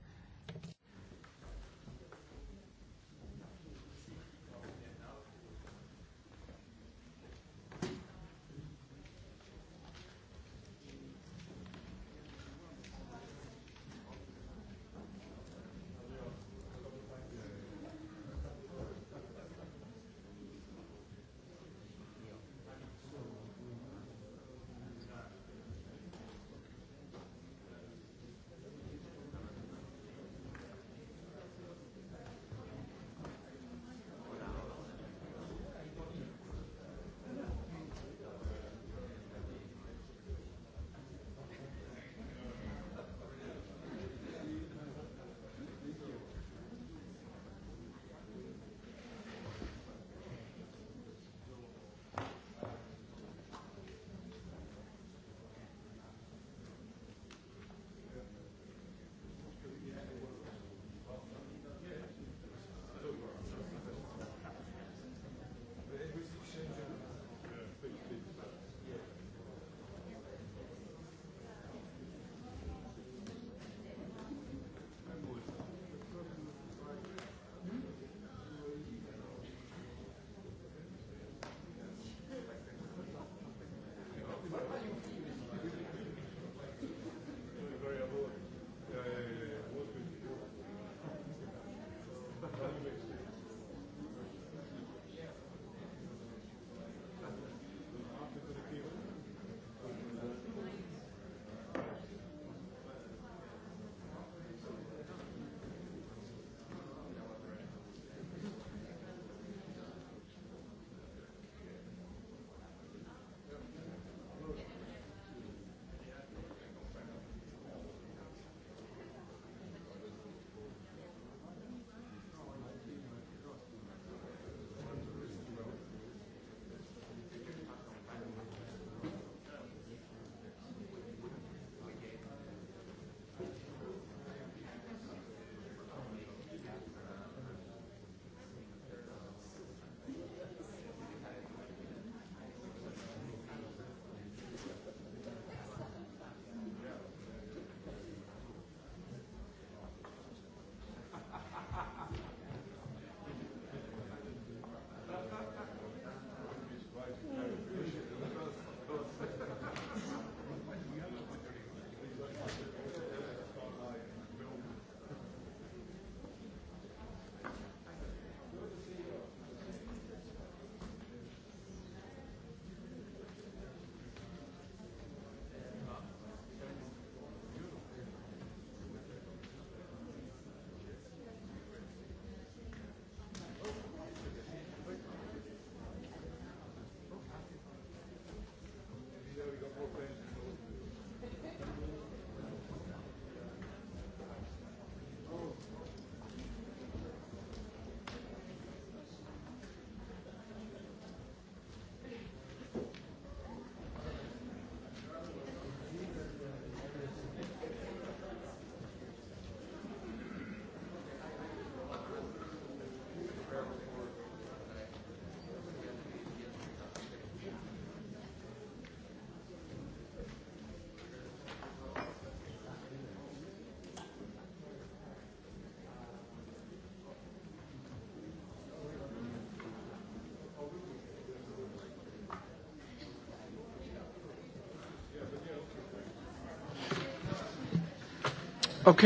Tak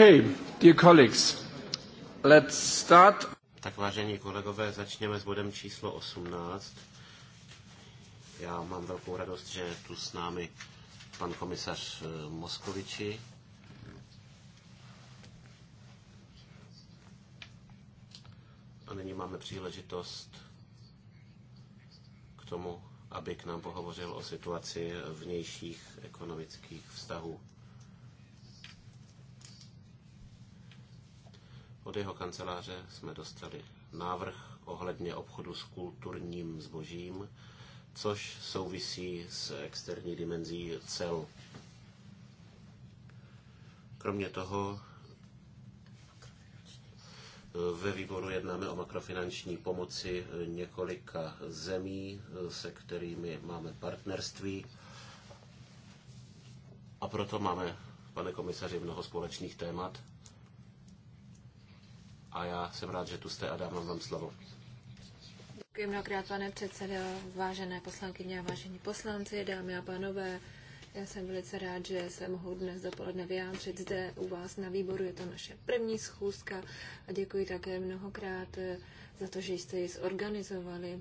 vážení kolegové, začněme s bodem číslo 18. Já mám velkou radost, že je tu s námi pan komisař eh, Moskoviči. A nyní máme příležitost k tomu, aby k nám pohovořil o situaci vnějších ekonomických vztahů jeho kanceláře jsme dostali návrh ohledně obchodu s kulturním zbožím, což souvisí s externí dimenzí cel. Kromě toho ve výboru jednáme o makrofinanční pomoci několika zemí, se kterými máme partnerství. A proto máme, pane komisaři, mnoho společných témat a já jsem rád, že tu jste a dávám vám slovo. Děkuji mnohokrát, pane předsedo, vážené poslankyně a vážení poslanci, dámy a pánové. Já jsem velice rád, že se mohu dnes dopoledne vyjádřit zde u vás na výboru. Je to naše první schůzka a děkuji také mnohokrát eh, za to, že jste ji zorganizovali.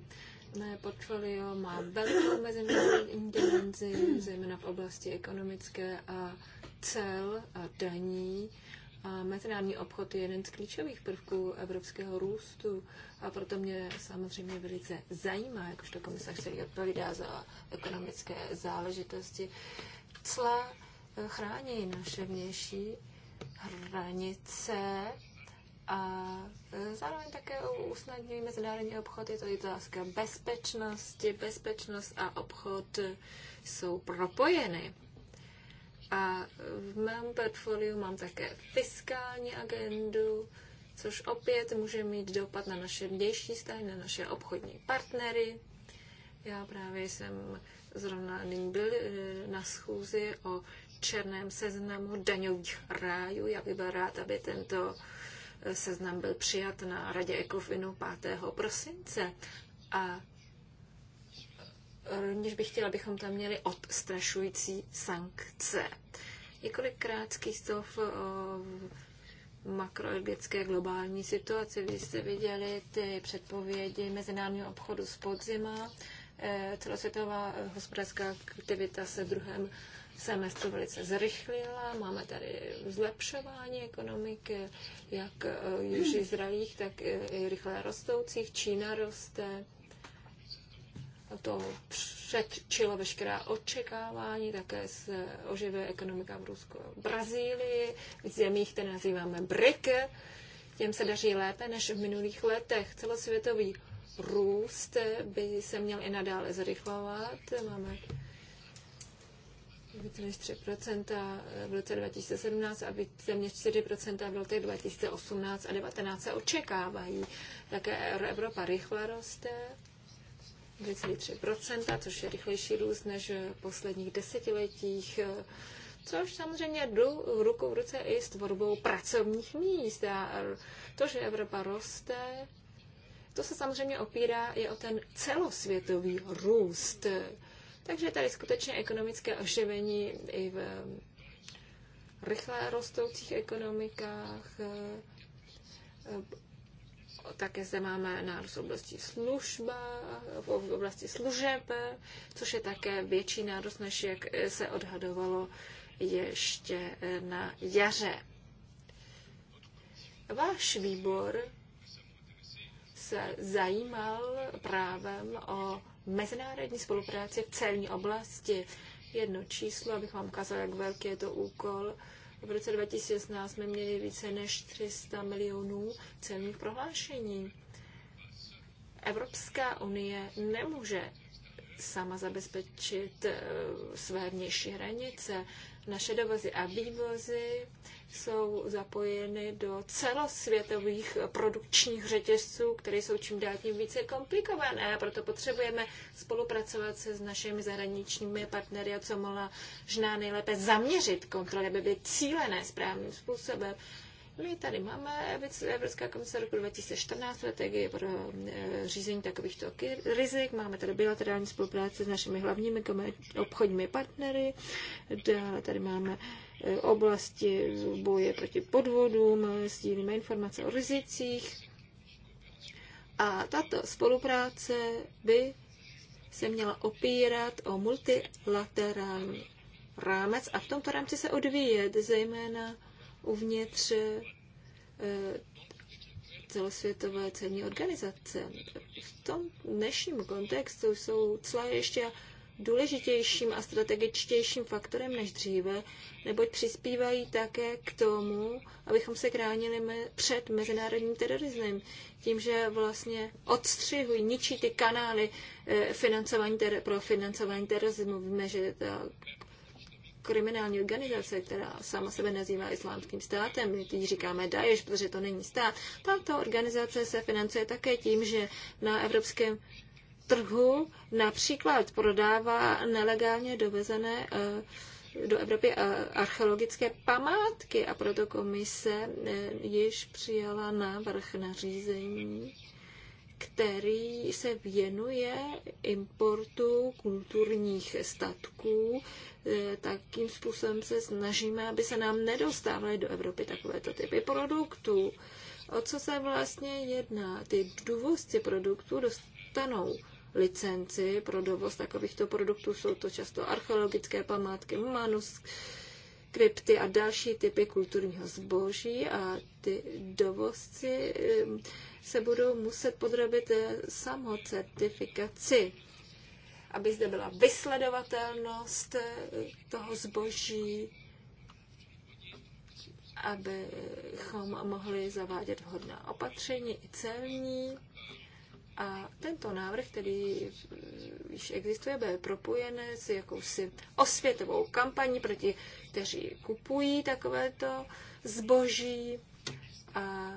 Mé portfolio má velkou mezinárodní dimenzi, zejména v oblasti ekonomické a cel a daní. A mezinárodní obchod je jeden z klíčových prvků evropského růstu a proto mě samozřejmě velice zajímá, jakožto komisař, který odpovídá za ekonomické záležitosti. Cla eh, chrání naše vnější hranice a eh, zároveň také usnadňují mezinárodní obchod. Je to otázka bezpečnosti. Bezpečnost a obchod eh, jsou propojeny. A v mém portfoliu mám také fiskální agendu, což opět může mít dopad na naše vnější vztahy, na naše obchodní partnery. Já právě jsem zrovna nyní byl eh, na schůzi o černém seznamu daňových rájů. Já bych byl rád, aby tento eh, seznam byl přijat na Radě Ekofinu 5. prosince. A Rovněž bych chtěla, abychom tam měli odstrašující sankce. Několik krátkých slov o makroelgické globální situaci. Vy jste viděli ty předpovědi mezinárodního obchodu z podzima. Eh, celosvětová hospodářská aktivita se v druhém semestru velice zrychlila. Máme tady zlepšování ekonomiky, jak eh, již zdravých, tak i rychle rostoucích. Čína roste to předčilo veškerá očekávání, také se oživuje ekonomika v Rusku a Brazílii, v zemích, které nazýváme BRIC. Těm se daří lépe než v minulých letech. Celosvětový růst by se měl i nadále zrychlovat. Máme více než 3% v roce 2017 a více než 4% v roce 2018 a 2019 se očekávají. Také Evropa rychle roste 2,3%, což je rychlejší růst než v posledních desetiletích, eh, což samozřejmě jdu ruku v ruce i s tvorbou pracovních míst. A to, že Evropa roste, to se samozřejmě opírá i o ten celosvětový růst. Takže tady skutečně ekonomické oživení i v rychle rostoucích ekonomikách eh, také zde máme nárůst v oblasti služba, v oblasti služeb, což je také větší nárůst, než jak se odhadovalo ještě na jaře. Váš výbor se zajímal právem o mezinárodní spolupráci v celní oblasti. Jedno číslo, abych vám ukázal, jak velký je to úkol, v roce 2016 jsme měli více než 300 milionů celních prohlášení. Evropská unie nemůže sama zabezpečit eh, své vnější hranice. Naše dovozy a vývozy jsou zapojeny do celosvětových produkčních řetězců, které jsou čím dál tím více komplikované. Proto potřebujeme spolupracovat se s našimi zahraničními partnery a co možná nejlépe zaměřit kontroly, aby byly cílené správným způsobem. My tady máme Evropská komise roku 2014 strategie pro e, řízení takovýchto rizik. Máme tady bilaterální spolupráci s našimi hlavními obchodními partnery. Tady máme e, oblasti boje proti podvodům, sdílíme informace o rizicích. A tato spolupráce by se měla opírat o multilaterální rámec a v tomto rámci se odvíjet zejména uvnitř eh, celosvětové celní organizace. V tom dnešním kontextu jsou cla ještě důležitějším a strategičtějším faktorem než dříve, neboť přispívají také k tomu, abychom se kránili me- před mezinárodním terorismem, tím, že vlastně odstřihují, ničí ty kanály eh, financování ter- pro financování terorismu. Víme, že ta kriminální organizace, která sama sebe nazývá islámským státem, my teď říkáme Daesh, protože to není stát, tato organizace se financuje také tím, že na evropském trhu například prodává nelegálně dovezené eh, do Evropy eh, archeologické památky a proto komise eh, již přijala návrh řízení který se věnuje importu kulturních statků. Eh, takým způsobem se snažíme, aby se nám nedostávaly do Evropy takovéto typy produktů. O co se vlastně jedná? Ty důvozci produktů dostanou licenci pro dovoz takovýchto produktů. Jsou to často archeologické památky, manuskripty, krypty a další typy kulturního zboží a ty dovozci se budou muset podrobit eh, samocertifikaci, aby zde byla vysledovatelnost eh, toho zboží, abychom mohli zavádět vhodná opatření i celní a tento návrh, který již existuje, byl propojen s jakousi osvětovou kampaní proti, kteří kupují takovéto zboží. A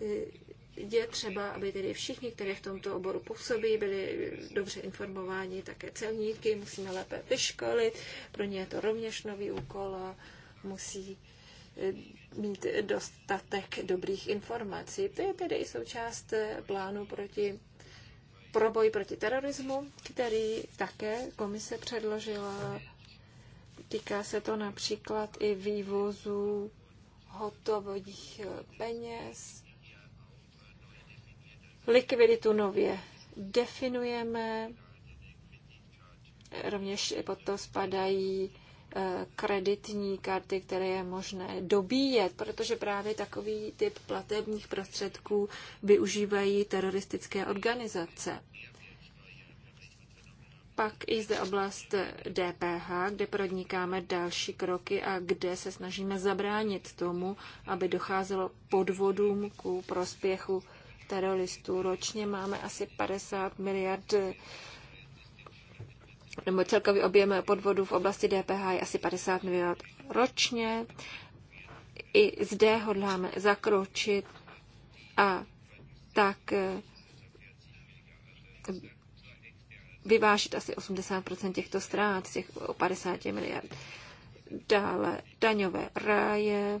e, je třeba, aby tedy všichni, kteří v tomto oboru působí, byli dobře informováni, také celníky musíme lépe vyškolit, pro ně je to rovněž nový úkol a musí mít dostatek dobrých informací. To je tedy i součást plánu proti pro boj proti terorismu, který také komise předložila. Týká se to například i vývozu hotových peněz. Likviditu nově definujeme. Rovněž pod to spadají Eh, kreditní karty, které je možné dobíjet, protože právě takový typ platebních prostředků využívají teroristické organizace. Pak i zde oblast DPH, kde prodnikáme další kroky a kde se snažíme zabránit tomu, aby docházelo podvodům ku prospěchu teroristů. Ročně máme asi 50 miliard nebo celkový objem podvodů v oblasti DPH je asi 50 miliard ročně. I zde hodláme zakročit a tak eh, vyvážit asi 80% těchto ztrát, těch 50 miliard. Dále daňové ráje,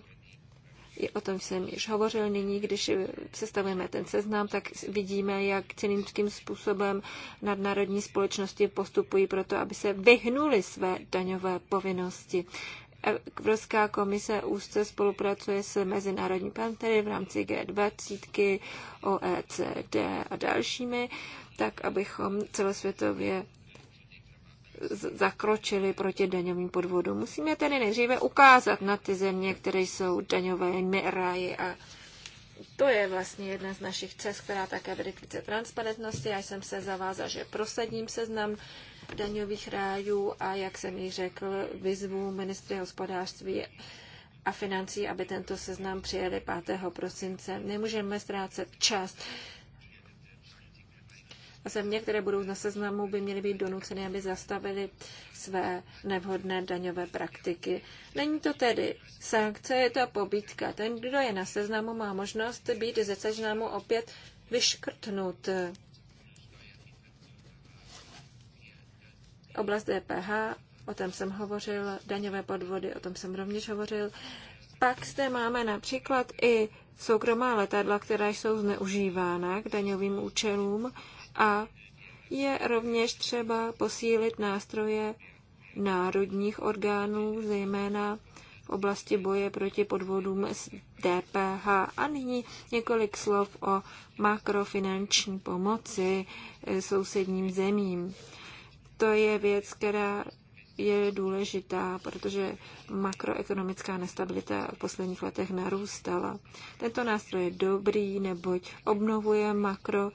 O tom jsem již hovořil nyní, když sestavujeme ten seznam, tak vidíme, jak cynickým způsobem nadnárodní společnosti postupují proto, aby se vyhnuli své daňové povinnosti. Evropská komise úzce spolupracuje s Mezinárodní pantery v rámci G20, OECD a dalšími, tak abychom celosvětově zakročili proti daňovým podvodům. Musíme tedy nejdříve ukázat na ty země, které jsou daňové neráje a to je vlastně jedna z našich cest, která také vede k více transparentnosti. Já jsem se zavázal, že prosadím seznam daňových rájů a jak jsem ji řekl, vyzvu ministry hospodářství a financí, aby tento seznam přijeli 5. prosince. Nemůžeme ztrácet čas. A země, které budou na seznamu, by měly být donuceny, aby zastavili své nevhodné daňové praktiky. Není to tedy sankce, je to pobítka. Ten, kdo je na seznamu, má možnost být ze seznamu opět vyškrtnut. Oblast DPH, o tom jsem hovořil, daňové podvody, o tom jsem rovněž hovořil. Pak zde máme například i soukromá letadla, která jsou zneužívána k daňovým účelům a je rovněž třeba posílit nástroje národních orgánů, zejména v oblasti boje proti podvodům s DPH. A nyní několik slov o makrofinanční pomoci eh, sousedním zemím. To je věc, která je důležitá, protože makroekonomická nestabilita v posledních letech narůstala. Tento nástroj je dobrý, neboť obnovuje makro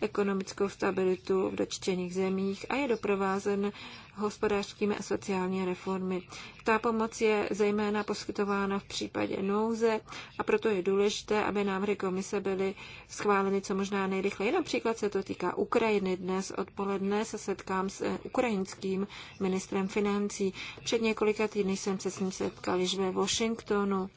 ekonomickou stabilitu v dotčených zemích a je doprovázen hospodářskými a sociální reformy. Ta pomoc je zejména poskytována v případě nouze a proto je důležité, aby návrhy komise byly schváleny co možná nejrychleji. Například se to týká Ukrajiny. Dnes odpoledne se setkám s ukrajinským ministrem financí. Před několika týdny jsem se s ním setkal již ve Washingtonu.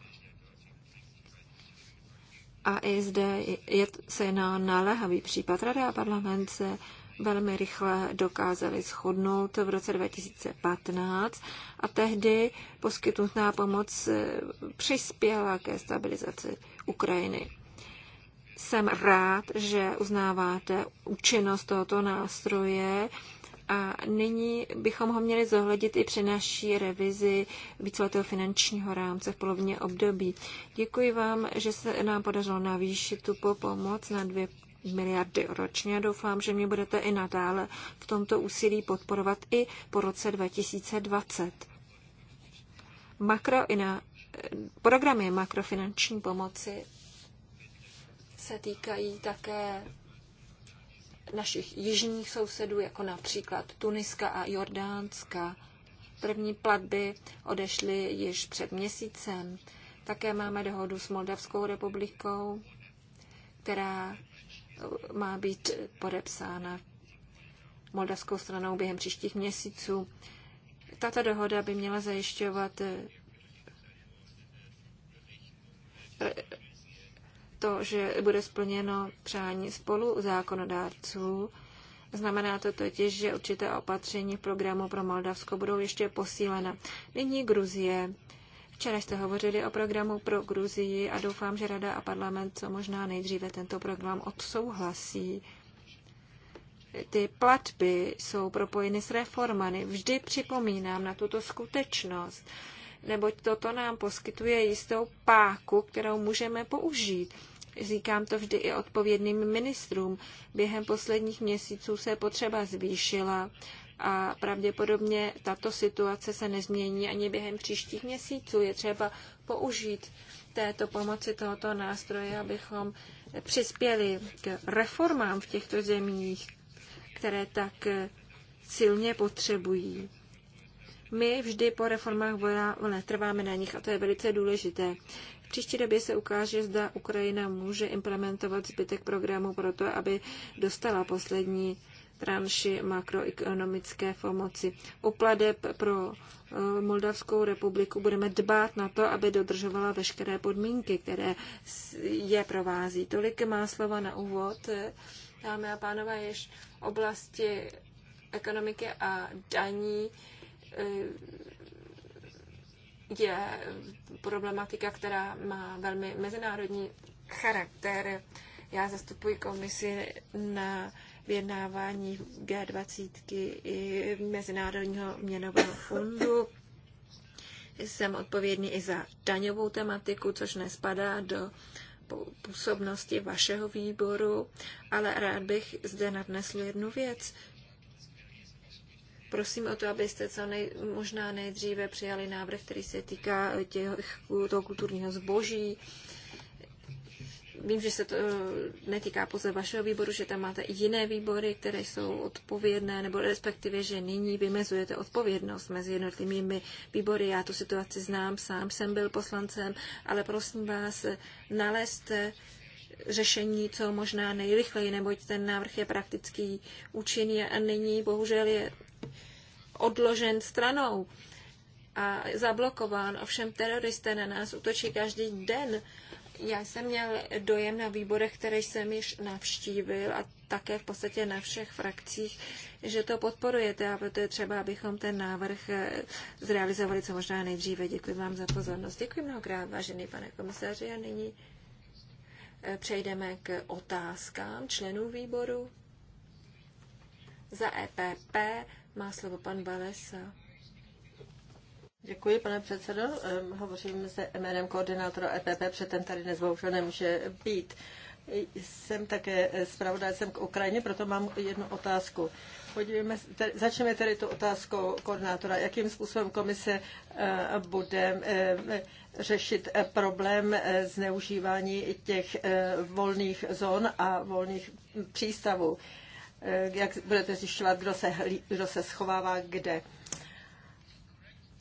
A i zde je, se jedná naléhavý případ. Rada a parlament se velmi rychle dokázali shodnout v roce 2015 a tehdy poskytnutá pomoc eh, přispěla ke stabilizaci Ukrajiny. Jsem rád, že uznáváte účinnost tohoto nástroje a nyní bychom ho měli zohledit i při naší revizi víceletého finančního rámce v polovině období. Děkuji vám, že se nám podařilo navýšit tu pomoc na dvě miliardy ročně. Doufám, že mě budete i nadále v tomto úsilí podporovat i po roce 2020. Makro i na programy makrofinanční pomoci se týkají také našich jižních sousedů, jako například Tuniska a Jordánska. První platby odešly již před měsícem. Také máme dohodu s Moldavskou republikou, která eh, má být podepsána moldavskou stranou během příštích měsíců. Tato dohoda by měla zajišťovat eh, to, že bude splněno přání spolu zákonodárců. Znamená to totiž, že určité opatření programu pro Moldavsko budou ještě posílena. Nyní Gruzie. Včera jste hovořili o programu pro Gruzii a doufám, že Rada a parlament co možná nejdříve tento program odsouhlasí. Ty platby jsou propojeny s reformami. Vždy připomínám na tuto skutečnost, neboť toto nám poskytuje jistou páku, kterou můžeme použít Říkám to vždy i odpovědným ministrům. Během posledních měsíců se potřeba zvýšila a pravděpodobně tato situace se nezmění ani během příštích měsíců. Je třeba použít této pomoci tohoto nástroje, abychom přispěli k reformám v těchto zemích, které tak silně potřebují. My vždy po reformách vojna trváme na nich a to je velice důležité příští době se ukáže, zda Ukrajina může implementovat zbytek programu pro to, aby dostala poslední tranši makroekonomické pomoci. U pladeb pro eh, Moldavskou republiku budeme dbát na to, aby dodržovala veškeré podmínky, které je provází. Tolik má slova na úvod. Dámy a pánové, jež oblasti ekonomiky a daní eh, je problematika, která má velmi mezinárodní charakter. Já zastupuji komisi na vyjednávání G20 i Mezinárodního měnového fondu. Jsem odpovědný i za daňovou tematiku, což nespadá do působnosti vašeho výboru, ale rád bych zde nadnesl jednu věc. Prosím o to, abyste co nej, možná nejdříve přijali návrh, který se týká těch, toho kulturního zboží. Vím, že se to eh, netýká pouze vašeho výboru, že tam máte i jiné výbory, které jsou odpovědné, nebo respektive, že nyní vymezujete odpovědnost mezi jednotlivými výbory. Já tu situaci znám, sám jsem byl poslancem, ale prosím vás, nalezte řešení co možná nejrychleji, neboť ten návrh je praktický účinný a nyní bohužel je odložen stranou a zablokován. Ovšem teroristé na nás útočí každý den. Já jsem měl dojem na výborech, které jsem již navštívil a také v podstatě na všech frakcích, že to podporujete a proto je třeba, abychom ten návrh eh, zrealizovali co možná nejdříve. Děkuji vám za pozornost. Děkuji mnohokrát, vážený pane komisaři. A nyní eh, přejdeme k otázkám členů výboru za EPP má slovo pan Balesa. Děkuji, pane předsedo. Ehm, hovořím se jménem koordinátora EPP, protože ten tady dnes bohužel nemůže být. Jsem také zpravodajcem k Ukrajině, proto mám jednu otázku. Podívejme, tady, začneme tedy tu otázku koordinátora. Jakým způsobem komise eh, bude eh, řešit eh, problém zneužívání těch volných zón a volných přístavů? Eh, jak budete zjišťovat, kdo se, kdo se schovává kde.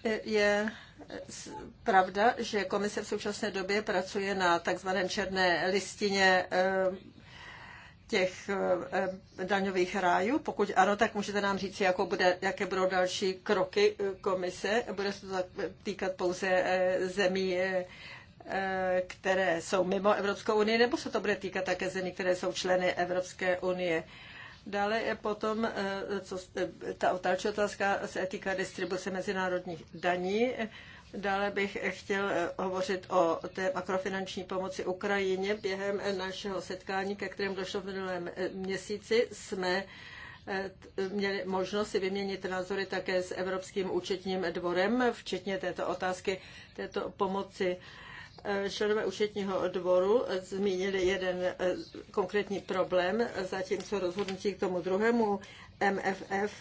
Eh, je eh, pravda, že komise v současné době pracuje na takzvaném černé listině těch daňových rájů? Pokud ano, tak můžete nám říct, jako bude, jaké budou další kroky komise. Bude se to týkat pouze zemí, které jsou mimo Evropskou unii, nebo se to bude týkat také zemí, které jsou členy Evropské unie? Dále je potom eh, co, eh, ta další otázka se týká distribuce mezinárodních daní. Dále bych chtěl eh, hovořit o té makrofinanční pomoci Ukrajině. Během našeho setkání, ke kterému došlo v minulém měsíci, jsme měli možnost si vyměnit názory také s Evropským účetním dvorem, včetně této otázky této pomoci Eh, členové účetního odboru zmínili jeden eh, konkrétní problém, zatímco rozhodnutí k tomu druhému MFF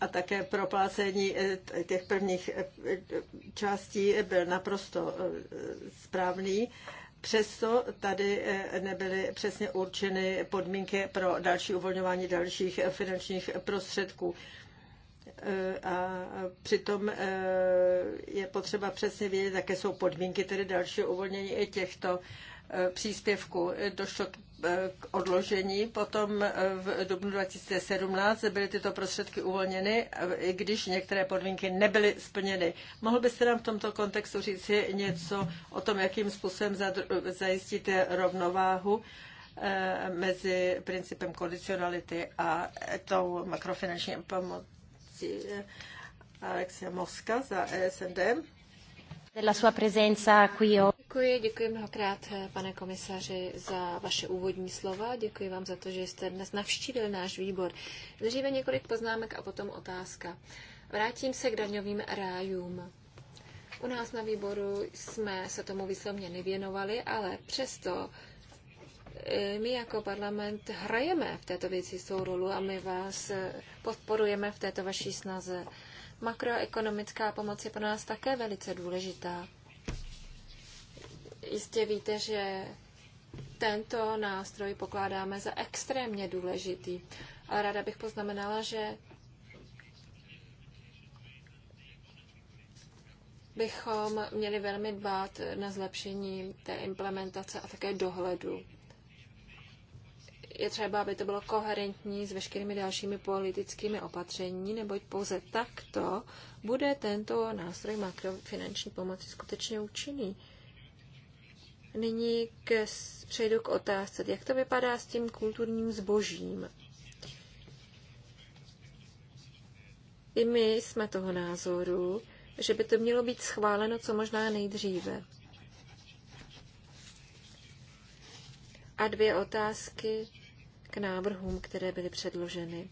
a také proplácení eh, těch prvních částí byl naprosto správný. Přesto tady nebyly přesně určeny podmínky pro další uvolňování dalších finančních prostředků. E, a přitom e, je potřeba přesně vědět, jaké jsou podmínky tedy další uvolnění i těchto e, příspěvků. Došlo k odložení. Potom v dubnu 2017 byly tyto prostředky uvolněny, i když některé podmínky nebyly splněny. Mohl byste nám v tomto kontextu říct něco o tom, jakým způsobem zajistíte rovnováhu mezi principem kondicionality a tou makrofinanční pomoc, Eh, Alexia Mosca za e SND. Della sua presenza qui Děkuji, děkuji mnohokrát, eh, pane komisaři, za vaše úvodní slova. Děkuji vám za to, že jste dnes navštívil náš výbor. Dříve několik poznámek a potom otázka. Vrátím se k daňovým rájům. U nás na výboru jsme se tomu výslovně nevěnovali, ale přesto Eh, my jako parlament hrajeme v této věci svou rolu a my vás eh, podporujeme v této vaší snaze. Makroekonomická pomoc je pro nás také velice důležitá. Jistě víte, že tento nástroj pokládáme za extrémně důležitý. Ale ráda bych poznamenala, že bychom měli velmi dbát na zlepšení té implementace a také dohledu je třeba, aby to bylo koherentní s veškerými dalšími politickými opatření, neboť pouze takto bude tento nástroj makrofinanční pomoci skutečně účinný. Nyní k, přejdu k otázce, jak to vypadá s tím kulturním zbožím. I my jsme toho názoru, že by to mělo být schváleno co možná nejdříve. A dvě otázky návrhům, které byly předloženy.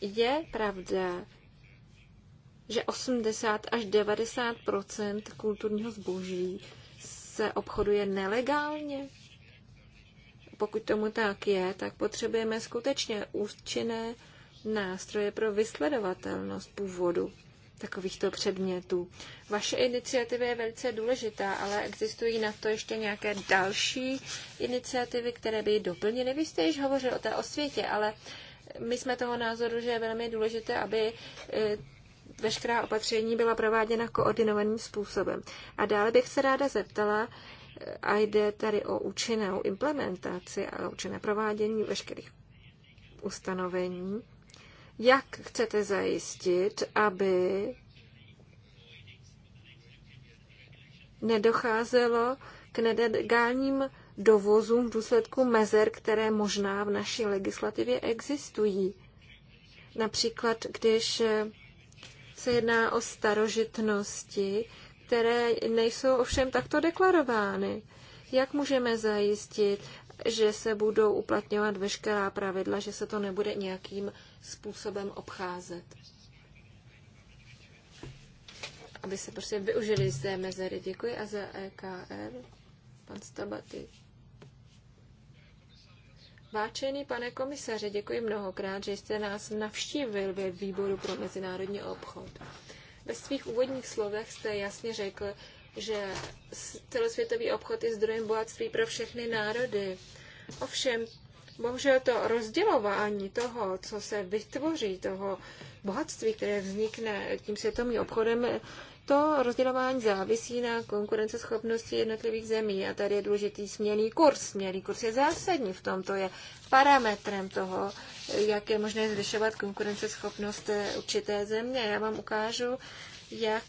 Je pravda, že 80 až 90 kulturního zboží se obchoduje nelegálně? Pokud tomu tak je, tak potřebujeme skutečně účinné nástroje pro vysledovatelnost původu takovýchto předmětů. Vaše iniciativa je velice důležitá, ale existují na to ještě nějaké další iniciativy, které by doplnily. Vy jste již hovořil o té osvětě, ale my jsme toho názoru, že je velmi důležité, aby e, veškerá opatření byla prováděna koordinovaným způsobem. A dále bych se ráda zeptala, e, a jde tady o účinnou implementaci a účinné provádění veškerých ustanovení jak chcete zajistit, aby nedocházelo k nedegálním dovozům v důsledku mezer, které možná v naší legislativě existují. Například, když se jedná o starožitnosti, které nejsou ovšem takto deklarovány. Jak můžeme zajistit, že se budou uplatňovat veškerá pravidla, že se to nebude nějakým způsobem obcházet. Aby se prostě využili z té mezery. Děkuji a za EKR. Pan Stabaty. Váčený pane komisaře, děkuji mnohokrát, že jste nás navštívil ve výboru pro mezinárodní obchod. Ve svých úvodních slovech jste jasně řekl, že celosvětový obchod je zdrojem bohatství pro všechny národy. Ovšem, Bohužel to rozdělování toho, co se vytvoří, toho bohatství, které vznikne tím světovým obchodem, to rozdělování závisí na konkurenceschopnosti jednotlivých zemí a tady je důležitý směrný kurz. Směrný kurz je zásadní v tom, to je parametrem toho, jak je možné zvyšovat konkurenceschopnost určité země. Já vám ukážu, jak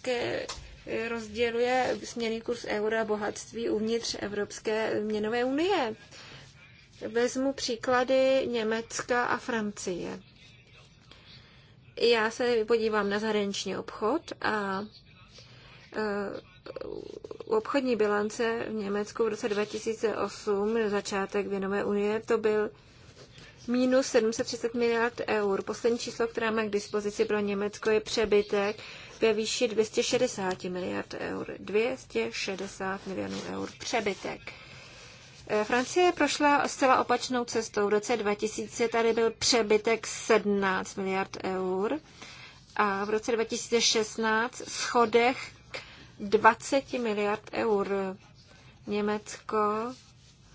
rozděluje směrný kurz eura bohatství uvnitř Evropské měnové unie. Vezmu příklady Německa a Francie. Já se podívám na zahraniční obchod a eh, obchodní bilance v Německu v roce 2008, začátek věnové unie, to byl minus 730 miliard eur. Poslední číslo, které máme k dispozici pro Německo, je přebytek ve výši 260 miliard eur. 260 milionů eur přebytek. Francie prošla zcela opačnou cestou. V roce 2000 tady byl přebytek 17 miliard eur a v roce 2016 schodech 20 miliard eur. Německo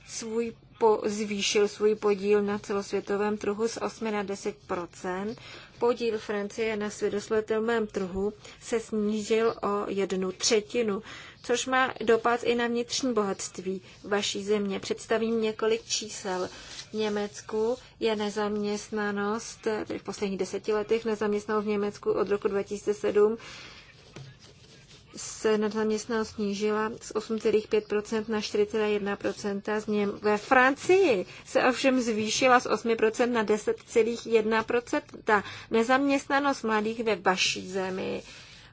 svůj po, zvýšil svůj podíl na celosvětovém trhu z 8 na 10 Podíl Francie na svědosletelném trhu se snížil o jednu třetinu, což má dopad i na vnitřní bohatství vaší země. Představím několik čísel. V Německu je nezaměstnanost, tedy v posledních deseti letech nezaměstnanost v Německu od roku 2007 se nezaměstnanost snížila z 8,5% na 4,1% z něm Ve Francii se ovšem zvýšila z 8% na 10,1%. Nezaměstnanost mladých ve vaší zemi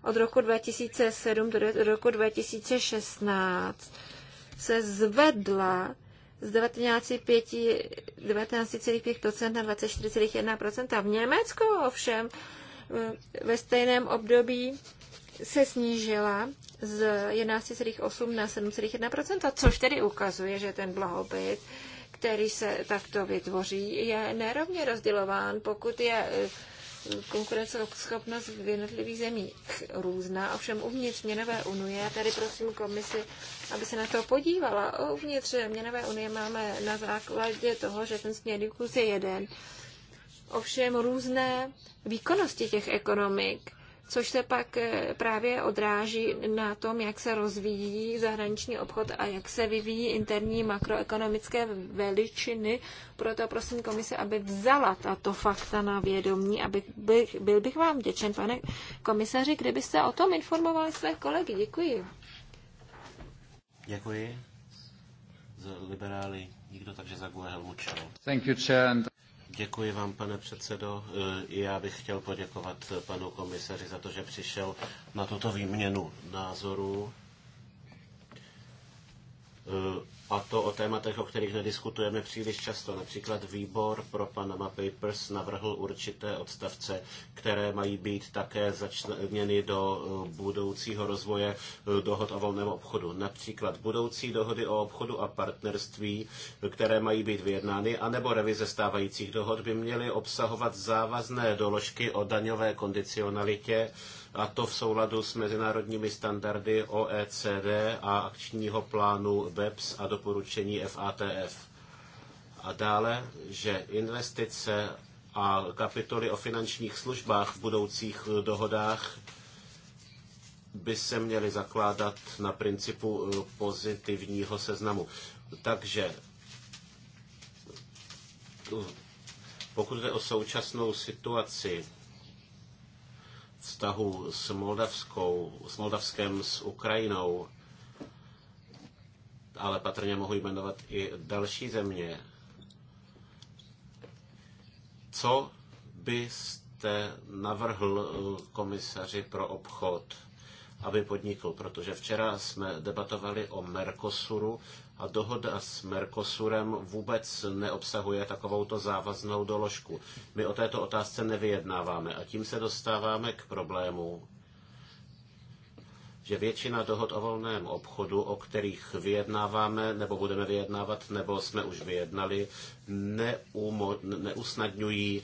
od roku 2007 do roku 2016 se zvedla z 19,5% na 24,1%. V Německu ovšem eh, ve stejném období se snížila z 11,8 na 7,1%, což tedy ukazuje, že ten blahobyt, který se takto vytvoří, je nerovně rozdělován, pokud je e, konkurenceschopnost v jednotlivých zemích různá, ovšem uvnitř měnové unie, já tady prosím komisi, aby se na to podívala. Uvnitř měnové unie máme na základě toho, že ten směrný kurz je jeden, ovšem různé výkonnosti těch ekonomik což se pak eh, právě odráží na tom, jak se rozvíjí zahraniční obchod a jak se vyvíjí interní makroekonomické veličiny. Proto prosím komise, aby vzala tato fakta na vědomí. Aby bych, byl bych vám děčen, pane komisaři, kdybyste o tom informovali své kolegy. Děkuji. Děkuji. Z liberály nikdo, takže za Google Thank you, Chair. Děkuji vám, pane předsedo. E, já bych chtěl poděkovat panu komisaři za to, že přišel na tuto výměnu názorů e, a to o tématech, o kterých nediskutujeme příliš často. Například výbor pro Panama Papers navrhl určité odstavce, které mají být také začleněny do eh, budoucího rozvoje eh, dohod o volném obchodu. Například budoucí dohody o obchodu a partnerství, eh, které mají být vyjednány, anebo revize stávajících dohod by měly obsahovat závazné doložky o daňové kondicionalitě, a to v souladu s mezinárodními standardy OECD a akčního plánu BEPS a doporučení FATF. A dále, že investice a kapitoly o finančních službách v budoucích dohodách by se měly zakládat na principu eh, pozitivního seznamu. Takže eh, pokud jde o současnou situaci vztahu s, Moldavskou, s Moldavskem, s Ukrajinou, ale patrně mohu jmenovat i další země. Co byste navrhl eh, komisaři pro obchod, aby podnikl? Protože včera jsme debatovali o Mercosuru, a dohoda s Mercosurem vůbec neobsahuje takovouto závaznou doložku. My o této otázce nevyjednáváme a tím se dostáváme k problému, že většina dohod o volném obchodu, o kterých vyjednáváme nebo budeme vyjednávat, nebo jsme už vyjednali, neumo, neusnadňují e,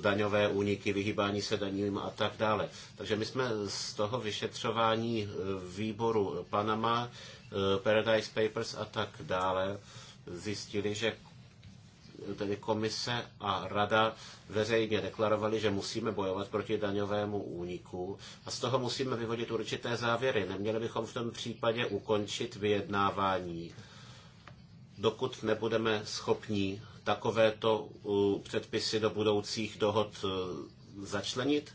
daňové úniky, vyhýbání se daním a tak dále. Takže my jsme z toho vyšetřování e, výboru Panama Eh, Paradise Papers a tak dále, zjistili, že tedy komise a rada veřejně deklarovali, že musíme bojovat proti daňovému úniku a z toho musíme vyvodit určité závěry. Neměli bychom v tom případě ukončit vyjednávání, dokud nebudeme schopni takovéto eh, předpisy do budoucích dohod eh, začlenit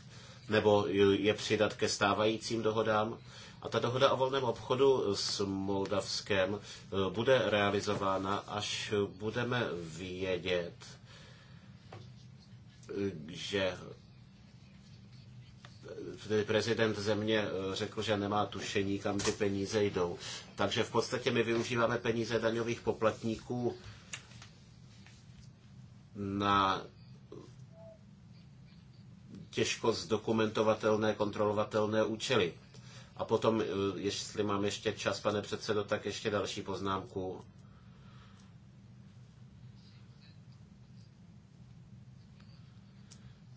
nebo je přidat ke stávajícím dohodám. A ta dohoda o volném obchodu s Moldavskem eh, bude realizována, až budeme vědět, eh, že eh, prezident země řekl, že nemá tušení, kam ty peníze jdou. Takže v podstatě my využíváme peníze daňových poplatníků na těžko zdokumentovatelné, kontrolovatelné účely. A potom, eh, jestli mám ještě čas, pane předsedo, tak ještě další poznámku.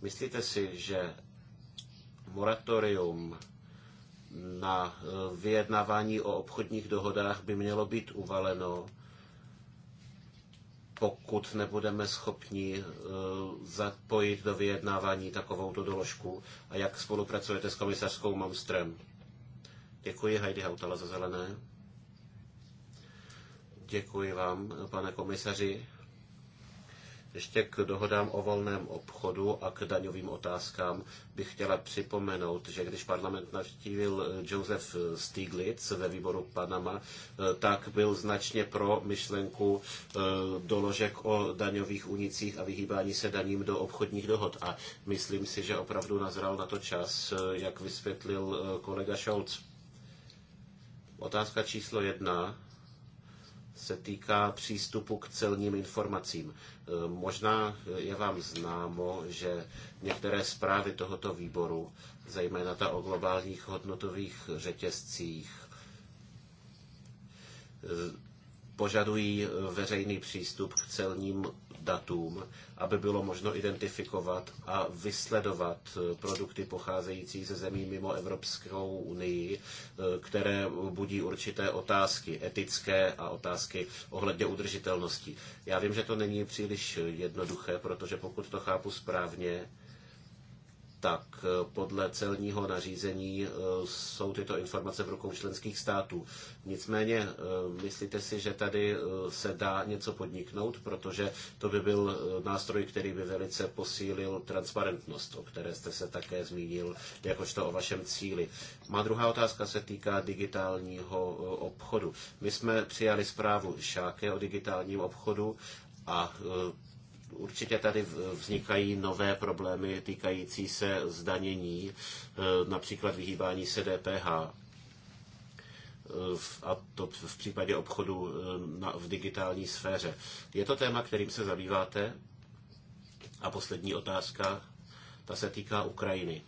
Myslíte si, že moratorium na eh, vyjednávání o obchodních dohodách by mělo být uvaleno, pokud nebudeme schopni eh, zapojit do vyjednávání takovouto doložku? A jak spolupracujete s komisařskou Malmström? Děkuji Heidi Hautala za zelené. Děkuji vám, pane komisaři. Ještě k dohodám o volném obchodu a k daňovým otázkám bych chtěla připomenout, že když parlament navštívil eh, Joseph eh, Stiglitz ve výboru Panama, eh, tak byl značně pro myšlenku doložek o daňových unicích a vyhýbání se daním do obchodních dohod. A myslím si, že opravdu nazral na to čas, jak vysvětlil kolega Scholz. Otázka číslo jedna se týká přístupu k celním informacím. E, možná je vám známo, že některé zprávy tohoto výboru, zejména ta o globálních hodnotových řetězcích, e, požadují veřejný přístup k celním datům, aby bylo možno identifikovat a vysledovat produkty pocházející ze zemí mimo Evropskou unii, eh, které budí určité otázky etické a otázky ohledně udržitelnosti. Já vím, že to není příliš jednoduché, protože pokud to chápu správně, tak eh, podle celního nařízení eh, jsou tyto informace v rukou členských států. Nicméně eh, myslíte si, že tady se dá něco podniknout, protože to by byl nástroj, který by velice posílil transparentnost, o které jste se také zmínil, jakožto o vašem cíli. Má druhá otázka se týká digitálního obchodu. My jsme přijali zprávu Šáke o digitálním obchodu a Určitě tady vznikají nové problémy týkající se zdanění, e, například vyhýbání se DPH. E, a to v případě obchodu e, v digitální sféře. Je to téma, kterým se zabýváte? A poslední otázka, ta se týká Ukrajiny.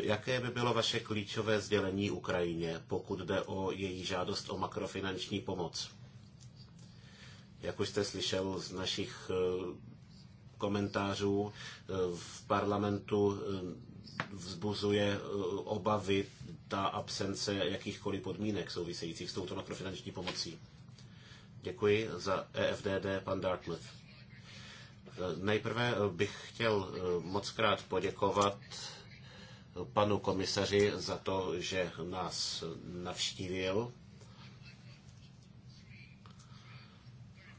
Jaké by bylo vaše klíčové sdělení Ukrajině, pokud jde o její žádost o makrofinanční pomoc? Jak už jste slyšel z našich eh, komentářů eh, v parlamentu eh, vzbuzuje obavy ta absence jakýchkoliv podmínek souvisejících s touto makrofinanční pomocí. Děkuji za EFDD, pan Dartmouth. Nejprve bych chtěl moc krát poděkovat panu komisaři za to, že nás navštívil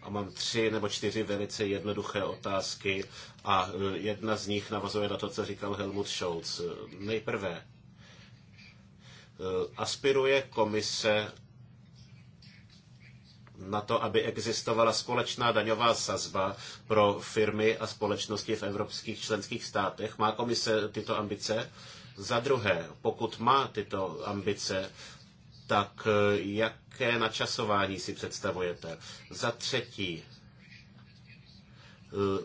A mám tři nebo čtyři velice jednoduché otázky a e, jedna z nich navazuje na to, co říkal Helmut Scholz. E, nejprve, e, aspiruje komise na to, aby existovala společná daňová sazba pro firmy a společnosti v evropských členských státech. Má komise tyto ambice? Za druhé, pokud má tyto ambice, tak eh, jaké načasování si představujete? Za třetí, eh,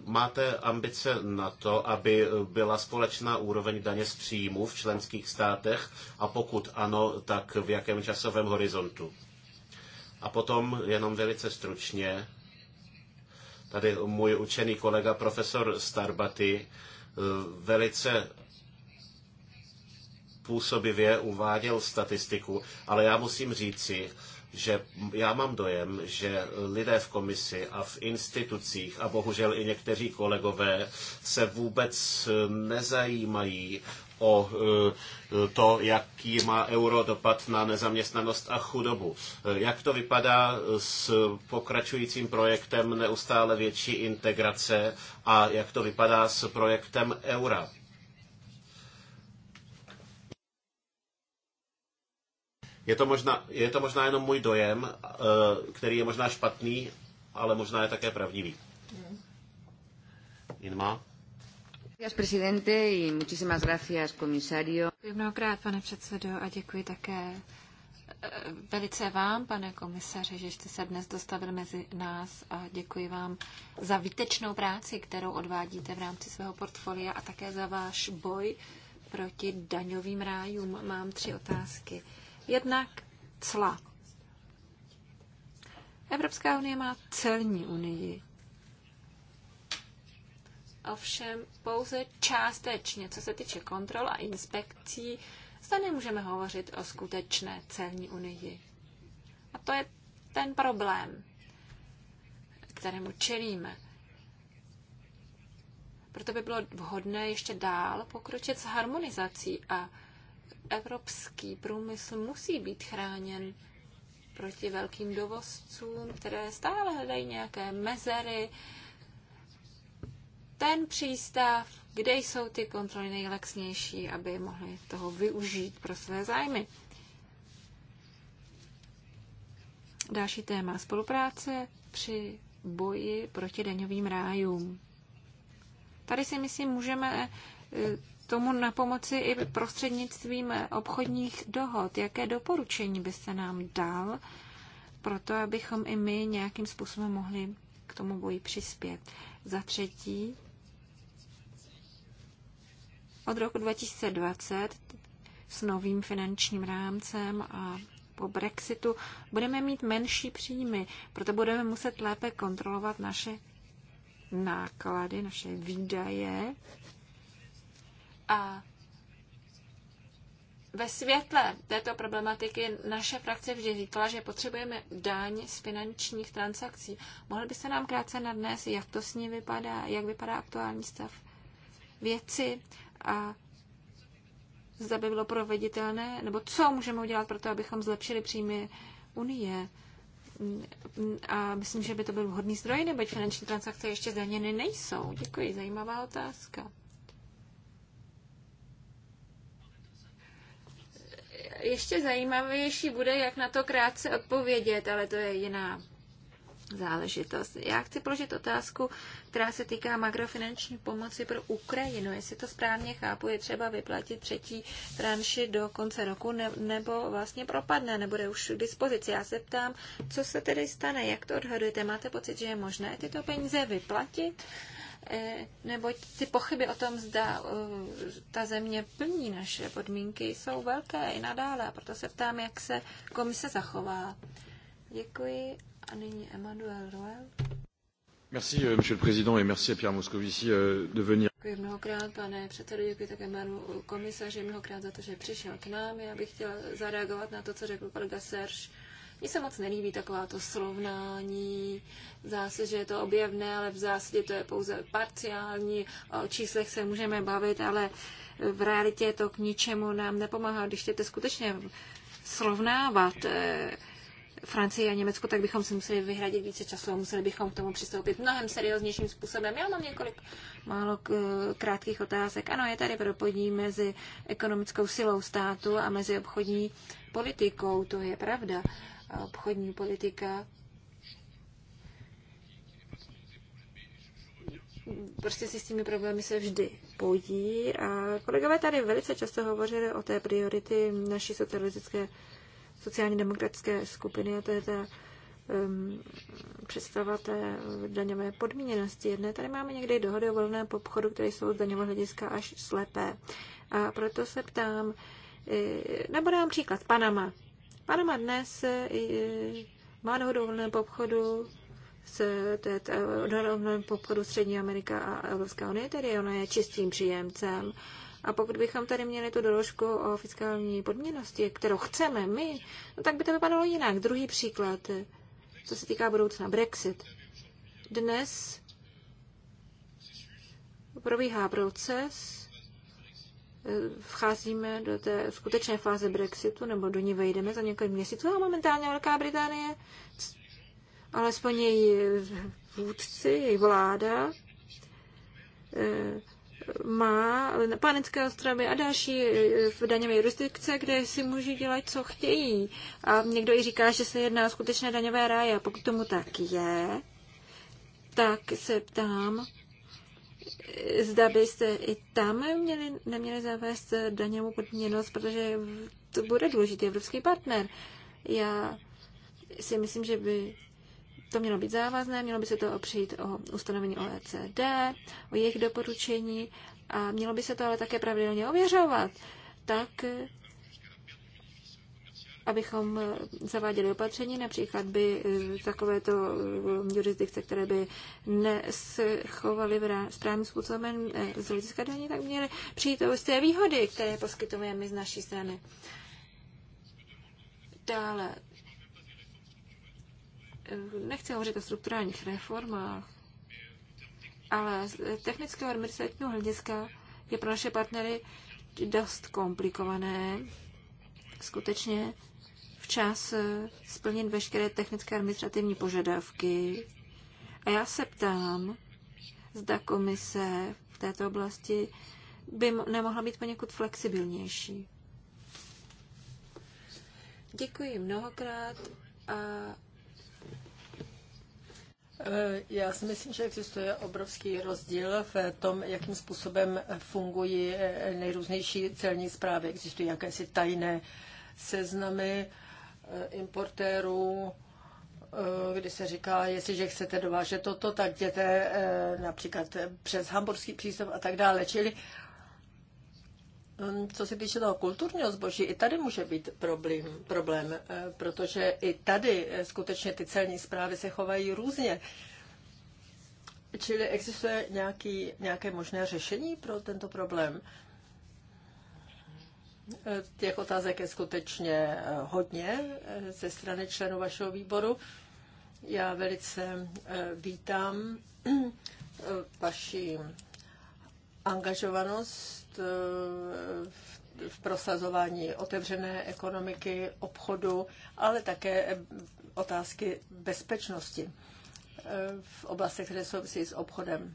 Máte ambice na to, aby eh, byla společná úroveň daně z příjmu v členských státech a pokud ano, tak v jakém časovém horizontu? A potom jenom velice stručně, tady můj učený kolega profesor Starbaty velice působivě uváděl statistiku, ale já musím říci, že já mám dojem, že lidé v komisi a v institucích a bohužel i někteří kolegové se vůbec nezajímají o eh, to, jaký má euro dopad na nezaměstnanost a chudobu. Eh, jak to vypadá eh, s pokračujícím projektem neustále větší integrace a jak to vypadá s projektem eura? Je to možná, je to možná jenom můj dojem, eh, který je možná špatný, ale možná je také pravdivý. Inma? Gracias, presidente, y muchísimas gracias, comisario. Děkuji mnohokrát, pane předsedo, a děkuji také eh, velice vám, pane komisaře, že jste se dnes dostavil mezi nás a děkuji vám za výtečnou práci, kterou odvádíte v rámci svého portfolia a také za váš boj proti daňovým rájům. Mám tři otázky. Jednak cla. Evropská unie má celní unii. Ovšem pouze částečně, co se týče kontrol a inspekcí, zde nemůžeme hovořit o skutečné celní unii. A to je ten problém, kterému čelíme. Proto by bylo vhodné ještě dál pokročit s harmonizací a evropský průmysl musí být chráněn proti velkým dovozcům, které stále hledají nějaké mezery. Ten přístav, kde jsou ty kontroly nejlaxnější, aby mohli toho využít pro své zájmy. Další téma spolupráce při boji proti daňovým rájům. Tady si myslím, můžeme eh, tomu na pomoci i prostřednictvím obchodních dohod. Jaké doporučení byste nám dal pro to, abychom i my nějakým způsobem mohli k tomu boji přispět? Za třetí, od roku 2020 s novým finančním rámcem a po Brexitu budeme mít menší příjmy, proto budeme muset lépe kontrolovat naše náklady, naše výdaje a ve světle této problematiky naše frakce vždy říkala, že potřebujeme daň z finančních transakcí. Mohl byste nám krátce nadnést, jak to s ní vypadá, jak vypadá aktuální stav věci a zda by bylo proveditelné, nebo co můžeme udělat pro to, abychom zlepšili příjmy Unie. A myslím, že by to byl vhodný zdroj, neboť finanční transakce ještě zdaněny nejsou. Děkuji, zajímavá otázka. ještě zajímavější bude, jak na to krátce odpovědět, ale to je jiná záležitost. Já chci položit otázku, která se týká makrofinanční pomoci pro Ukrajinu. Jestli to správně chápu, je třeba vyplatit třetí tranši do konce roku, ne, nebo vlastně propadne, nebude už k dispozici. Já se ptám, co se tedy stane, jak to odhadujete? Máte pocit, že je možné tyto peníze vyplatit? Uh, E, neboť ty pochyby o tom, zda e, ta země plní naše podmínky, jsou velké i nadále. A proto se ptám, jak se komise zachová. Děkuji. A nyní Emmanuel Roel. Merci, euh, monsieur le président, et merci à Pierre Moscovici euh, de venir. Děkuji mnohokrát, pane předsedo, děkuji také jménu komisaři mnohokrát za to, že přišel k nám. Já bych chtěla zareagovat na to, co řekl kolega Serž mně se moc nelíbí to srovnání. Zdá že je to objevné, ale v zásadě to je pouze parciální. O číslech se můžeme bavit, ale v realitě to k ničemu nám nepomáhá. Když chcete skutečně srovnávat eh, Francii a Německo, tak bychom si museli vyhradit více času a museli bychom k tomu přistoupit mnohem serióznějším způsobem. Já mám několik málo eh, krátkých otázek. Ano, je tady propojení mezi ekonomickou silou státu a mezi obchodní politikou, to je pravda a obchodní politika prostě si s těmi problémy se vždy bojí A kolegové tady velice často hovořili o té priority naší socialistické, sociálně demokratické skupiny, a to je ta um, představa té daňové podmíněnosti. Jedné tady máme někdy dohody o volném obchodu, které jsou z daňového hlediska až slepé. A proto se ptám, eh, nebo dám příklad, Panama má dnes eh, má dohodu o volném obchodu s eh, dohodou obchodu Střední Amerika a Evropská unie, tedy ona je čistým příjemcem. A pokud bychom tady měli tu doložku o fiskální podměnosti, kterou chceme my, no tak by to vypadalo jinak. Druhý příklad, eh, co se týká budoucna Brexit. Dnes probíhá proces vcházíme do té skutečné fáze Brexitu, nebo do ní vejdeme za několik měsíců a momentálně Velká Británie, alespoň její vůdci, její vláda, eh, má na panické ostrovy a další eh, v daňové jurisdikce, kde si může dělat, co chtějí. A někdo i říká, že se jedná o skutečné daňové ráje. A pokud tomu tak je, tak se ptám, zda byste i tam měli, neměli zavést daněmu podmíněnost, protože to bude důležitý evropský partner. Já si myslím, že by to mělo být závazné, mělo by se to opřít o ustanovení OECD, o jejich doporučení a mělo by se to ale také pravidelně ověřovat, tak abychom eh, zaváděli opatření, například by eh, takovéto eh, jurisdikce, které by neschovaly správným způsobem z hlediska daní, tak měly přijít o té výhody, které poskytujeme z naší strany. Dále, nechci hovořit o strukturálních reformách, ale z technického administrativního hlediska je pro naše partnery dost komplikované skutečně včas eh, splnit veškeré technické administrativní požadavky. A já se ptám, zda komise v této oblasti by nemohla být poněkud flexibilnější. Děkuji mnohokrát a eh, já si myslím, že existuje obrovský rozdíl v tom, jakým způsobem fungují eh, nejrůznější celní zprávy. Existují jakési tajné seznamy, Eh, importérů, eh, kdy se říká, jestliže chcete dovážet toto, tak jděte eh, například přes hamburský přístav a tak dále. Čili mm, co se týče toho kulturního zboží, i tady může být problém, problém, protože i tady skutečně ty celní zprávy se chovají různě. Čili existuje nějaký, nějaké možné řešení pro tento problém? Těch otázek je skutečně eh, hodně eh, ze strany členů vašeho výboru. Já velice eh, vítám vaši angažovanost v prosazování otevřené ekonomiky, obchodu, ale také otázky bezpečnosti v oblastech, které souvisí s obchodem.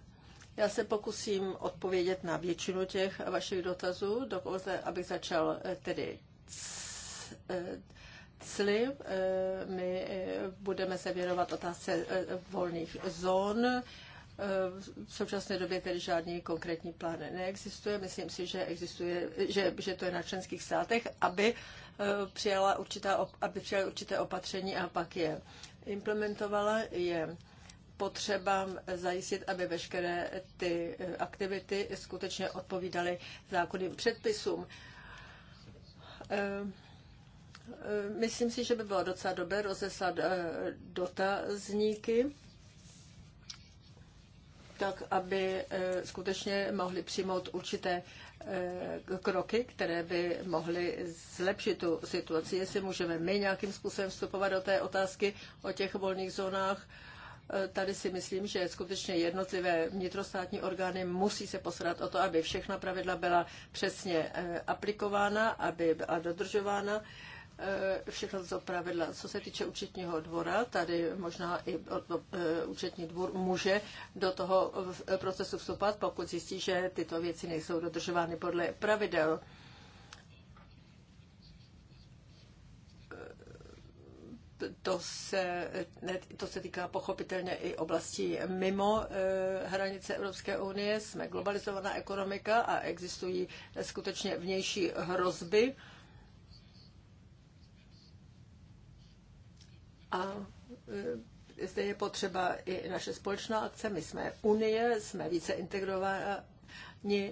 Já se pokusím odpovědět na většinu těch vašich dotazů, dokonce abych začal eh, tedy eh, cly. Eh, my budeme se věnovat otázce volných zón. V současné době tedy žádný konkrétní plán neexistuje. Myslím si, že, existuje, že, že to je na členských státech, aby přijala určitá, aby přijala určité opatření a pak je implementovala. Je potřeba zajistit, aby veškeré ty eh, aktivity skutečně odpovídaly zákonným předpisům. Eh, eh, myslím si, že by bylo docela dobré rozeslat dotazníky, tak aby skutečně mohli přijmout určité kroky, které by mohly zlepšit tu situaci. Jestli můžeme my nějakým způsobem vstupovat do té otázky o těch volných zónách, Eh, tady si myslím, že skutečně jednotlivé vnitrostátní orgány musí se postarat o to, aby všechna pravidla byla přesně eh, aplikována, aby byla dodržována eh, všechno to pravidla. Co se týče účetního dvora, tady možná i účetní dvůr může do toho procesu vstupovat, pokud zjistí, že tyto věci nejsou dodržovány podle pravidel. to se, to se týká pochopitelně i oblastí mimo eh, hranice Evropské unie. Jsme globalizovaná ekonomika a existují skutečně vnější hrozby. A eh, zde je potřeba i naše společná akce. My jsme Unie, jsme více integrovaná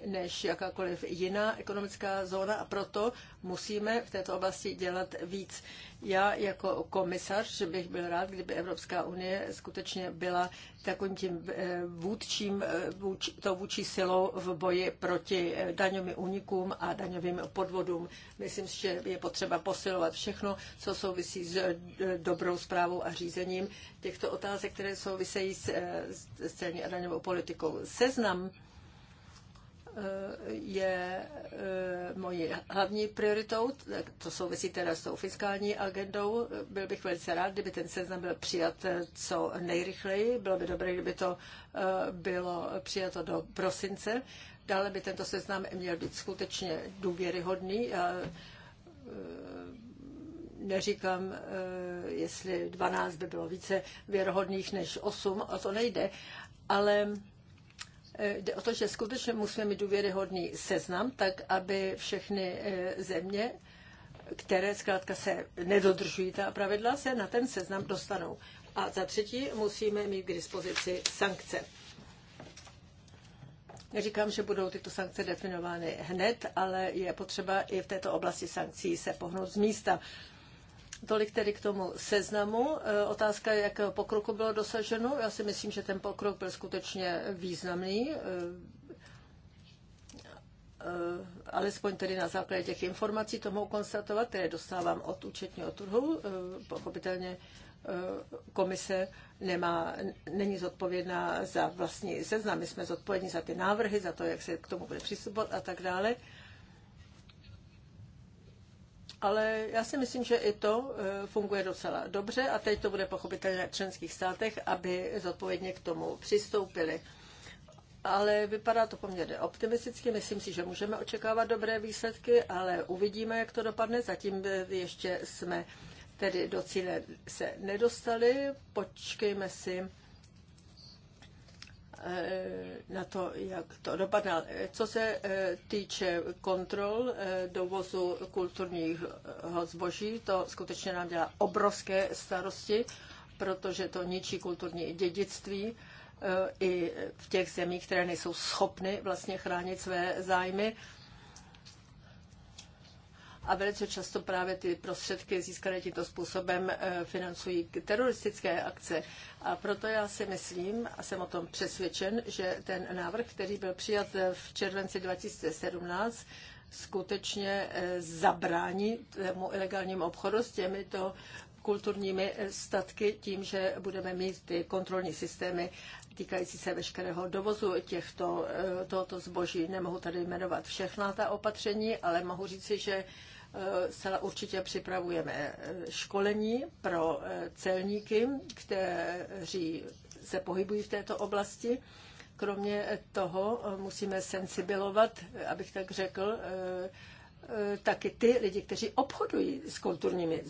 než jakákoliv jiná ekonomická zóna a proto musíme v této oblasti dělat víc. Já jako komisař bych byl rád, kdyby Evropská unie skutečně byla takovým tím eh, vůdčím, eh, vůč, to vůči silou v boji proti eh, daňovým únikům a daňovým podvodům. Myslím si, že je potřeba posilovat všechno, co souvisí s dobrou zprávou a řízením těchto otázek, které souvisejí s, s celní a daňovou politikou. Seznam je e, mojí hlavní prioritou, to souvisí teda s tou fiskální agendou. Byl bych velice rád, kdyby ten seznam byl přijat e, co nejrychleji. Bylo by dobré, kdyby to e, bylo přijato do prosince. Dále by tento seznam měl být skutečně důvěryhodný. Já neříkám, jestli 12 by bylo více věrohodných než 8, o to nejde, ale Eh, jde o to, že skutečně musíme mít důvěryhodný seznam, tak aby všechny eh, země, které zkrátka se nedodržují ta pravidla, se na ten seznam dostanou. A za třetí musíme mít k dispozici sankce. Neříkám, že budou tyto sankce definovány hned, ale je potřeba i v této oblasti sankcí se pohnout z místa. Tolik tedy k tomu seznamu. Eh, otázka, jak pokroku bylo dosaženo. Já si myslím, že ten pokrok byl skutečně významný, eh, eh, alespoň tedy na základě těch informací to mohu konstatovat, které dostávám od účetního trhu. Pochopitelně komise nemá, není zodpovědná za vlastní seznam. My jsme zodpovědní za ty návrhy, za to, jak se k tomu bude přistupovat a tak dále. Ale já si myslím, že i to eh, funguje docela dobře a teď to bude pochopitelně v členských státech, aby zodpovědně k tomu přistoupili. Ale vypadá to poměrně optimisticky. Myslím si, že můžeme očekávat dobré výsledky, ale uvidíme, jak to dopadne. Zatím eh, ještě jsme tedy do cíle se nedostali. Počkejme si Eh, na to, jak to dopadne. Co se eh, týče kontrol eh, dovozu kulturního zboží, to skutečně nám dělá obrovské starosti, protože to ničí kulturní dědictví i v těch zemích, které nejsou schopny vlastně chránit své zájmy a velice často právě ty prostředky získané tímto způsobem eh, financují teroristické akce. A proto já si myslím a jsem o tom přesvědčen, že ten návrh, který byl přijat eh, v červenci 2017, skutečně eh, zabrání tomu ilegálnímu obchodu s těmito kulturními statky tím, že budeme mít ty kontrolní systémy týkající se veškerého dovozu těchto, tohoto zboží. Nemohu tady jmenovat všechna ta opatření, ale mohu říci, že zcela určitě připravujeme školení pro eh, celníky, kteří se pohybují v této oblasti. Kromě toho eh, musíme sensibilovat, eh, abych tak řekl, taky ty lidi, kteří obchodují s kulturními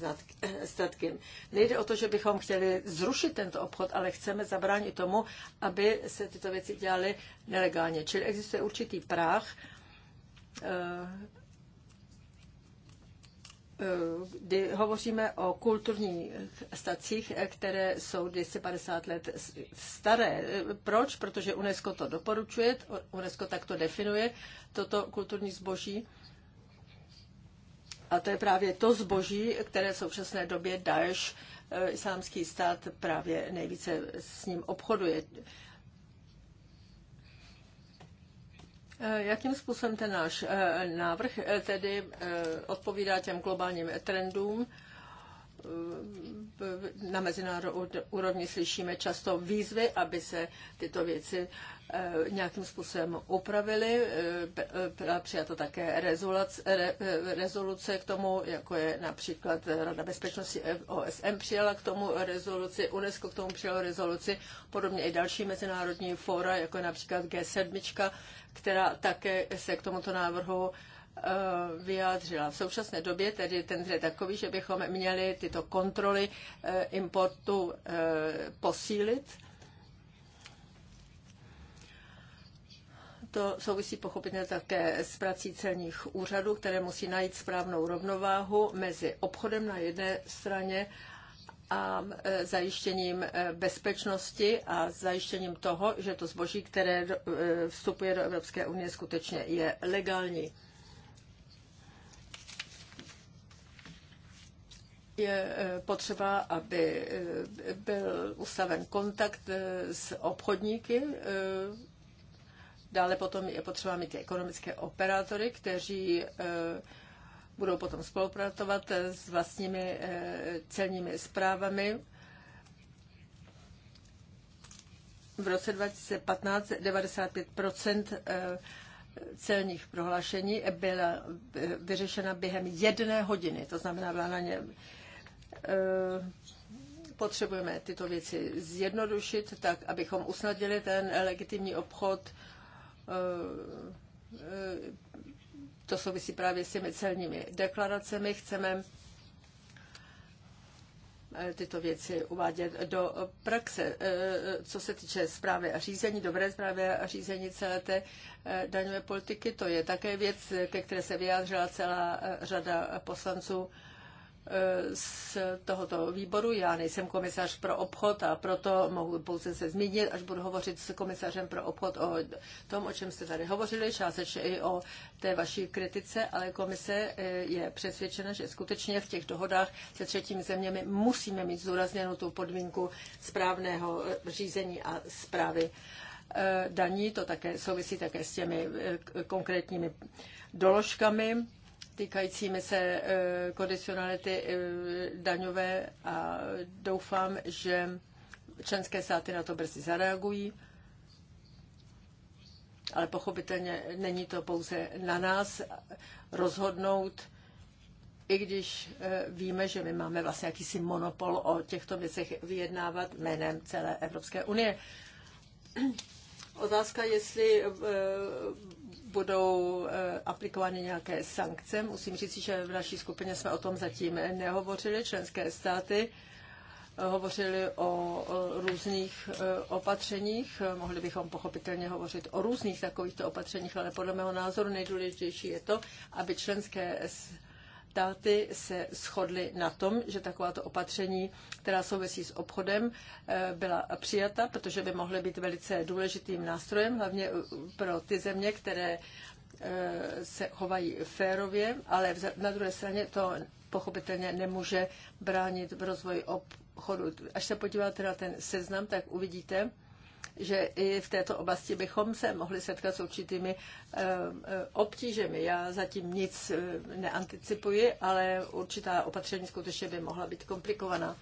statky. Nejde o to, že bychom chtěli zrušit tento obchod, ale chceme zabránit tomu, aby se tyto věci dělaly nelegálně. Čili existuje určitý práh, kdy hovoříme o kulturních stacích, které jsou 250 let staré. Proč? Protože UNESCO to doporučuje, UNESCO takto definuje toto kulturní zboží. A to je právě to zboží, které v současné době Daesh, eh, islámský stát, právě nejvíce s ním obchoduje. Eh, jakým způsobem ten náš eh, návrh eh, tedy odpovídá těm globálním trendům? na mezinárodní úrovni slyšíme často výzvy, aby se tyto věci eh, nějakým způsobem upravily. Eh, eh, byla přijata také rezoluce k tomu, jako je například Rada bezpečnosti OSM přijala k tomu rezoluci, UNESCO k tomu přijalo rezoluci, podobně i další mezinárodní fóra, jako je například G7, která také se k tomuto návrhu Eh, vyjádřila. V současné době tedy ten je takový, že bychom měli tyto kontroly eh, importu eh, posílit. To souvisí pochopitelně také s prací celních úřadů, které musí najít správnou rovnováhu mezi obchodem na jedné straně a zajištěním bezpečnosti a zajištěním toho, že to zboží, které vstupuje do Evropské unie, skutečně je legální. je eh, potřeba, aby eh, byl ustaven kontakt eh, s obchodníky. Dále potom je potřeba mít ekonomické operátory, kteří budou potom spolupracovat s vlastními celními zprávami. V roce 2015 95 celních prohlášení byla vyřešena během jedné hodiny, to znamená, byla na ně Eh, potřebujeme tyto věci zjednodušit, tak abychom usnadnili ten legitimní obchod. Eh, eh, to souvisí právě s těmi celními deklaracemi. Chceme tyto věci uvádět do praxe. Co se týče zprávy a řízení, dobré zprávy a řízení celé té daňové politiky, to je také věc, ke které se vyjádřila celá řada poslanců z tohoto výboru. Já nejsem komisař pro obchod a proto mohu pouze se zmínit, až budu hovořit s komisařem pro obchod o tom, o čem jste tady hovořili, částečně i o té vaší kritice, ale komise eh, je přesvědčena, že skutečně v těch dohodách se třetími zeměmi musíme mít zdůrazněnou tu podmínku správného eh, řízení a zprávy eh, daní. To také souvisí také s těmi konkrétními doložkami týkajícími se eh, kondicionality eh, daňové a doufám, že členské státy na to brzy zareagují. Ale pochopitelně není to pouze na nás rozhodnout, i když eh, víme, že my máme vlastně jakýsi monopol o těchto věcech vyjednávat jménem celé Evropské unie. (clears throat) Otázka, jestli budou eh, aplikovány nějaké sankce. Musím říct, že v naší skupině jsme o tom zatím nehovořili. Členské státy eh, hovořili o různých eh, opatřeních. Mohli bychom pochopitelně hovořit o různých takovýchto opatřeních, ale podle mého názoru nejdůležitější je to, aby členské státy se shodly na tom, že takováto opatření, která souvisí s obchodem, eh, byla přijata, protože by mohly být velice důležitým nástrojem, hlavně eh, pro ty země, které eh, se chovají férově, ale na druhé straně to pochopitelně nemůže bránit v rozvoji obchodu. Až se podíváte na ten seznam, tak uvidíte, že i v této oblasti bychom se mohli setkat s určitými eh, eh, obtížemi. Já zatím nic eh, neanticipuji, ale určitá opatření skutečně by mohla být komplikovaná.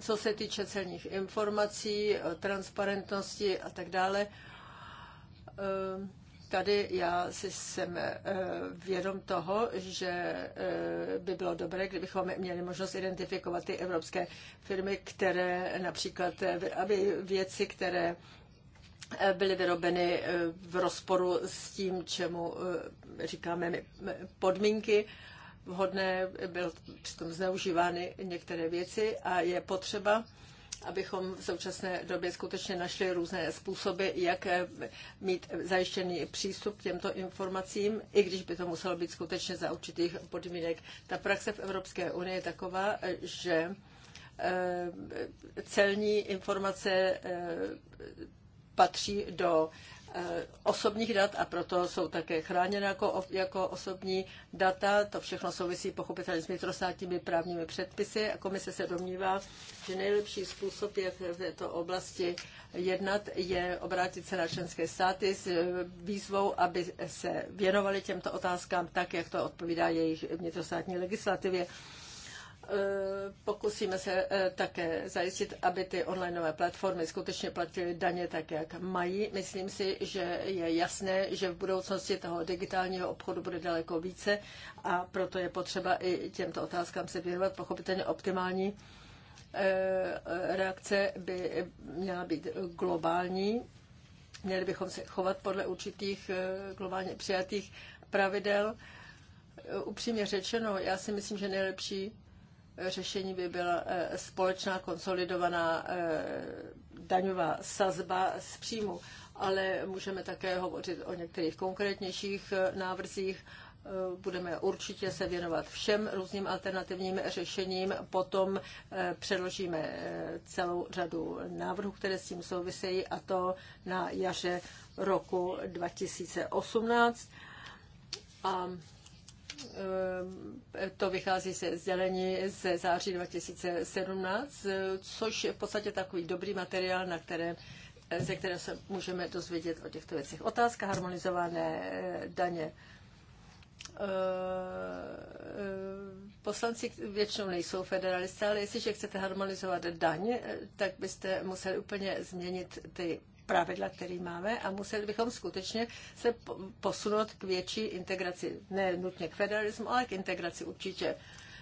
Co se týče celních informací, transparentnosti a tak dále, Tady já si jsem eh, vědom toho, že eh, by bylo dobré, kdybychom měli možnost identifikovat ty evropské firmy, které například, eh, aby věci, které byly vyrobeny v rozporu s tím, čemu říkáme my podmínky vhodné, byly přitom zneužívány některé věci a je potřeba abychom v současné době skutečně našli různé způsoby, jak eh, mít zajištěný přístup k těmto informacím, i když by to muselo být skutečně za určitých podmínek. Ta praxe v Evropské unii je taková, že eh, celní informace eh, patří do Eh, osobních dat a proto jsou také chráněna jako, jako osobní data. To všechno souvisí pochopitelně s vnitrostátními právními předpisy a komise se domnívá, že nejlepší způsob, jak v této oblasti jednat, je obrátit se na členské státy s eh, výzvou, aby se věnovali těmto otázkám tak, jak to odpovídá jejich vnitrostátní legislativě. Eh, pokusíme se eh, také zajistit, aby ty onlineové platformy skutečně platily daně tak, jak mají. Myslím si, že je jasné, že v budoucnosti toho digitálního obchodu bude daleko více a proto je potřeba i těmto otázkám se věnovat. Pochopitelně optimální eh, reakce by měla být globální. Měli bychom se chovat podle určitých globálně přijatých pravidel upřímně řečeno, já si myslím, že nejlepší řešení by byla eh, společná konsolidovaná eh, daňová sazba z příjmu, ale můžeme také hovořit o některých konkrétnějších eh, návrzích. Budeme určitě se věnovat všem různým alternativním řešením. Potom předložíme celou řadu návrhů, které s tím souvisejí, a to na jaře roku 2018. A Ehm, to vychází ze sdělení ze září 2017, což je v podstatě takový dobrý materiál, na které, ze kterého se můžeme dozvědět o těchto věcech. Otázka harmonizované eh, daně. Ehm, poslanci většinou nejsou federalisté, ale jestliže chcete harmonizovat daň, eh, tak byste museli úplně změnit ty pravidla, který máme a museli bychom skutečně se posunout k větší integraci. Ne nutně k federalismu, ale k integraci určitě.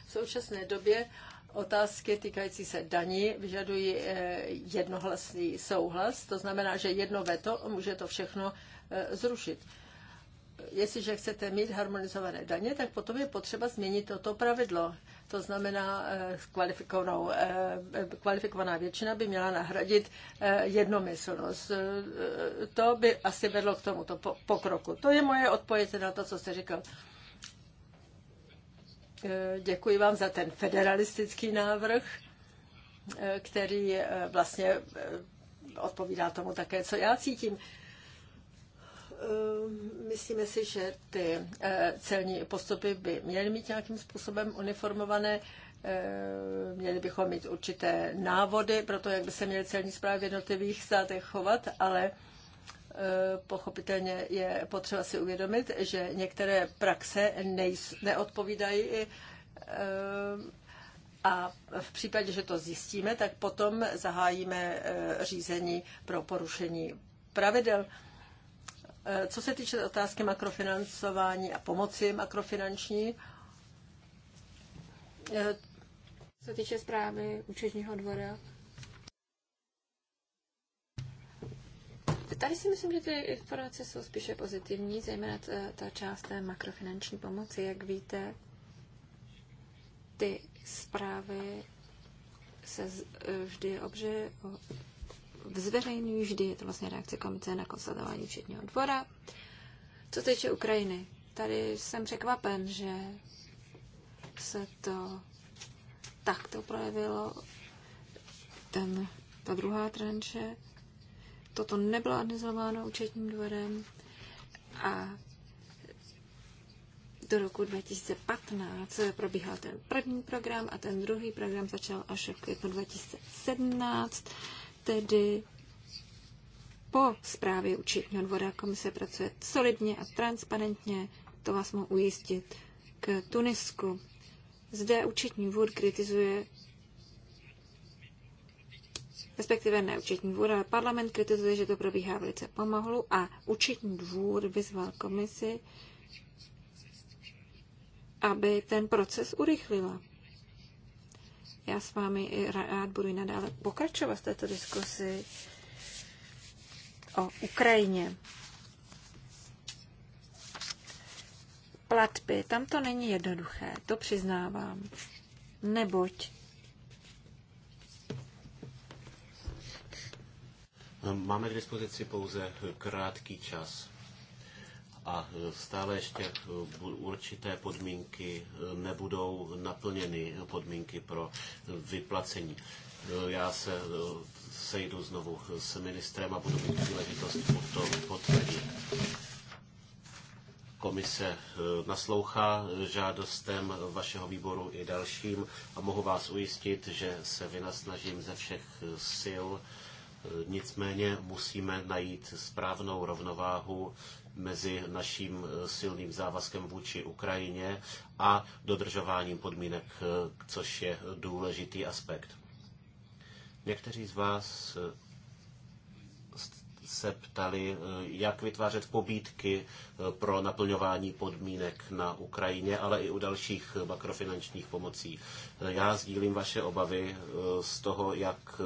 V současné době otázky týkající se daní vyžadují eh, jednohlasný souhlas, to znamená, že jedno veto může to všechno eh, zrušit. Jestliže chcete mít harmonizované daně, tak potom je potřeba změnit toto pravidlo to znamená eh, kvalifikovanou, eh, eh, kvalifikovaná většina by měla nahradit jednomyslnost. To by asi vedlo k tomuto pokroku. To je moje odpověď na to, co jste říkal. Děkuji vám za ten federalistický návrh, který vlastně odpovídá tomu také, co já cítím. Eh, myslíme si, že ty eh, celní postupy by měly mít nějakým způsobem uniformované. Eh, měli bychom mít určité návody pro to, jak by se měly celní zprávy v jednotlivých státech chovat, ale pochopitelně je potřeba si uvědomit, že některé praxe neodpovídají a v případě, že to zjistíme, tak potom zahájíme řízení pro porušení pravidel. Eh, co se týče otázky makrofinancování a pomoci makrofinanční, eh, co se týče zprávy účetního dvora, Tady si myslím, že ty informace jsou spíše pozitivní, zejména ta, ta část té makrofinanční pomoci. Jak víte, ty zprávy se eh, vždy obře zveřejňují, vždy je to vlastně reakce komice na konstatování včetního dvora. Co týče Ukrajiny, tady jsem překvapen, že se to takto projevilo. Ten, ta druhá tranše, toto nebylo analyzováno účetním dvorem a do roku 2015 probíhal ten první program a ten druhý program začal až v květnu 2017 tedy po zprávě učitního dvora komise pracuje solidně a transparentně, to vás mohu ujistit, k Tunisku. Zde učitní dvůr kritizuje, respektive ne učitní dvůr, ale parlament kritizuje, že to probíhá velice pomalu a učitní dvůr vyzval komisi, aby ten proces urychlila. Já s vámi i rád budu i nadále pokračovat v této diskusi o Ukrajině. Platby, tam to není jednoduché, to přiznávám. Neboť Máme k dispozici pouze krátký čas a e, stále ještě e, určité podmínky e, nebudou naplněny, podmínky pro vyplacení. Já se sejdu znovu s ministrem a budu mít příležitost to potvrdit. Komise naslouchá žádostem vašeho výboru i dalším a mohu vás ujistit, že se vynasnažím ze všech sil. Nicméně musíme najít správnou rovnováhu mezi naším eh, silným závazkem vůči Ukrajině a dodržováním podmínek, eh, což je důležitý aspekt. Někteří z vás eh, se ptali, jak vytvářet pobídky pro naplňování podmínek na Ukrajině, ale i u dalších makrofinančních pomocí. Já sdílím vaše obavy z toho, jak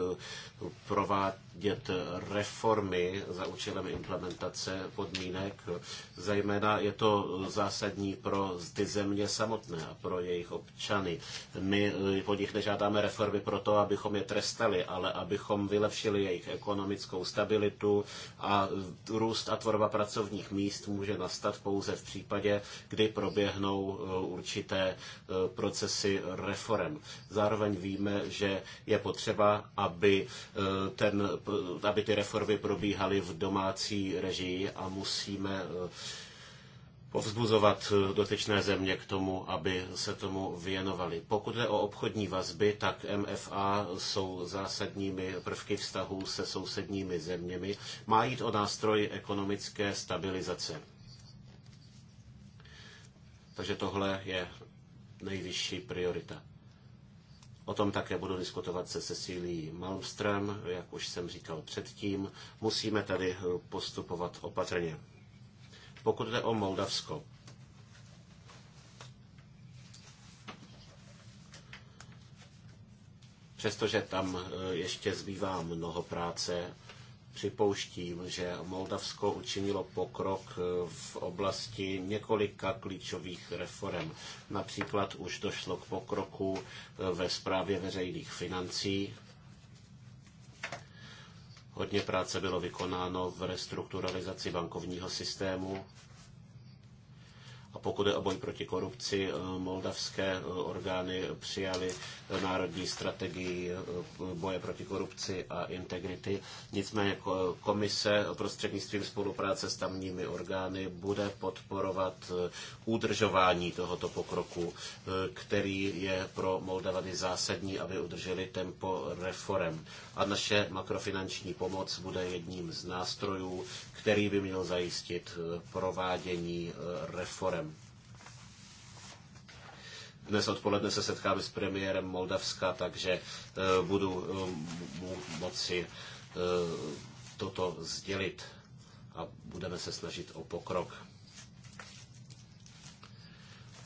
provádět vidět reformy za účelem implementace podmínek. Zejména je to zásadní pro ty země samotné a pro jejich občany. My po nich nežádáme reformy proto, abychom je trestali, ale abychom vylepšili jejich ekonomickou stabilitu a růst a tvorba pracovních míst může nastat pouze v případě, kdy proběhnou uh, určité uh, procesy reform. Zároveň víme, že je potřeba, aby uh, ten aby ty reformy probíhaly v domácí režii a musíme eh, povzbuzovat eh, dotyčné země k tomu, aby se tomu věnovali. Pokud jde o obchodní vazby, tak MFA jsou zásadními prvky vztahů se sousedními zeměmi. Má jít o nástroj ekonomické stabilizace. Takže tohle je nejvyšší priorita. O tom také budu diskutovat se Cecílií Malmström, jak už jsem říkal předtím. Musíme tady eh, postupovat opatrně. Pokud jde o Moldavsko, přestože tam eh, ještě zbývá mnoho práce, připouštím, že Moldavsko učinilo pokrok eh, v oblasti několika klíčových reform. Například už došlo k pokroku eh, ve správě veřejných financí. Hodně práce bylo vykonáno v restrukturalizaci bankovního systému a pokud je o boj proti korupci, eh, moldavské eh, orgány přijaly eh, národní strategii boje proti korupci a integrity. Nicméně komise prostřednictvím spolupráce s tamními orgány bude podporovat udržování tohoto pokroku, který je pro Moldavany zásadní, aby udrželi tempo reform. A naše makrofinanční pomoc bude jedním z nástrojů, který by měl zajistit provádění reform. Dnes odpoledne se setkám s premiérem Moldavska, takže eh, budu eh, mu moci eh, toto sdělit a budeme se snažit o pokrok.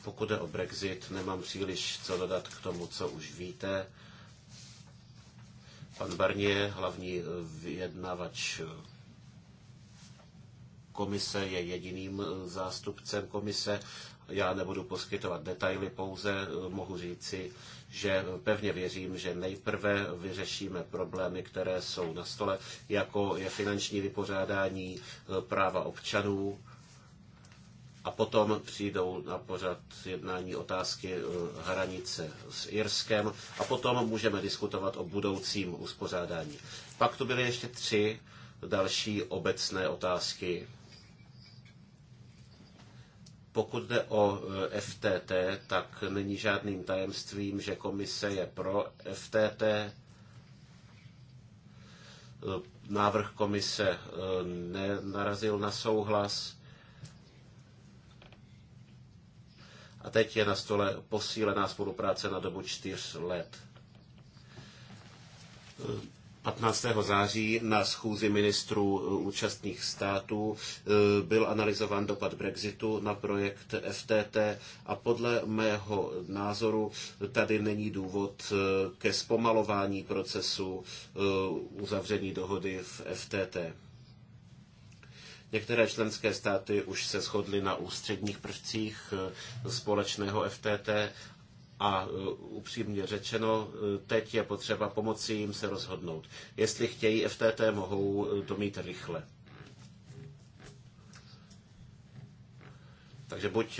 Pokud jde o Brexit, nemám příliš co dodat k tomu, co už víte. Pan Barnier, hlavní vyjednavač komise, je jediným zástupcem komise já nebudu poskytovat detaily, pouze eh, mohu říci, že pevně věřím, že nejprve vyřešíme problémy, které jsou na stole, jako je finanční vypořádání eh, práva občanů, a potom přijdou na pořad jednání otázky eh, hranice s Irskem a potom můžeme diskutovat o budoucím uspořádání. Pak tu byly ještě tři další obecné otázky, pokud jde o eh, FTT, tak není žádným tajemstvím, že komise je pro FTT. Eh, návrh komise eh, nenarazil na souhlas. A teď je na stole posílená spolupráce na dobu čtyř let. 15. září na schůzi ministrů eh, účastních států eh, byl analyzován dopad Brexitu na projekt FTT a podle mého názoru tady není důvod eh, ke zpomalování procesu uzavření dohody v FTT. Některé členské státy už se shodly na ústředních prvcích společného FTT a e, upřímně řečeno, e, teď je potřeba pomoci jim se rozhodnout. Jestli chtějí FTT, mohou e, to mít rychle. Takže buď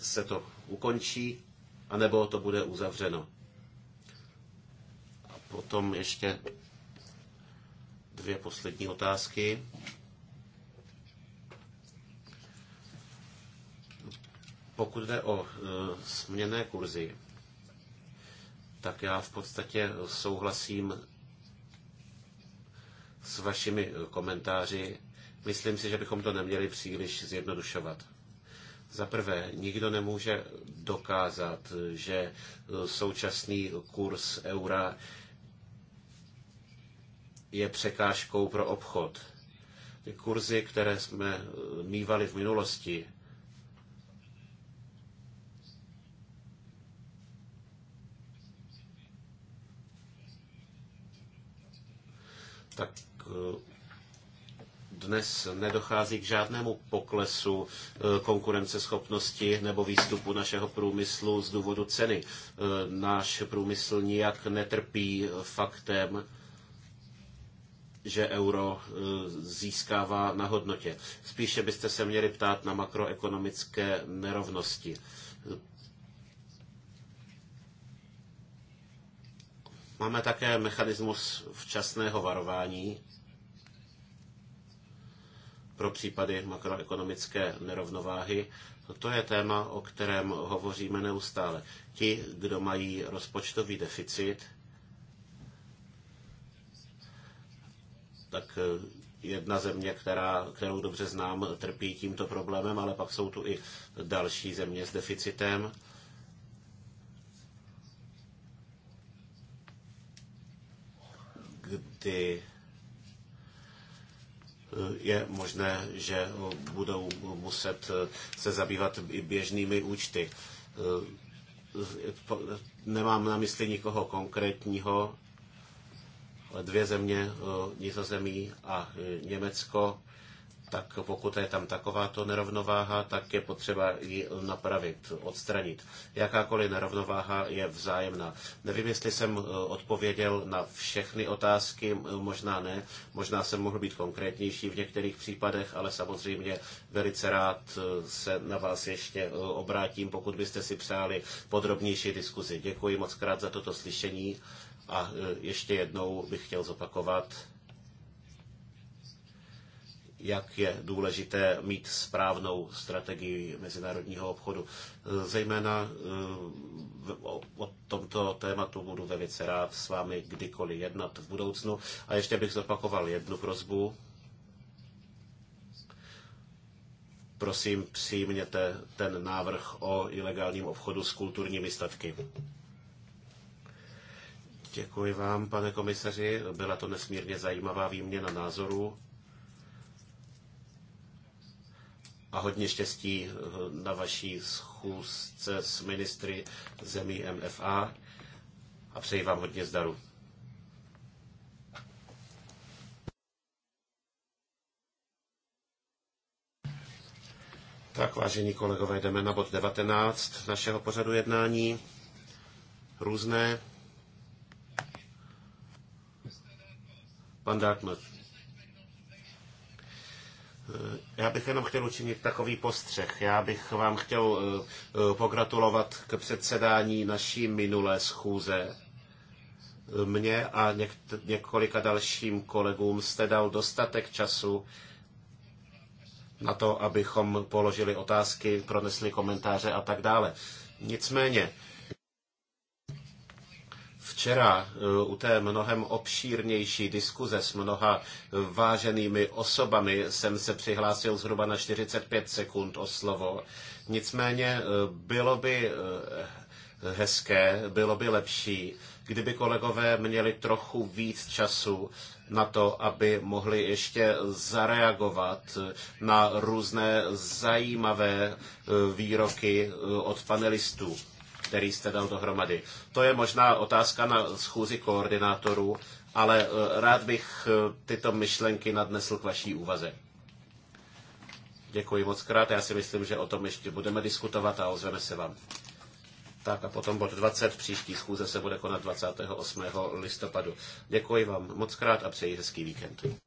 se to ukončí, anebo to bude uzavřeno. A potom ještě dvě poslední otázky. Pokud jde o směné kurzy, tak já v podstatě souhlasím s vašimi komentáři. Myslím si, že bychom to neměli příliš zjednodušovat. Za prvé, nikdo nemůže dokázat, že současný kurz eura je překážkou pro obchod. Ty kurzy, které jsme mývali v minulosti, tak eh, dnes nedochází k žádnému poklesu eh, konkurenceschopnosti nebo výstupu našeho průmyslu z důvodu ceny. Eh, náš průmysl nijak netrpí faktem, že euro získává na hodnotě. Spíše byste se měli ptát na makroekonomické nerovnosti. Máme také mechanismus včasného varování pro případy makroekonomické nerovnováhy. To je téma, o kterém hovoříme neustále. Ti, kdo mají rozpočtový deficit, tak eh, jedna země, která, kterou dobře znám, trpí tímto problémem, ale pak jsou tu i další země s deficitem. ty eh, je možné, že eh, budou muset eh, se zabývat i běžnými účty. Nemám na mysli nikoho konkrétního, dvě země, Nizozemí a Německo, tak pokud je tam takováto nerovnováha, tak je potřeba ji napravit, odstranit. Jakákoliv nerovnováha je vzájemná. Nevím, jestli jsem eh, odpověděl na všechny otázky, možná ne, možná jsem mohl být konkrétnější v některých případech, ale samozřejmě velice rád eh, se na vás ještě eh, obrátím, pokud byste si přáli podrobnější diskuzi. Děkuji moc krát za toto slyšení a ještě jednou bych chtěl zopakovat, jak je důležité mít správnou strategii mezinárodního obchodu. Zejména eh, o tomto tématu budu velice rád s vámi kdykoliv jednat v budoucnu. A ještě bych zopakoval jednu prozbu. Prosím, přijměte ten návrh o ilegálním obchodu s kulturními statky. Děkuji vám, pane komisaři. Byla to nesmírně zajímavá výměna názorů. a hodně štěstí eh, na vaší schůzce s ministry zemí MFA a přeji vám hodně zdaru. Tak, vážení kolegové, jdeme na bod 19 našeho pořadu jednání. Různé. Pan Dartmouth. Eh, já bych jenom chtěl učinit takový postřeh. Já bych vám chtěl eh, eh, pogratulovat k předsedání naší minulé schůze. Mně a něk- několika dalším kolegům jste dal dostatek času na to, abychom položili otázky, pronesli komentáře a tak dále. Nicméně, Včera eh, u té mnohem obšírnější diskuze s mnoha váženými osobami jsem se přihlásil zhruba na 45 sekund o slovo. Nicméně eh, bylo by eh, hezké, bylo by lepší, kdyby kolegové měli trochu víc času na to, aby mohli ještě zareagovat na různé zajímavé výroky od panelistů který jste dal dohromady. To je možná otázka na schůzi koordinátorů, ale eh, rád bych eh, tyto myšlenky nadnesl k vaší úvaze. Děkuji moc krát, já si myslím, že o tom ještě budeme diskutovat a ozveme se vám. Tak a potom bod 20 příští schůze se bude konat 28. listopadu. Děkuji vám moc krát a přeji hezký víkend.